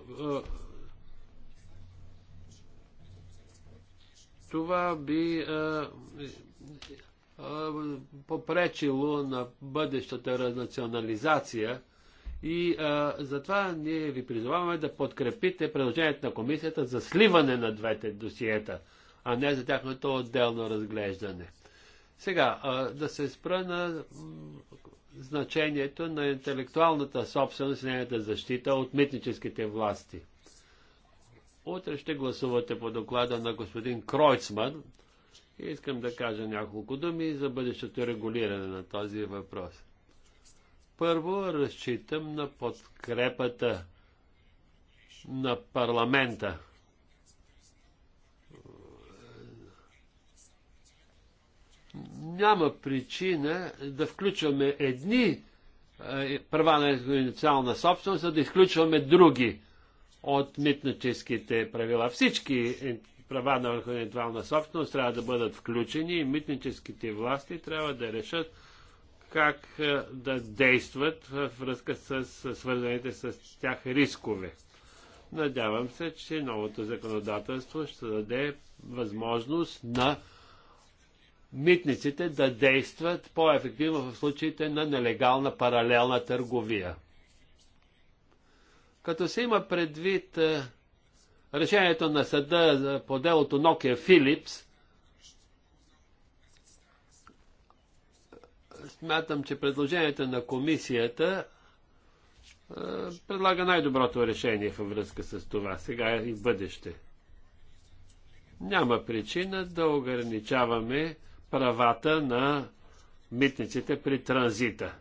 Това би а, а, попречило на бъдещата разнационализация и а, затова ние ви призоваваме да подкрепите предложението на комисията за сливане на двете досиета, а не за тяхното отделно разглеждане. Сега, а, да се спра на значението на интелектуалната собственост и нейната защита от митническите власти – Утре ще гласувате по доклада на господин Кройцман. И искам да кажа няколко думи за бъдещето регулиране на този въпрос. Първо, разчитам на подкрепата на парламента. Няма причина да включваме едни права на инициална собственост, а да изключваме други от митническите правила. Всички е, права на интелектуална собственост трябва да бъдат включени и митническите власти трябва да решат как е, да действат във връзка с свързаните с тях рискове. Надявам се, че новото законодателство ще даде възможност на митниците да действат по-ефективно в случаите на нелегална паралелна търговия. Като се има предвид е, решението на съда е, по делото Nokia Philips, смятам, че предложението на комисията е, предлага най-доброто решение във връзка с това, сега и в бъдеще. Няма причина да ограничаваме правата на митниците при транзита.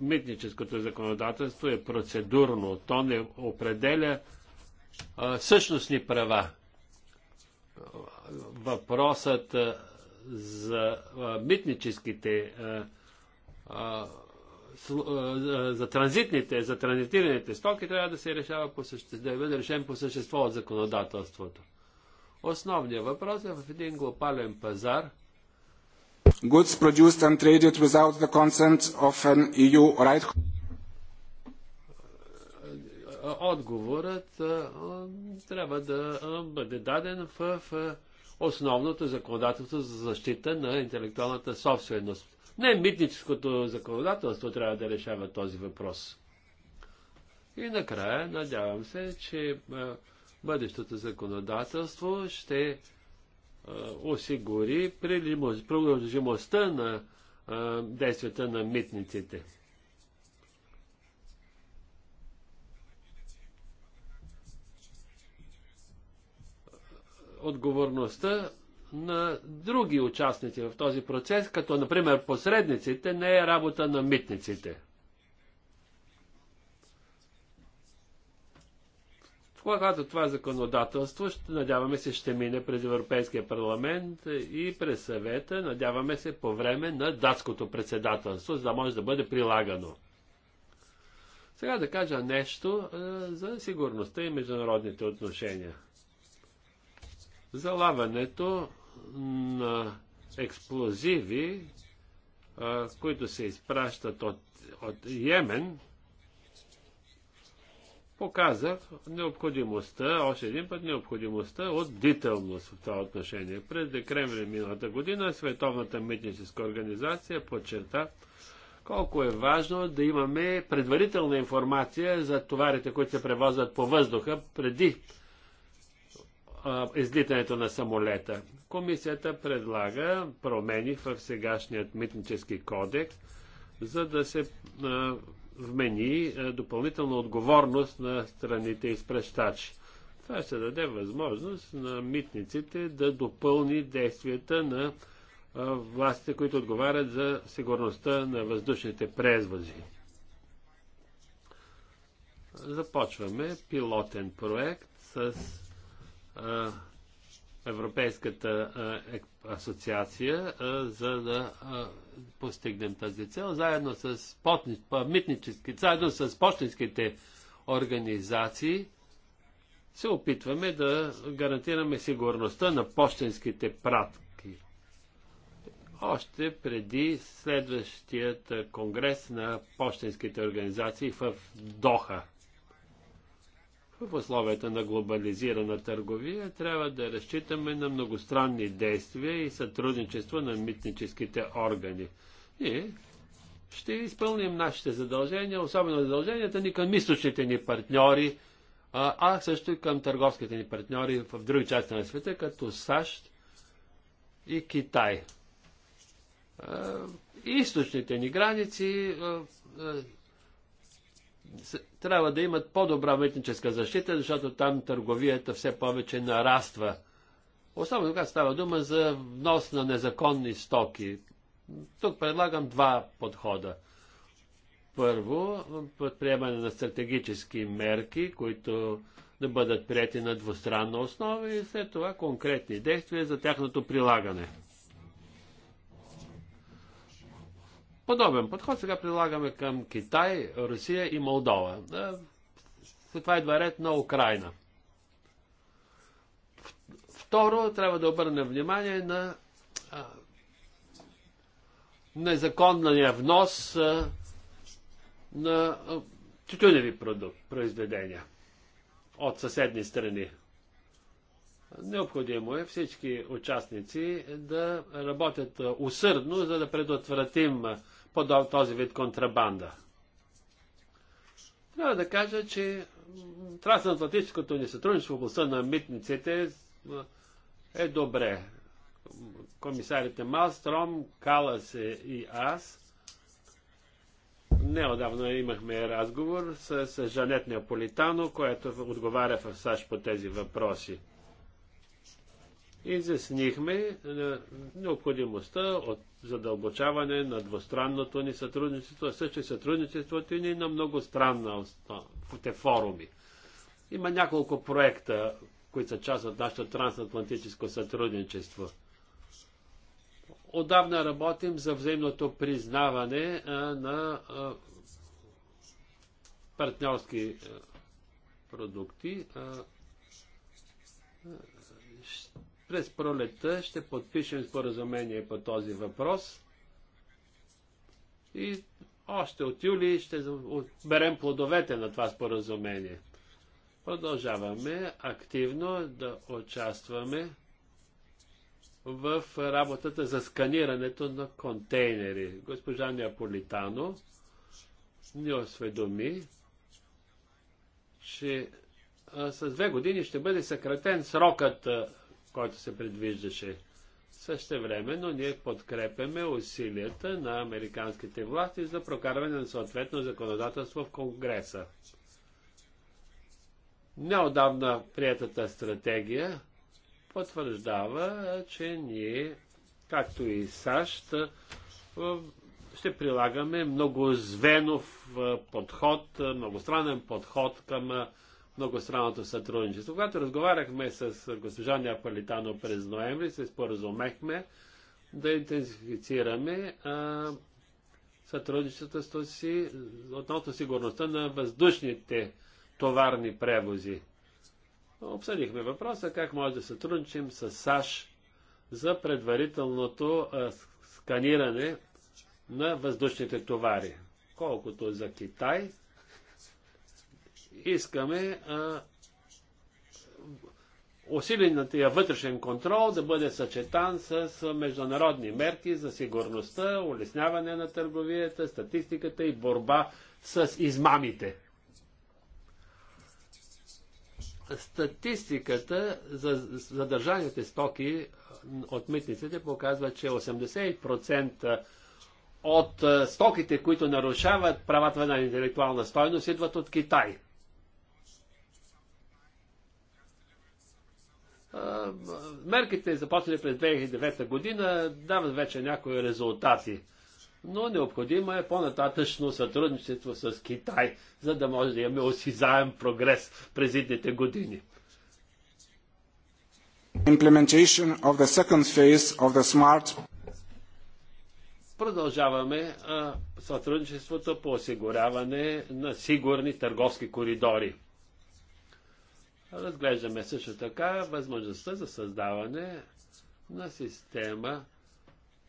митническото законодателство е процедурно. То не определя а, същностни права. Въпросът а, за а, митническите за транзитните, за транзитираните стоки трябва да се решава по същество, да бъде решен по същество от законодателството. Основният въпрос е в един глобален пазар Goods produced and traded without the consent of an EU right отговорът а, трябва да а, бъде даден в, в основното законодателство за защита на интелектуалната собственост. Не митническото законодателство трябва да решава този въпрос. И накрая надявам се, че а, бъдещото законодателство ще осигури продължимостта на действията на митниците. Отговорността на други участници в този процес, като например посредниците, не е работа на митниците. Когато това законодателство, ще, надяваме се, ще мине през Европейския парламент и през съвета, надяваме се, по време на датското председателство, за да може да бъде прилагано. Сега да кажа нещо е, за сигурността и международните отношения. Залаването на експлозиви, е, които се изпращат от, от Йемен, показах необходимостта, още един път необходимостта от дителност в това отношение. През декември миналата година Световната митническа организация подчерта колко е важно да имаме предварителна информация за товарите, които се превозват по въздуха преди излитането на самолета. Комисията предлага промени в сегашният митнически кодекс, за да се а, вмени е, допълнителна отговорност на страните изпрещачи. Това ще даде възможност на митниците да допълни действията на е, властите, които отговарят за сигурността на въздушните презвози. Започваме пилотен проект с а, е, Европейската а, асоциация а, за да постигнем тази цел, заедно с, митнически, заедно с почтинските организации се опитваме да гарантираме сигурността на почтинските пратки. Още преди следващият конгрес на почтинските организации в Доха – в условията на глобализирана търговия трябва да разчитаме на многостранни действия и сътрудничество на митническите органи. И ще изпълним нашите задължения, особено задълженията ни към източните ни партньори, а също и към търговските ни партньори в други части на света, като САЩ и Китай. Източните ни граници трябва да имат по-добра митническа защита, защото там търговията все повече нараства. Особено когато става дума за внос на незаконни стоки. Тук предлагам два подхода. Първо, предприемане на стратегически мерки, които да бъдат прияти на двустранна основа и след това конкретни действия за тяхното прилагане. Подобен подход сега прилагаме към Китай, Русия и Молдова. След това идва ред на Украина. Второ, трябва да обърнем внимание на незаконния внос на тютюневи продукт, произведения от съседни страни. Необходимо е всички участници да работят усърдно, за да предотвратим по този вид контрабанда. Трябва да кажа, че трансатлантическото ни сътрудничество в областта на митниците е добре. Комисарите Малстром, Калас е и аз неодавна имахме разговор с, с Жанет Неаполитано, която отговаря в САЩ по тези въпроси изяснихме е, необходимостта от задълбочаване на двустранното ни сътрудничество, а също сътрудничеството ни на много многостранна форуми. Има няколко проекта, които са част от нашето трансатлантическо сътрудничество. Отдавна работим за взаимното признаване е, на е, партньорски продукти. През пролетта ще подпишем споразумение по този въпрос и още от юли ще берем плодовете на това споразумение. Продължаваме активно да участваме в работата за сканирането на контейнери. Госпожа Неаполитано ни осведоми, че с две години ще бъде съкратен срокът който се предвиждаше. Също време, но ние подкрепяме усилията на американските власти за прокарване на съответно законодателство в Конгреса. Неодавна приятата стратегия потвърждава, че ние, както и САЩ, ще прилагаме многозвенов подход, многостранен подход към многостранното сътрудничество. Когато разговаряхме с госпожа Неаполитано през ноември, се споразумехме да интенсифицираме а, сътрудничеството си относно сигурността на въздушните товарни превози. Обсъдихме въпроса как може да сътрудничим с САЩ за предварителното а, сканиране на въздушните товари. Колкото за Китай, искаме а, тия вътрешен контрол да бъде съчетан с международни мерки за сигурността, улесняване на търговията, статистиката и борба с измамите. Статистиката за задържаните стоки от митниците показва, че 80% от стоките, които нарушават правата на интелектуална стойност, идват от Китай – мерките, започнали през 2009 година, дават вече някои резултати. Но необходимо е по-нататъчно сътрудничество с Китай, за да може да имаме осизаем прогрес през идните години. Smart... Продължаваме а, сътрудничеството по осигуряване на сигурни търговски коридори. Разглеждаме също така възможността за създаване на система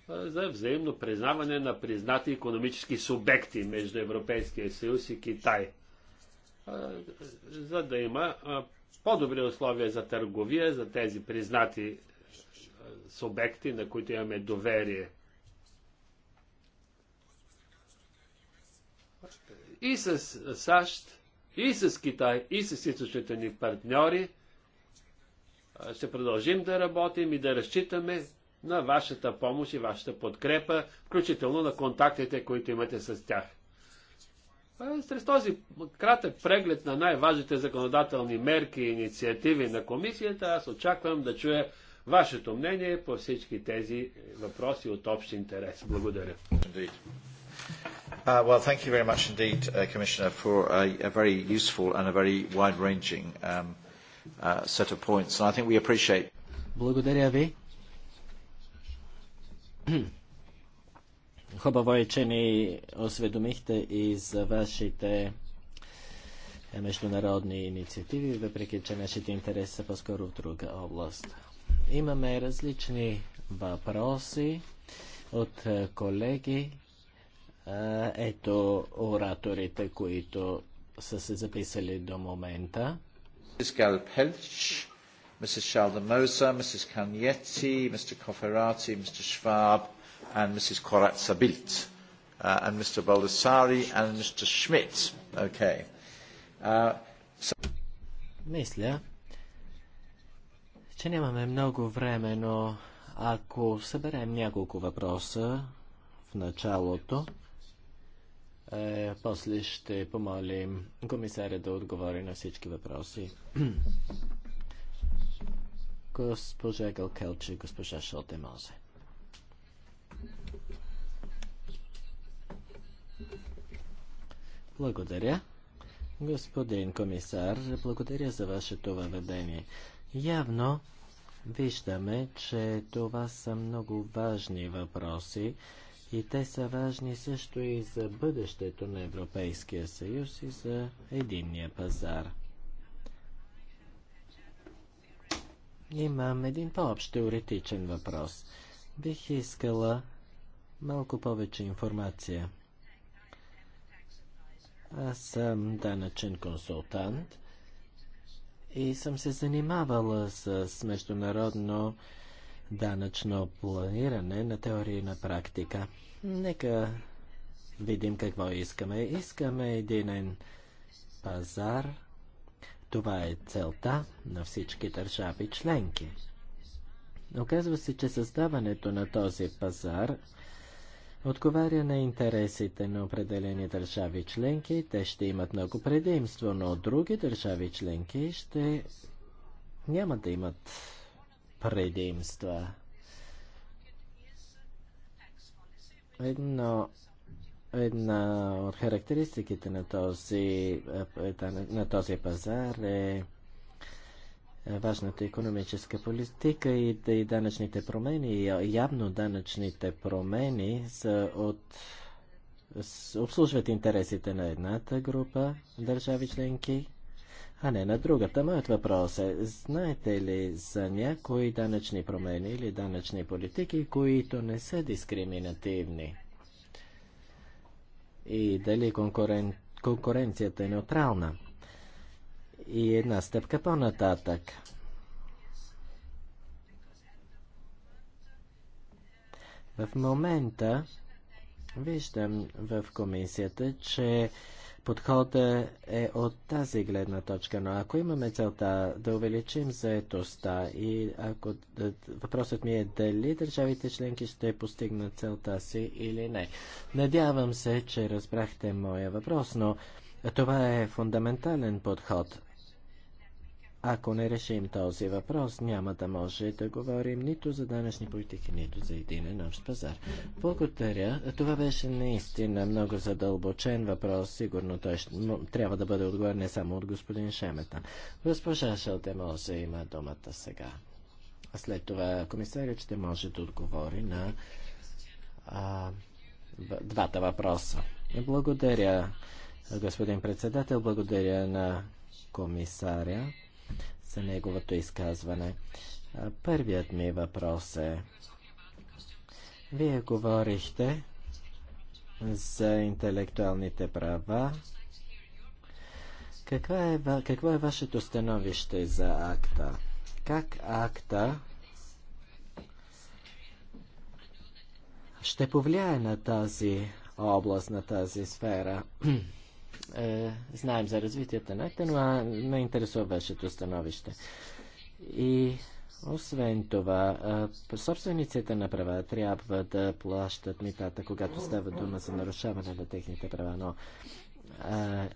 за взаимно признаване на признати економически субекти между Европейския съюз и Китай, за да има по-добри условия за търговия за тези признати субекти, на които имаме доверие. И с САЩ и с Китай, и с източните ни партньори. Ще продължим да работим и да разчитаме на вашата помощ и вашата подкрепа, включително на контактите, които имате с тях. Срез този кратък преглед на най-важните законодателни мерки и инициативи на комисията, аз очаквам да чуя вашето мнение по всички тези въпроси от общ интерес. Благодаря. Uh, Well, thank you very much indeed, uh, Commissioner, for a a very useful and a very wide-ranging um, uh, set of points. And I think we appreciate. Благодаря ви. Хубаво е, че ни осведомихте и за вашите е, международни инициативи, въпреки че нашите интереси са по-скоро в друга област. Имаме различни въпроси от е, колеги. Ето ораторите, които са се записали до момента. Gal Pelch, Mrs. Shaldemosa, Mrs. Cagnetti, Mr. Cofferati, Mr. Schwab, and Mrs. Corazza Bilt, uh, and Mr. Baldessari, and Mr. Schmidt. Okay. Uh, so... Мисля, че нямаме много време, но ако съберем няколко въпроса в началото, е, после ще помолим комисаря да отговори на всички въпроси. госпожа Галкелче, госпожа Шотемозе. Благодаря. Господин комисар, благодаря за вашето въведение. Явно виждаме, че това са много важни въпроси, и те са важни също и за бъдещето на Европейския съюз и за единния пазар. Имам един по-общ теоретичен въпрос. Бих искала малко повече информация. Аз съм данъчен консултант и съм се занимавала с международно данъчно планиране на теория и на практика. Нека видим какво искаме. Искаме единен пазар. Това е целта на всички държави членки. Оказва се, че създаването на този пазар отговаря на интересите на определени държави членки. Те ще имат много предимство, но други държави членки ще няма да имат предимства. Едно, една от характеристиките на този, е, е, на този пазар е важната економическа политика и, и данъчните промени. Явно данъчните промени са от обслужват интересите на едната група държави членки а не на другата. Моят въпрос е, знаете ли за някои данъчни промени или данъчни политики, които не са дискриминативни? И дали конкурен... конкуренцията е неутрална? И една стъпка по-нататък. В момента виждам в комисията, че подходът е, е от тази гледна точка. Но ако имаме целта да увеличим заетостта и ако въпросът ми е дали държавите членки ще постигнат целта си или не. Надявам се, че разбрахте моя въпрос, но това е фундаментален подход. Ако не решим този въпрос, няма да може да говорим нито за данъчни политики, нито за един общ пазар. Благодаря. Това беше наистина много задълбочен въпрос. Сигурно той ще, трябва да бъде отговорен не само от господин Шемета. Госпожа Шалтемоза има думата сега. А след това комисарят ще може да отговори на а, двата въпроса. Благодаря, господин председател. Благодаря на комисаря за неговото изказване. Първият ми въпрос е, вие говорихте за интелектуалните права. Каква е, какво е вашето становище за акта? Как акта ще повлияе на тази област, на тази сфера? е, знаем за развитието на акта, но ме интересува вашето становище. И освен това, собствениците на права трябва да плащат митата, когато става дума за нарушаване на техните права, но а,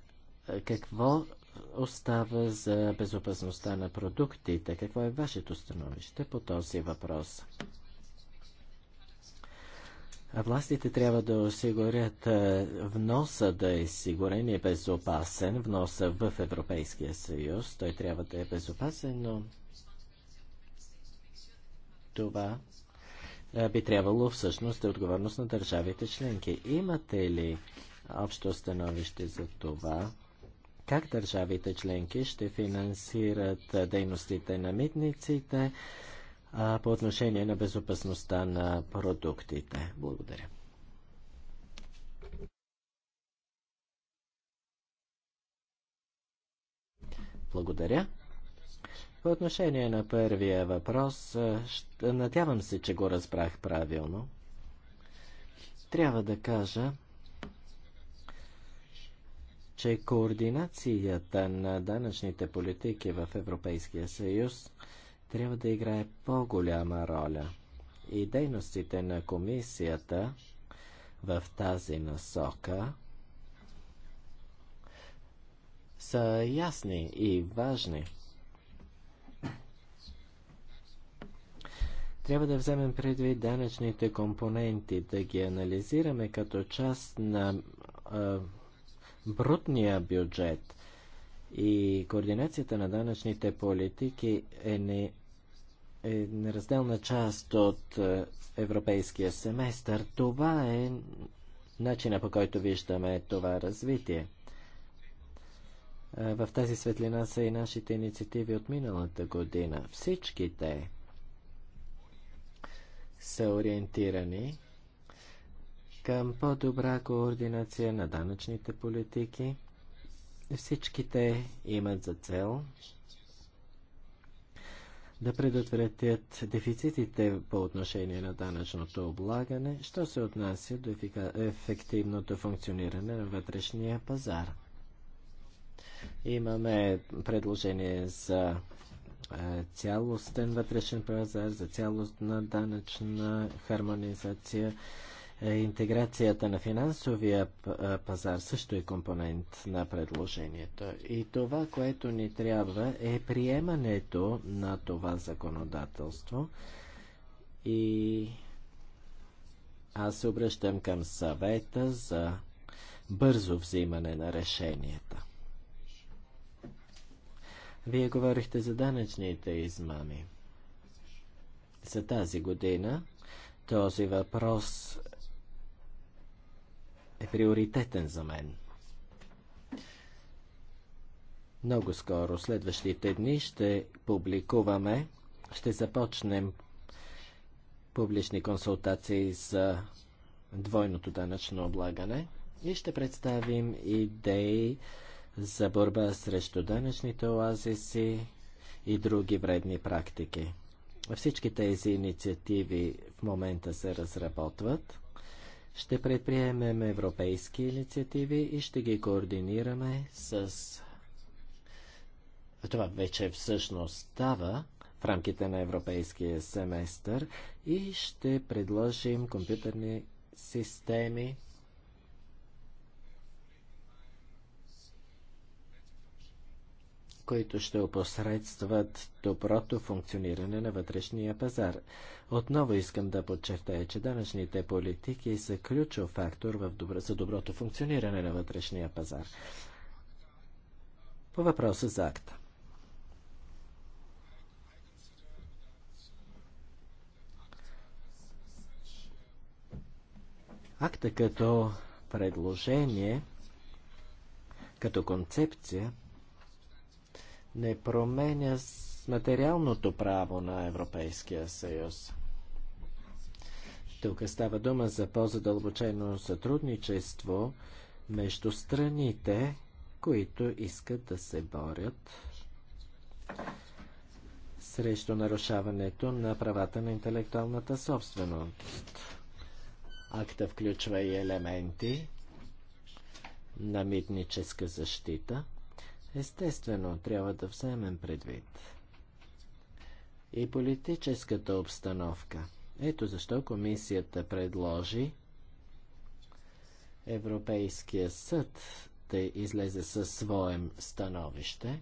какво остава за безопасността на продуктите? Какво е вашето становище по този въпрос? Властите трябва да осигурят е, вноса да е сигурен и безопасен, вноса в Европейския съюз. Той трябва да е безопасен, но това е, би трябвало всъщност да е отговорност на държавите членки. Имате ли общо становище за това? Как държавите членки ще финансират е, дейностите на митниците? по отношение на безопасността на продуктите. Благодаря. Благодаря. По отношение на първия въпрос, надявам се, че го разбрах правилно. Трябва да кажа, че координацията на данъчните политики в Европейския съюз – трябва да играе по-голяма роля. И дейностите на комисията в тази насока са ясни и важни. Трябва да вземем предвид данъчните компоненти, да ги анализираме като част на а, брутния бюджет. И координацията на данъчните политики е не е неразделна част от е, европейския семестър. Това е начина по който виждаме това развитие. Е, в тази светлина са и нашите инициативи от миналата година. Всичките са ориентирани към по-добра координация на данъчните политики. Всичките имат за цел да предотвратят дефицитите по отношение на данъчното облагане, що се отнася до ефективното функциониране на вътрешния пазар. Имаме предложение за е, цялостен вътрешен пазар, за цялостна данъчна хармонизация, е, интеграцията на финансовия е, пазар също е компонент на предложението. И това, което ни трябва е приемането на това законодателство. И аз се обръщам към съвета за бързо взимане на решенията. Вие говорихте за данъчните измами. За тази година този въпрос е приоритетен за мен. Много скоро, следващите дни, ще публикуваме, ще започнем публични консултации за двойното данъчно облагане и ще представим идеи за борба срещу данъчните оазиси и други вредни практики. Всички тези инициативи в момента се разработват. Ще предприемем европейски инициативи и ще ги координираме с... Това вече всъщност става в рамките на европейския семестър и ще предложим компютърни системи които ще опосредстват доброто функциониране на вътрешния пазар. Отново искам да подчертая, че данъчните политики са ключов фактор в добро, за доброто функциониране на вътрешния пазар. По въпроса за акта. Акта като предложение, като концепция – не променя материалното право на Европейския съюз. Тук става дума за по-задълбочено сътрудничество между страните, които искат да се борят срещу нарушаването на правата на интелектуалната собственост. Акта включва и елементи на митническа защита – Естествено, трябва да вземем предвид и политическата обстановка. Ето защо комисията предложи Европейския съд да излезе със своем становище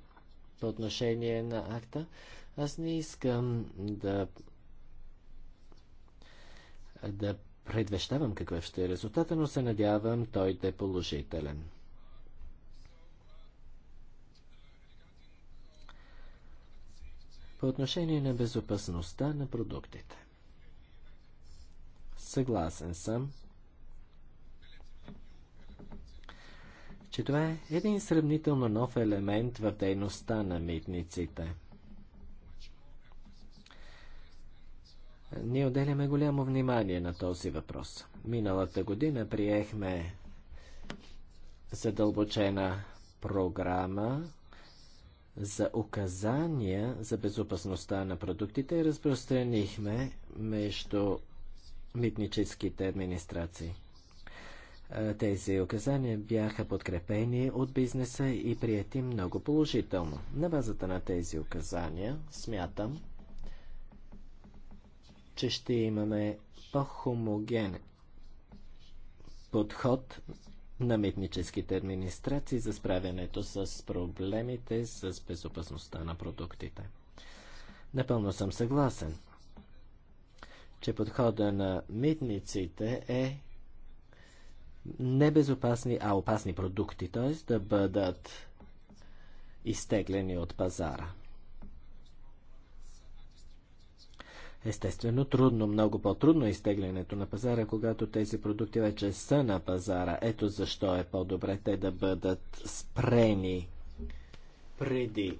по отношение на акта. Аз не искам да да предвещавам какъв ще е резултата, но се надявам той да е положителен. По отношение на безопасността на продуктите. Съгласен съм, че това е един сравнително нов елемент в дейността на митниците. Ние отделяме голямо внимание на този въпрос. Миналата година приехме задълбочена програма за указания за безопасността на продуктите разпространихме между митническите администрации. Е, тези указания бяха подкрепени от бизнеса и прияти много положително. На базата на тези указания смятам, че ще имаме по-хомоген подход на митническите администрации за справянето с проблемите с безопасността на продуктите. Напълно съм съгласен, че подхода на митниците е не безопасни, а опасни продукти, т.е. да бъдат изтеглени от пазара. Естествено, трудно, много по-трудно е изтеглянето на пазара, когато тези продукти вече са на пазара. Ето защо е по-добре те да бъдат спрени преди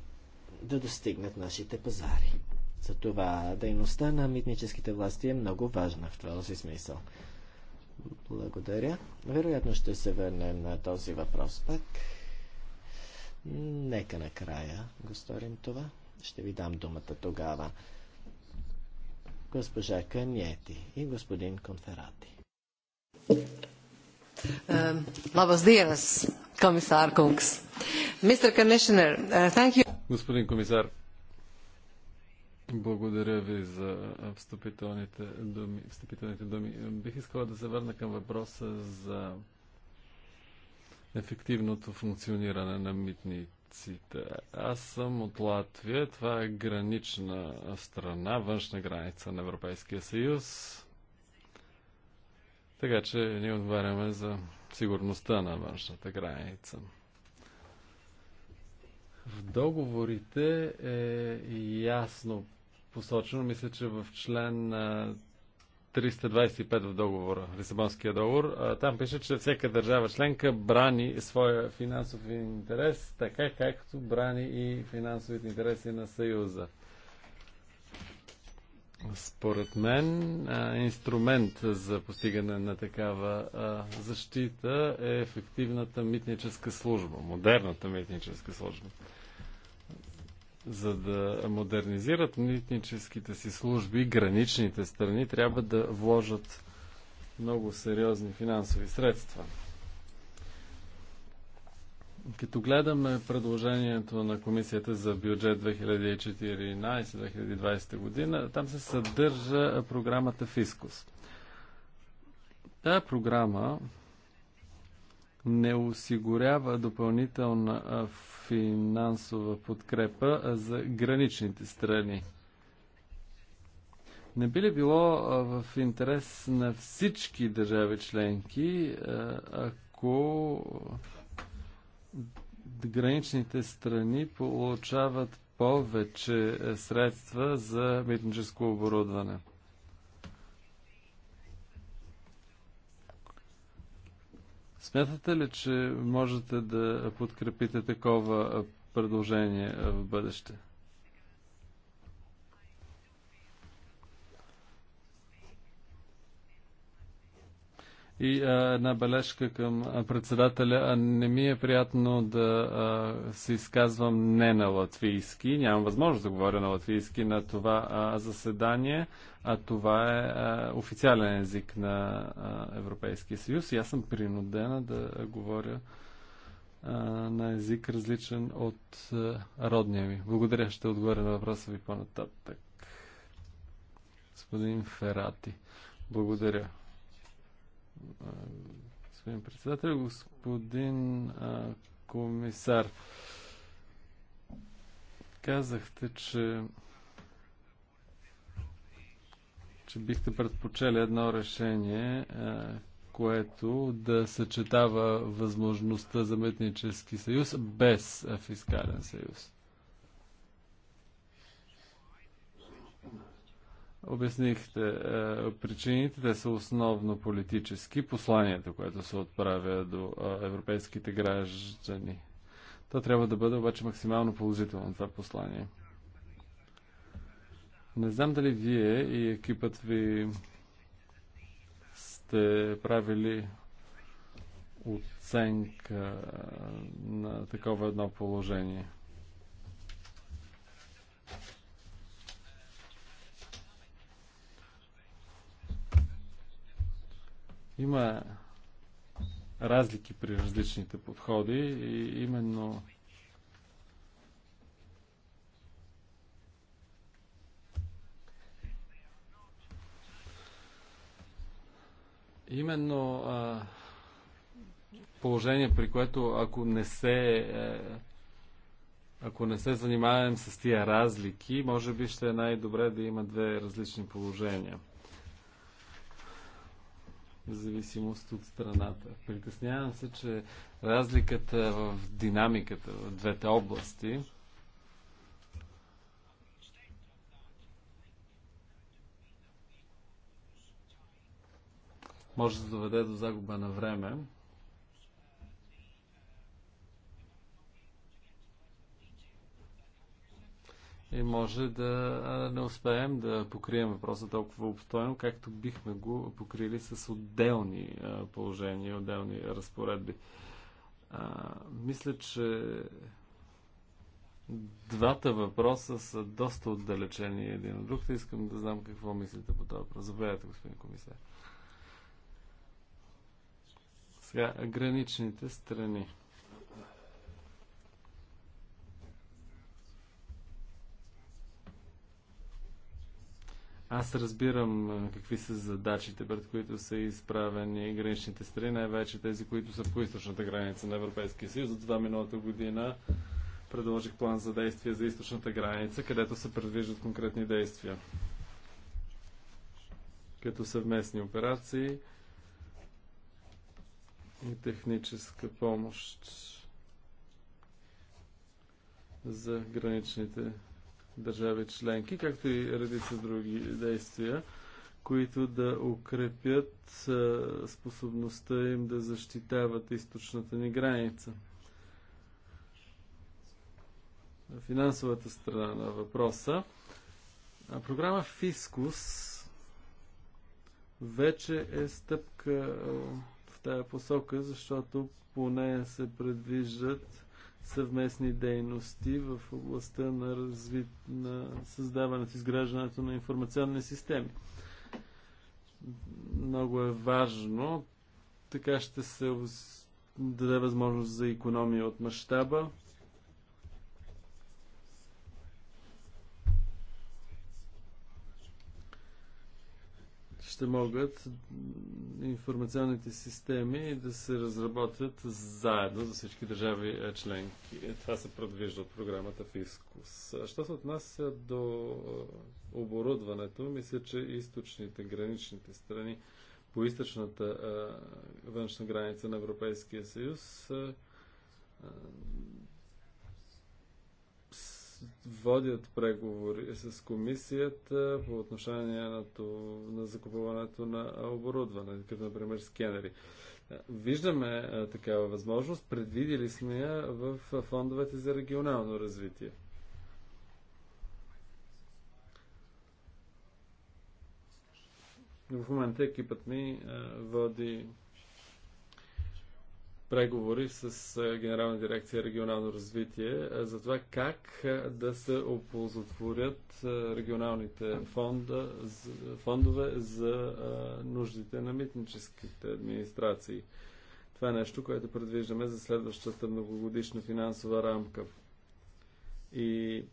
да достигнат нашите пазари. Затова дейността на митническите власти е много важна в този смисъл. Благодаря. Вероятно ще се върнем на този въпрос пак. Нека накрая го сторим това. Ще ви дам думата тогава госпожа Каньети и господин Конферати. Labas dienas, komisār kungs. Господин комисар, благодаря ви за встъпителните думи. Встъпителните думи. Бих искала да се върна към въпроса за ефективното функциониране на митните границите. Аз съм от Латвия. Това е гранична страна, външна граница на Европейския съюз. Така че ние отваряме за сигурността на външната граница. В договорите е ясно посочено, мисля, че в член 325 в договора, Лисабонския договор. Там пише, че всяка държава членка брани своя финансов интерес, така както брани и финансовите интереси на Съюза. Според мен, инструмент за постигане на такава защита е ефективната митническа служба, модерната митническа служба за да модернизират митническите си служби, граничните страни трябва да вложат много сериозни финансови средства. Като гледаме предложението на Комисията за бюджет 2014-2020 година, там се съдържа програмата Фискус. Тая програма не осигурява допълнителна финансова подкрепа за граничните страни. Не би ли било в интерес на всички държави членки, ако граничните страни получават повече средства за митническо оборудване? Смятате ли, че можете да подкрепите такова предложение в бъдеще? И а, една бележка към председателя. Не ми е приятно да а, се изказвам не на латвийски. Нямам възможност да говоря на латвийски на това а, заседание, а това е а, официален език на а, Европейския съюз и аз съм принудена да говоря а, на език различен от а, родния ми. Благодаря, ще отговоря на въпроса ви по-нататък. Господин Ферати. Благодаря господин председател, господин а, комисар. Казахте, че че бихте предпочели едно решение, което да съчетава възможността за митнически съюз без фискален съюз. Обяснихте е, причините, те са основно политически, посланието, което се отправя до е, европейските граждани. То трябва да бъде обаче максимално положително това послание. Не знам дали вие и екипът ви сте правили оценка е, на такова едно положение. Има разлики при различните подходи и именно именно а, положение, при което ако не се е, ако не се занимаваме с тия разлики, може би ще е най-добре да има две различни положения в зависимост от страната. Притеснявам се, че разликата в динамиката в двете области може да доведе до загуба на време и може да не успеем да покрием въпроса толкова обстойно, както бихме го покрили с отделни положения, отделни разпоредби. А, мисля, че двата въпроса са доста отдалечени един от друг. Искам да знам какво мислите по този въпрос. Заповядайте, господин комисар. Сега, граничните страни. Аз разбирам какви са задачите, пред които са изправени граничните страни, най-вече тези, които са по източната граница на Европейския съюз. Затова миналата година предложих план за действие за източната граница, където се предвиждат конкретни действия. Като съвместни операции и техническа помощ за граничните държави членки, както и редица други действия, които да укрепят способността им да защитават източната ни граница. Финансовата страна на въпроса. Програма Фискус вече е стъпка в тая посока, защото по нея се предвиждат съвместни дейности в областта на, разви... на създаването, изграждането на информационни системи. Много е важно. Така ще се даде възможност за економия от мащаба, ще могат информационните системи да се разработят заедно за всички държави е, членки. Е, това се предвижда от програмата Фискус. Що се отнася до е, оборудването, мисля, че източните, граничните страни по източната външна граница на Европейския съюз водят преговори с комисията по отношение на, то, на закупуването на оборудване, като например скенери. Виждаме такава възможност, предвидели сме я в фондовете за регионално развитие. В момента екипът ми а, води преговори с Генерална дирекция регионално развитие за това как да се оползотворят регионалните фонда, фондове за нуждите на митническите администрации. Това е нещо, което предвиждаме за следващата многогодишна финансова рамка. И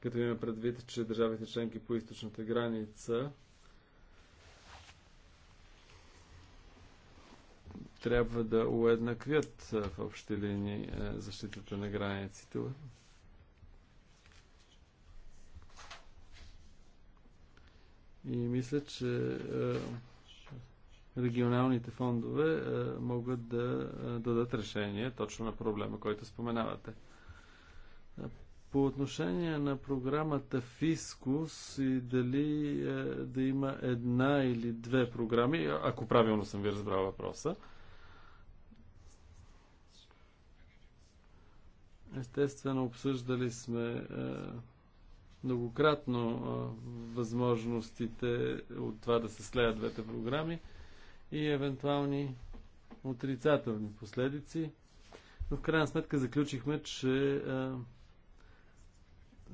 като имаме предвид, че държавите членки по източната граница трябва да уеднаквят в общи линии защитата на границите. И мисля, че регионалните фондове могат да дадат решение точно на проблема, който споменавате. По отношение на програмата Фискус и дали да има една или две програми, ако правилно съм ви разбрал въпроса, Естествено, обсъждали сме е, многократно е, възможностите от това да се следят двете програми и евентуални отрицателни последици. Но в крайна сметка заключихме, че е,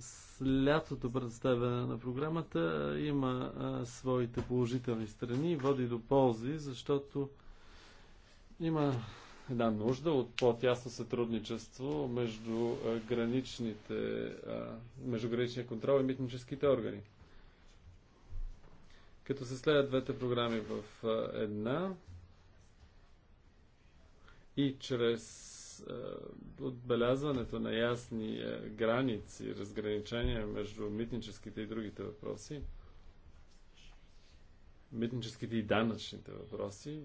с лятото представяне на програмата има своите положителни страни, води до ползи, защото има една нужда от по-тясно сътрудничество между граничните, между граничния контрол и митническите органи. Като се следят двете програми в една и чрез отбелязването на ясни граници, разграничения между митническите и другите въпроси, митническите и данъчните въпроси,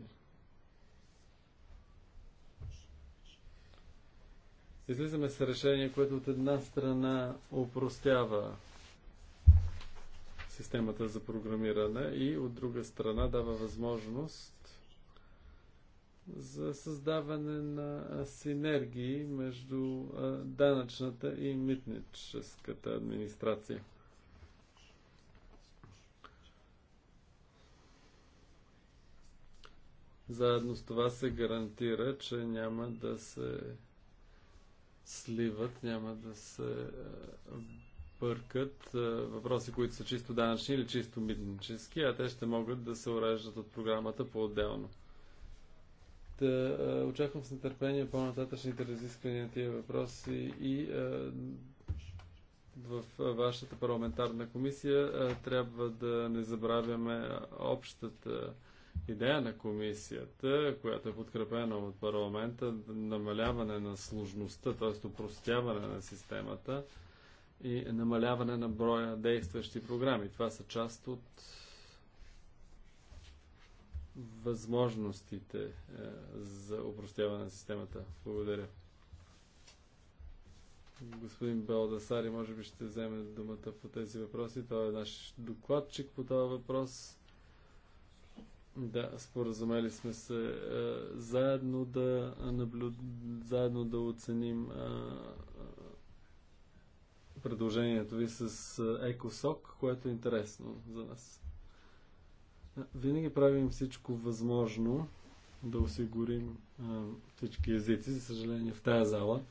Излизаме с решение, което от една страна упростява системата за програмиране и от друга страна дава възможност за създаване на синергии между данъчната и митническата администрация. Заедно с това се гарантира, че няма да се сливат, няма да се е, бъркат е, въпроси, които са чисто данъчни или чисто митнически, а те ще могат да се уреждат от програмата по-отделно. Та, е, очаквам с нетърпение по-нататъчните разисквания на тия въпроси и в вашата парламентарна комисия трябва да не забравяме общата идея на комисията, която е подкрепена от парламента, намаляване на сложността, т.е. упростяване на системата и намаляване на броя действащи програми. Това са част от възможностите е, за упростяване на системата. Благодаря. Господин Белдасари, може би ще вземе думата по тези въпроси. Той е наш докладчик по този въпрос. Да, споразумели сме се а, е, заедно да наблюд... заедно да оценим а, е, е, предложението ви с екосок, което е интересно за нас. Винаги правим всичко възможно да осигурим а, всички езици, за съжаление в тази зала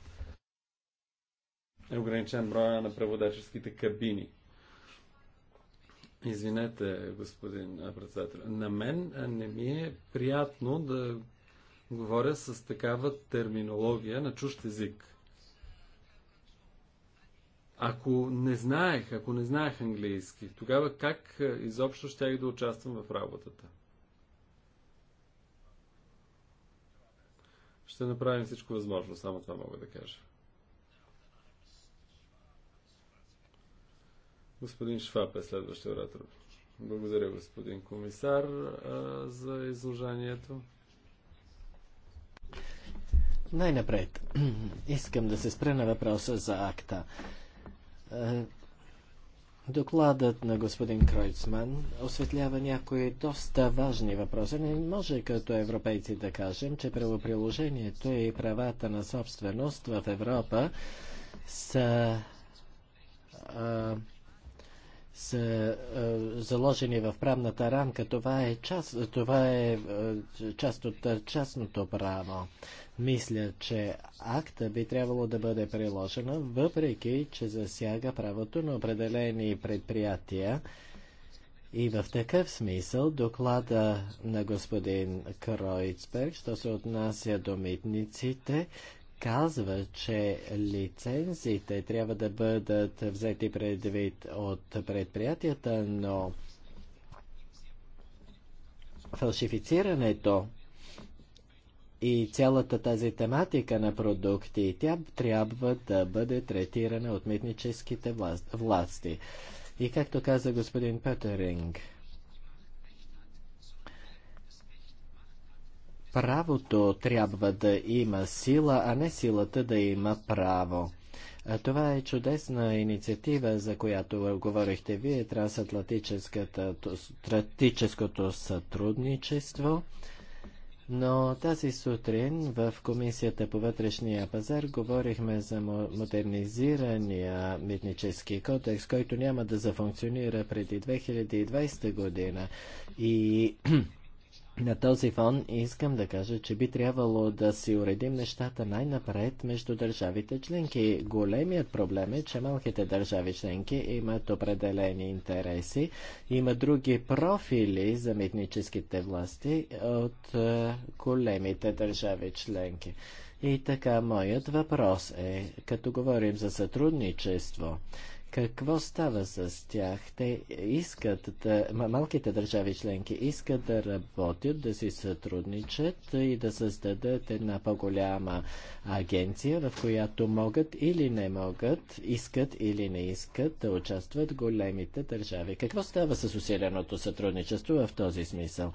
е ограничен броя на преводаческите кабини. Извинете, господин председател. На мен не ми е приятно да говоря с такава терминология на чужд език. Ако не знаех, ако не знаех английски, тогава как изобщо щях да участвам в работата? Ще направим всичко възможно, само това мога да кажа. Господин Шваб е следващия оратор. Благодаря, господин комисар, за изложението. Най-напред, искам да се спре на въпроса за акта. Докладът на господин Кройцман осветлява някои доста важни въпроси. Не може като европейци да кажем, че правоприложението и правата на собственост в Европа са а, са е, заложени в правната рамка. Това е част, това е, е част от е, частното право. Мисля, че акта би трябвало да бъде приложена, въпреки, че засяга правото на определени предприятия. И в такъв смисъл доклада на господин Кройцберг, що се отнася до митниците, казва, че лицензите трябва да бъдат взети предвид от предприятията, но фалшифицирането и цялата тази тематика на продукти, тя трябва да бъде третирана от митническите власти. И както каза господин Петеринг, Правото трябва да има сила, а не силата да има право. Това е чудесна инициатива, за която говорихте вие, трансатлантическото сътрудничество. Но тази сутрин в Комисията по вътрешния пазар говорихме за модернизирания митнически кодекс, който няма да зафункционира преди 2020 година. И На този фон искам да кажа, че би трябвало да си уредим нещата най-напред между държавите членки. Големият проблем е, че малките държави членки имат определени интереси, има други профили за митническите власти от е, големите държави членки. И така, моят въпрос е, като говорим за сътрудничество, какво става с тях? Те искат да, малките държави членки искат да работят, да си сътрудничат и да създадат една по-голяма агенция, в която могат или не могат, искат или не искат да участват големите държави. Какво става с усиленото сътрудничество в този смисъл?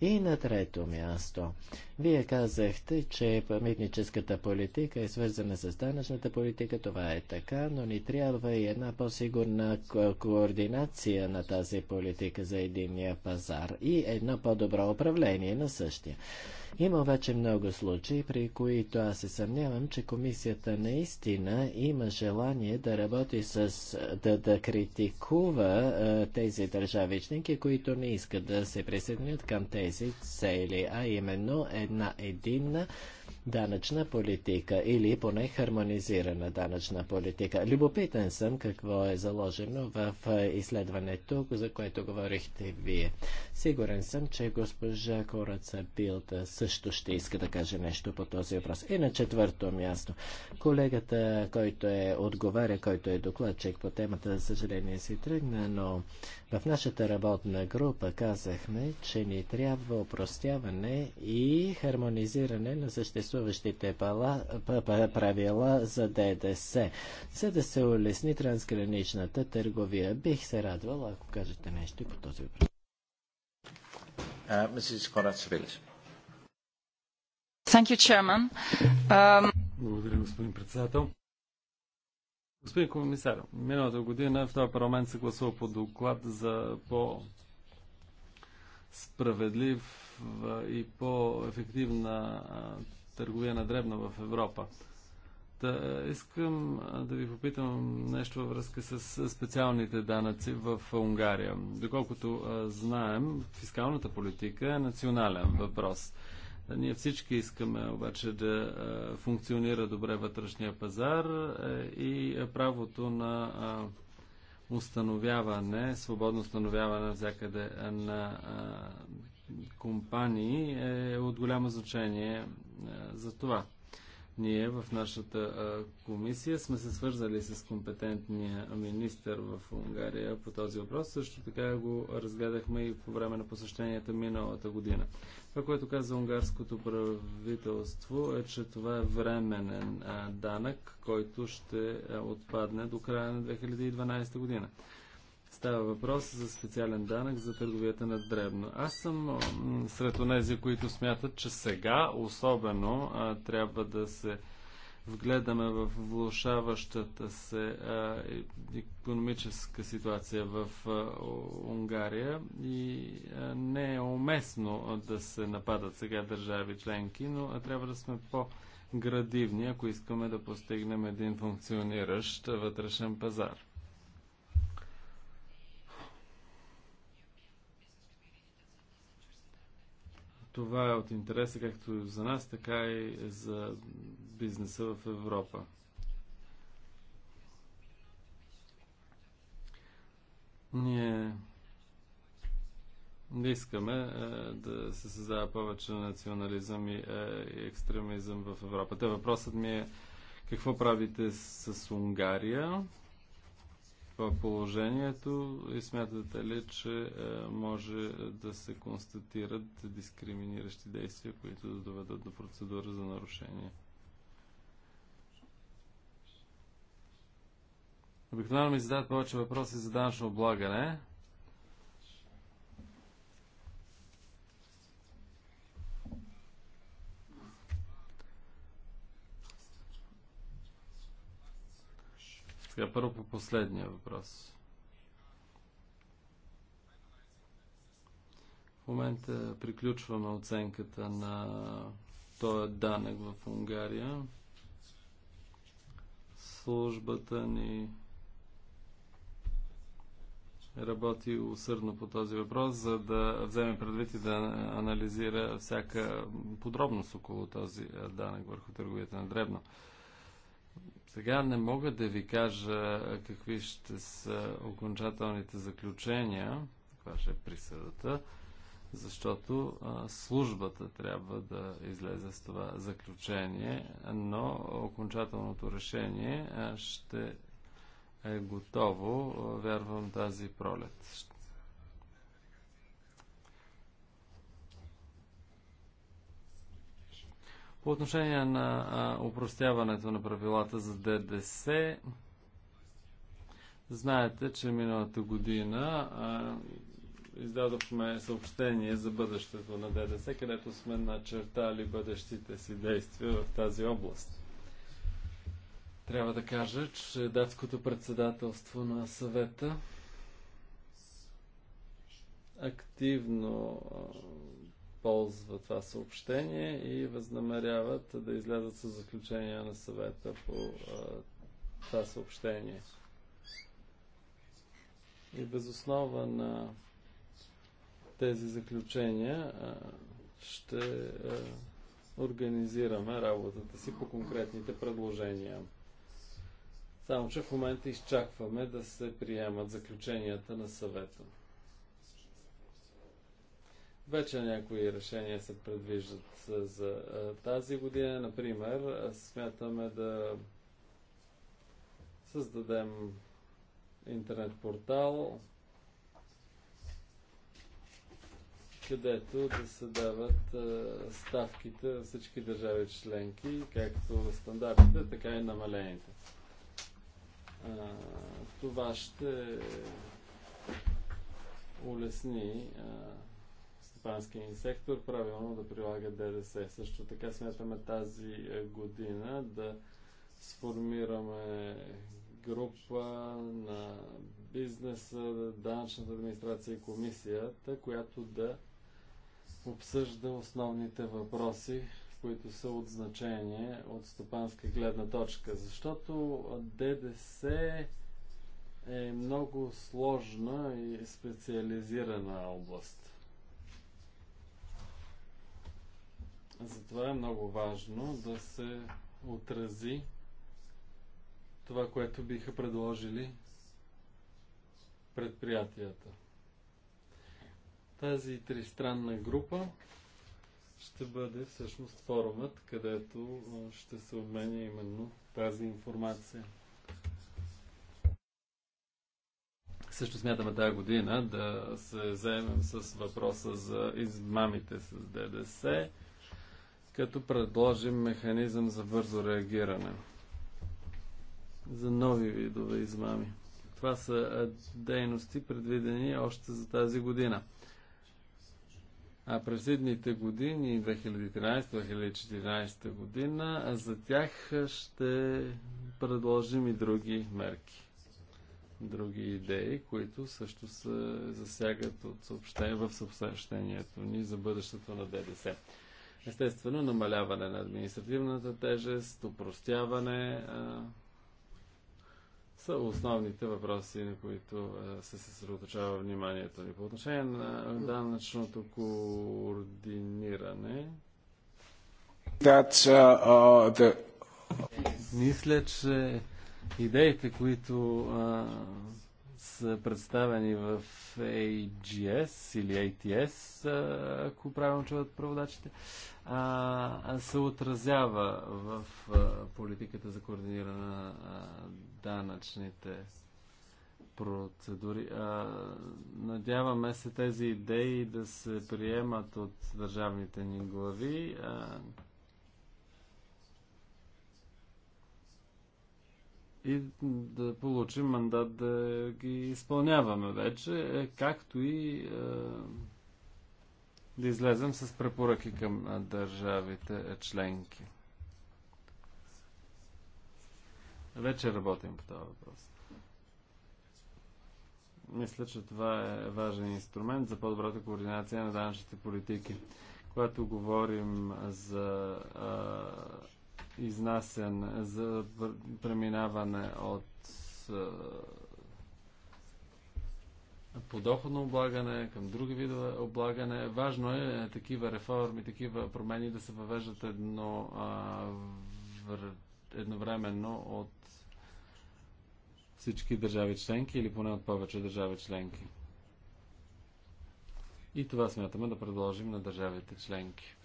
И на трето място. Вие казахте, че митническата политика е свързана с данъчната политика. Това е така, но ни трябва и една по-сигурна ко- координация на тази политика за единния пазар и едно по-добро управление на същия. Има обаче много случаи, при които аз се съмнявам, че комисията наистина има желание да работи с, да, да критикува а, тези държавичники, които не искат да се присъединят към тези цели, а именно една единна данъчна политика или поне хармонизирана данъчна политика. Любопитен съм какво е заложено в изследването, за което говорихте вие. Сигурен съм, че госпожа Кораца Билта също ще иска да каже нещо по този въпрос. И на четвърто място. Колегата, който е отговаря, който е докладчик по темата, за съжаление си тръгна, но в нашата работна група казахме, че ни трябва упростяване и хармонизиране на съществуващите пала, правила за ДДС, за да се улесни трансграничната търговия. Бих се радвала, ако кажете нещо по този въпрос. Uh, um, Благодаря, господин председател. Господин комисар, миналата година в този парламент се гласува по доклад за по справедлив и по-ефективна търговия на дребно в Европа. Та, искам да ви попитам нещо във връзка с специалните данъци в Унгария. Доколкото знаем, фискалната политика е национален въпрос. Ние всички искаме обаче да функционира добре вътрешния пазар е, и правото на установяване, свободно установяване всякъде на компании е от голямо значение е, за това. Ние в нашата комисия сме се свързали с компетентния министр в Унгария по този въпрос. Също така го разгледахме и по време на посещенията миналата година. Това, което каза унгарското правителство е, че това е временен а, данък, който ще а, отпадне до края на 2012 година. Става въпрос за специален данък за търговията на дребно. Аз съм сред онези, които смятат, че сега особено а, трябва да се вгледаме в влушаващата се а, е, економическа ситуация в а, Унгария и а, не е уместно да се нападат сега държави членки, но а трябва да сме по- градивни, ако искаме да постигнем един функциониращ вътрешен пазар. Това е от интереса както за нас, така и за бизнеса в Европа. Ние не искаме е, да се създава повече национализъм и, е, и екстремизъм в Европа. Те въпросът ми е какво правите с Унгария? в е положението и смятате ли, че е, може да се констатират дискриминиращи действия, които да доведат до процедура за нарушение? Обикновено ми задават повече въпроси за данъчно облагане. Сега първо по последния въпрос. В момента приключваме оценката на този данък в Унгария. Службата ни работи усърдно по този въпрос, за да вземе предвид и да анализира всяка подробност около този е, данък върху търговията на дребно. Сега не мога да ви кажа е, какви ще са окончателните заключения, каква ще е присъдата, защото е, службата трябва да излезе с това заключение, но окончателното решение ще е готово, вярвам, тази пролет. По отношение на а, упростяването на правилата за ДДС, знаете, че миналата година а, издадохме съобщение за бъдещето на ДДС, където сме начертали бъдещите си действия в тази област. Трябва да кажа, че датското председателство на съвета активно ползва това съобщение и възнамеряват да излязат с заключения на съвета по това съобщение. И без основа на тези заключения ще организираме работата си по конкретните предложения. Само, че в момента изчакваме да се приемат заключенията на съвета. Вече някои решения се предвиждат за тази година. Например, смятаме да създадем интернет портал, където да се дават ставките всички държави членки, както стандартите, така и намалените това ще улесни стопанския сектор правилно да прилага ДДС. Също така смятаме тази е, година да сформираме група на бизнеса, данъчната администрация и комисията, която да обсъжда основните въпроси които са от значение от стопанска гледна точка, защото ДДС е много сложна и специализирана област. Затова е много важно да се отрази това, което биха предложили предприятията. Тази тристранна група ще бъде всъщност форумът, където ще се обменя именно тази информация. Също смятаме тази година да се заемем с въпроса за измамите с ДДС, като предложим механизъм за бързо реагиране за нови видове измами. Това са дейности, предвидени още за тази година. А през едните години, 2013-2014 година, за тях ще предложим и други мерки, други идеи, които също се засягат от съобщение, в съобщението ни за бъдещето на ДДС. Естествено, намаляване на административната тежест, упростяване са основните въпроси, на които е, се съсредоточава вниманието ни. По отношение на данъчното координиране. uh, uh, the... Мисля, че идеите, които uh, са представени в AGS или ATS, ако правилно чуват преводачите, се отразява в политиката за координиране на данъчните процедури. А, надяваме се тези идеи да се приемат от държавните ни глави. А, и да получим мандат да ги изпълняваме вече, е, както и да излезем с препоръки към държавите членки. Вече работим по този въпрос. Мисля, че това е важен инструмент за по-добрата координация на данъчните политики. Когато говорим за а, изнасен, за преминаване от а, подоходно облагане, към други видове облагане. Важно е, е такива реформи, такива промени да се въвеждат едно, а, в, едновременно от всички държави членки или поне от повече държави членки. И това смятаме да предложим на държавите членки.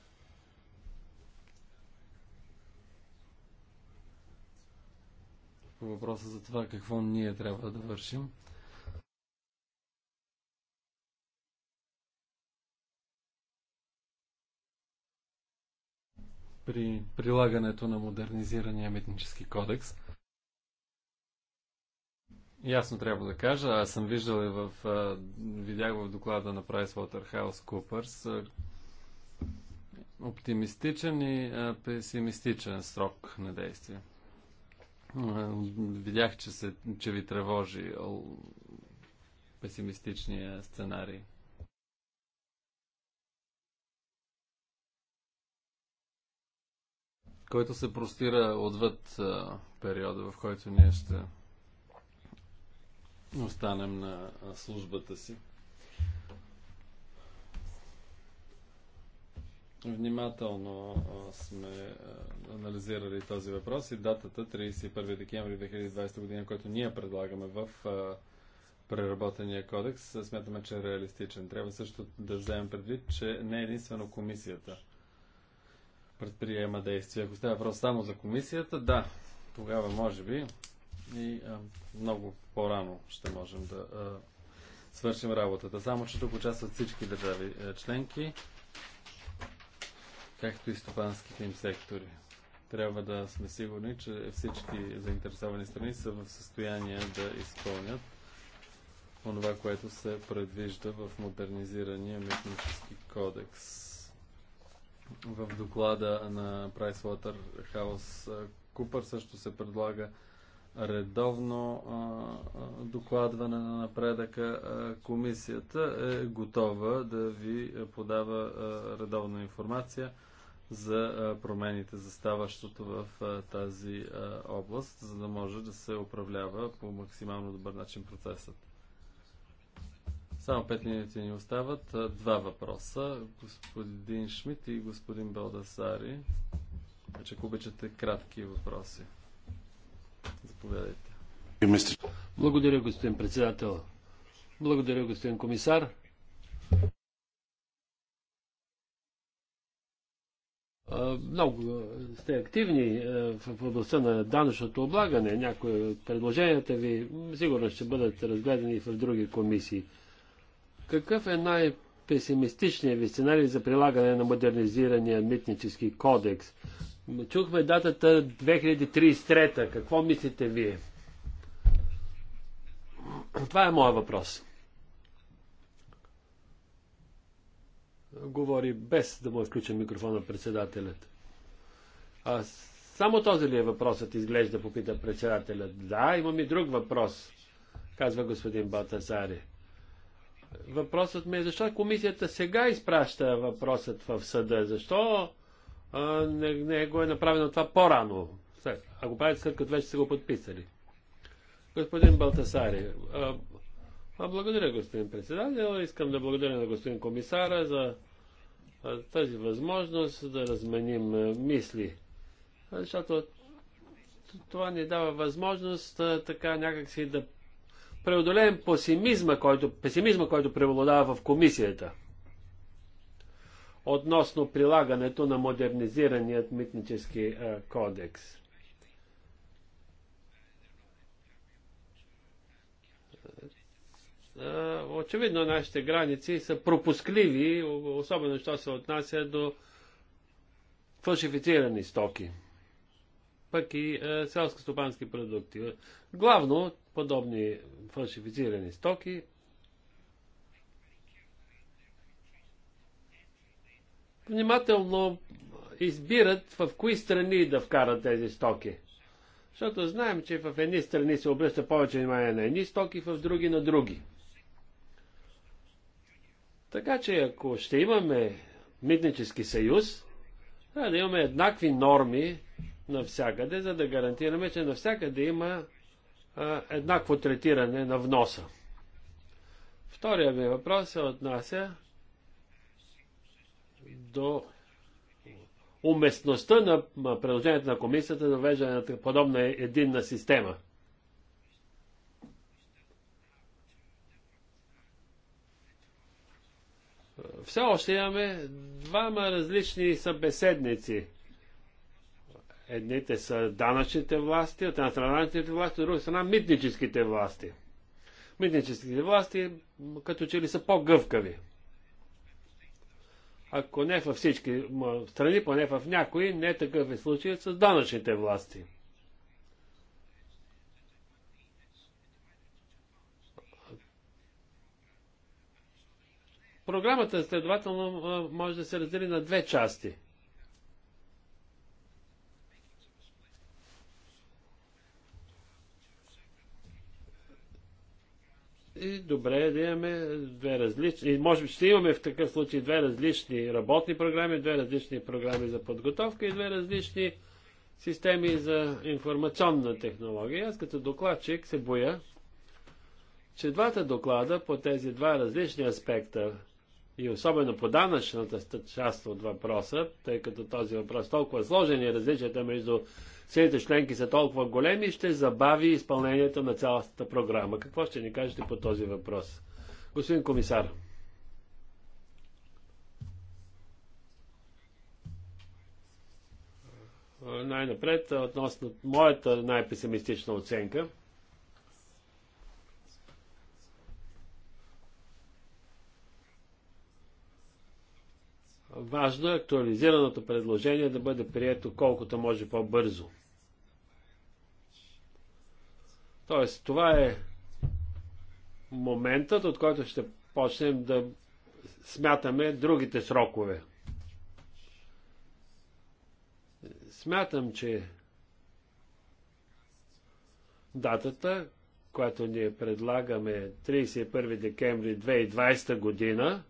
По въпроса за това какво ние трябва да вършим. При прилагането на модернизирания митнически кодекс – Ясно трябва да кажа, аз съм виждал и в, видях в доклада на PricewaterhouseCoopers оптимистичен и песимистичен срок на действие. Видях, че, се, че ви тревожи песимистичния сценарий. който се простира отвъд периода, в който ние ще останем на службата си. Внимателно сме анализирали този въпрос и датата 31 декември 2020 година, който ние предлагаме в преработения кодекс, смятаме, че е реалистичен. Трябва също да вземем предвид, че не е единствено комисията предприема действия. Ако става въпрос само за комисията, да, тогава може би и а, много по-рано ще можем да а, свършим работата. Само, че тук участват всички държави а, членки, както и стопанските им сектори. Трябва да сме сигурни, че всички заинтересовани страни са в състояние да изпълнят това, което се предвижда в модернизирания митнически кодекс. В доклада на PricewaterhouseCoopers също се предлага редовно а, докладване на напредъка. Комисията е готова да ви подава редовна информация за промените за ставащото в тази област, за да може да се управлява по максимално добър начин процесът. Само 5 минути ни остават. Два въпроса. Господин Шмидт и господин Белдасари. Вече, значи, ако обичате, кратки въпроси. Заповядайте. Благодаря, господин председател. Благодаря, господин комисар. Много сте активни в областта на данъчното облагане. Някои от предложенията ви сигурно ще бъдат разгледани в други комисии. Какъв е най-песимистичният ви сценарий за прилагане на модернизирания митнически кодекс? Чухме датата 2033. Какво мислите вие? Това е моят въпрос. Говори без да му е включен микрофона председателят. А само този ли е въпросът, изглежда, попита председателят. Да, имам и друг въпрос, казва господин Батасари. Въпросът ми е защо комисията сега изпраща въпросът в съда? Защо не, не го е направено това по-рано. А го правите след като вече са го подписали. Господин Балтасари, а, а благодаря, господин председател. Искам да благодаря на господин комисара за а, тази възможност да разменим а, мисли. Защото това ни дава възможност а, така някакси да преодолеем песимизма, който, песимизма, който преобладава в комисията относно прилагането на модернизираният митнически е, кодекс. Е, очевидно нашите граници са пропускливи, особено що се отнася до фалшифицирани стоки, пък и е, селско-стопански продукти. Главно подобни фалшифицирани стоки внимателно избират в кои страни да вкарат тези стоки. Защото знаем, че в едни страни се обръща повече внимание на едни стоки, в други на други. Така че ако ще имаме митнически съюз, трябва да имаме еднакви норми навсякъде, за да гарантираме, че навсякъде има а, еднакво третиране на вноса. Втория ми въпрос се отнася до уместността на предложението на комисията за въвеждане на подобна единна система. Все още имаме двама различни събеседници. Едните са данъчните власти, от една страна данъчните власти, от друга страна митническите власти. Митническите власти като че ли са по-гъвкави ако не във всички страни, поне в някои, не е такъв е случай с данъчните власти. Програмата следователно може да се раздели на две части – И добре е да имаме две различни, и може би ще имаме в такъв случай две различни работни програми, две различни програми за подготовка и две различни системи за информационна технология. Аз като докладчик се боя, че двата доклада по тези два различни аспекта и особено по данъчната част от въпроса, тъй като този въпрос е толкова сложен и различията между страните членки са толкова големи, ще забави изпълнението на цялата програма. Какво ще ни кажете по този въпрос? Господин комисар. Най-напред, относно моята най-песимистична оценка – важно е актуализираното предложение да бъде прието колкото може по-бързо. Тоест, това е моментът, от който ще почнем да смятаме другите срокове. Смятам, че датата, която ние предлагаме 31 декември 2020 година,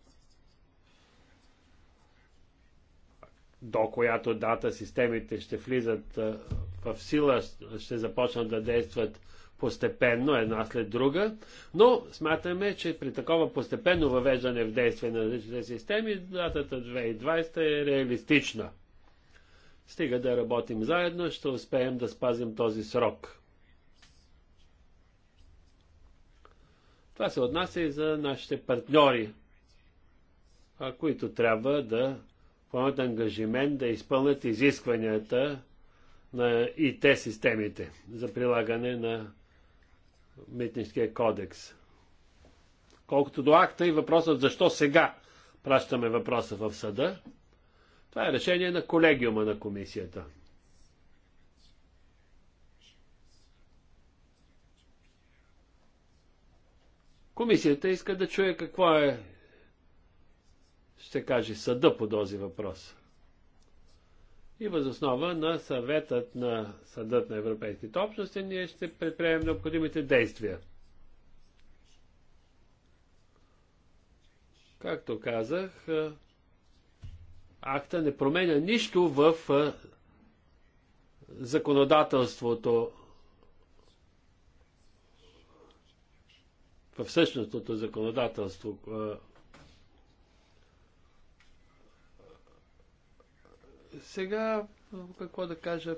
до която дата системите ще влизат в сила, ще започнат да действат постепенно, една след друга, но смятаме, че при такова постепенно въвеждане в действие на различните системи, датата 2020 е реалистична. Стига да работим заедно, ще успеем да спазим този срок. Това се отнася и за нашите партньори, които трябва да поемат ангажимент да изпълнят изискванията на ИТ системите за прилагане на митническия кодекс. Колкото до акта и въпросът защо сега пращаме въпроса в съда, това е решение на колегиума на комисията. Комисията иска да чуе какво е, ще каже съда по този въпрос. И възоснова на съветът на Съдът на Европейските общности ние ще предприемем необходимите действия. Както казах, акта не променя нищо в законодателството, в същностното законодателство, Сега, какво да кажа,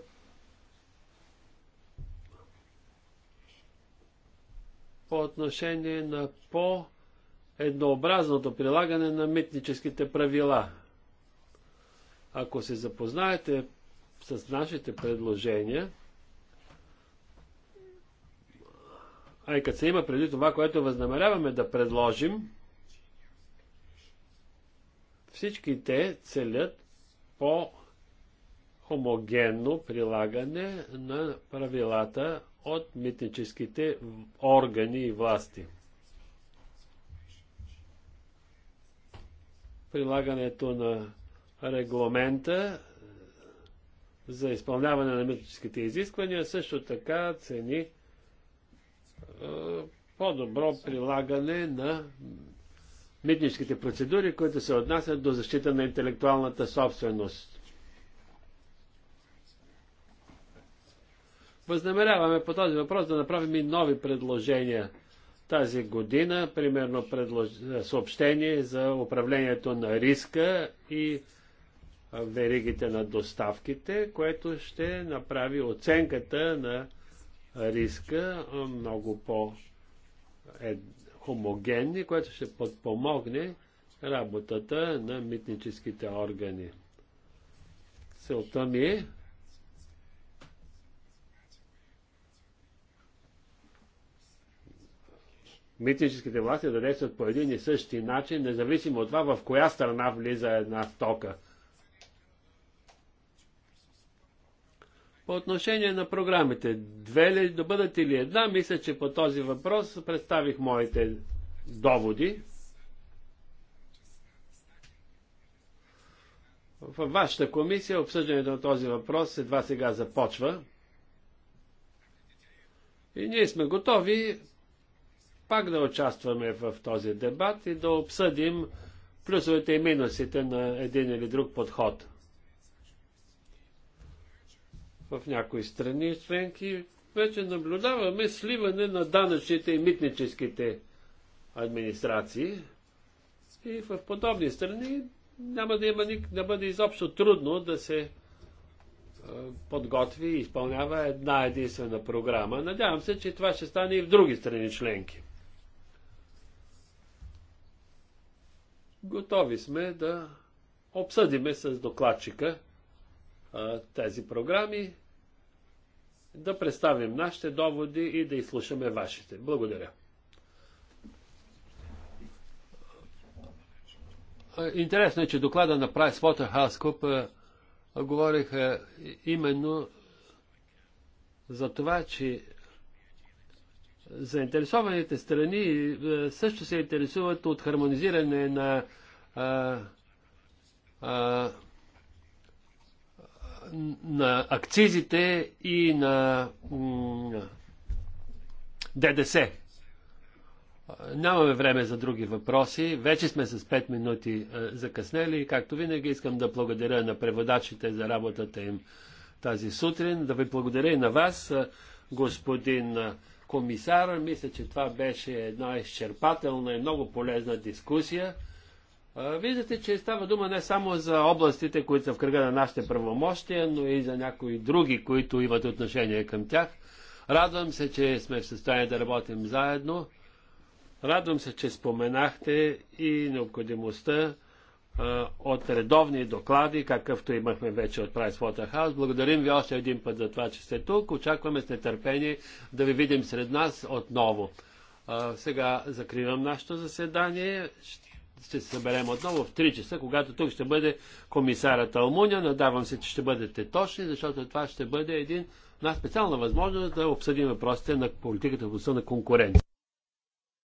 по отношение на по-еднообразното прилагане на митническите правила. Ако се запознаете с нашите предложения, а и като се има преди това, което възнамеряваме да предложим, всички те целят по хомогенно прилагане на правилата от митническите органи и власти. Прилагането на регламента е, за изпълняване на митническите изисквания също така цени е, по-добро прилагане на митническите процедури, които се отнасят до защита на интелектуалната собственост. Възнамеряваме по този въпрос да направим и нови предложения тази година, примерно предлож... съобщение за управлението на риска и веригите на доставките, което ще направи оценката на риска много по е, хомогенни, което ще подпомогне работата на митническите органи. Целта ми е митническите власти да действат по един и същи начин, независимо от това в коя страна влиза една стока. По отношение на програмите, две ли да бъдат или една, мисля, че по този въпрос представих моите доводи. В вашата комисия обсъждането на този въпрос едва сега започва. И ние сме готови пак да участваме в този дебат и да обсъдим плюсовете и минусите на един или друг подход. В някои страни членки вече наблюдаваме сливане на данъчните и митническите администрации и в подобни страни няма да, има, да бъде изобщо трудно да се подготви и изпълнява една единствена програма. Надявам се, че това ще стане и в други страни членки. Готови сме да обсъдиме с докладчика а, тези програми, да представим нашите доводи и да изслушаме вашите. Благодаря. Интересно е, че доклада на Price Waterhouse куп говориха именно за това, че заинтересованите страни е, също се интересуват от хармонизиране на а, а, на акцизите и на ДДС. Нямаме време за други въпроси. Вече сме с 5 минути е, закъснели и както винаги искам да благодаря на преводачите за работата им тази сутрин. Да ви благодаря и на вас, е, господин комисара. Мисля, че това беше една изчерпателна и много полезна дискусия. Виждате, че става дума не само за областите, които са в кръга на нашите правомощия, но и за някои други, които имат отношение към тях. Радвам се, че сме в състояние да работим заедно. Радвам се, че споменахте и необходимостта от редовни доклади, какъвто имахме вече от Pricewaterhouse. Благодарим ви още един път за това, че сте тук. Очакваме с нетърпение да ви видим сред нас отново. Сега закривам нашето заседание. Ще се съберем отново в 3 часа, когато тук ще бъде комисарът Алмуня. Надавам се, че ще бъдете точни, защото това ще бъде един, една специална възможност да обсъдим въпросите на политиката в областта на конкуренция.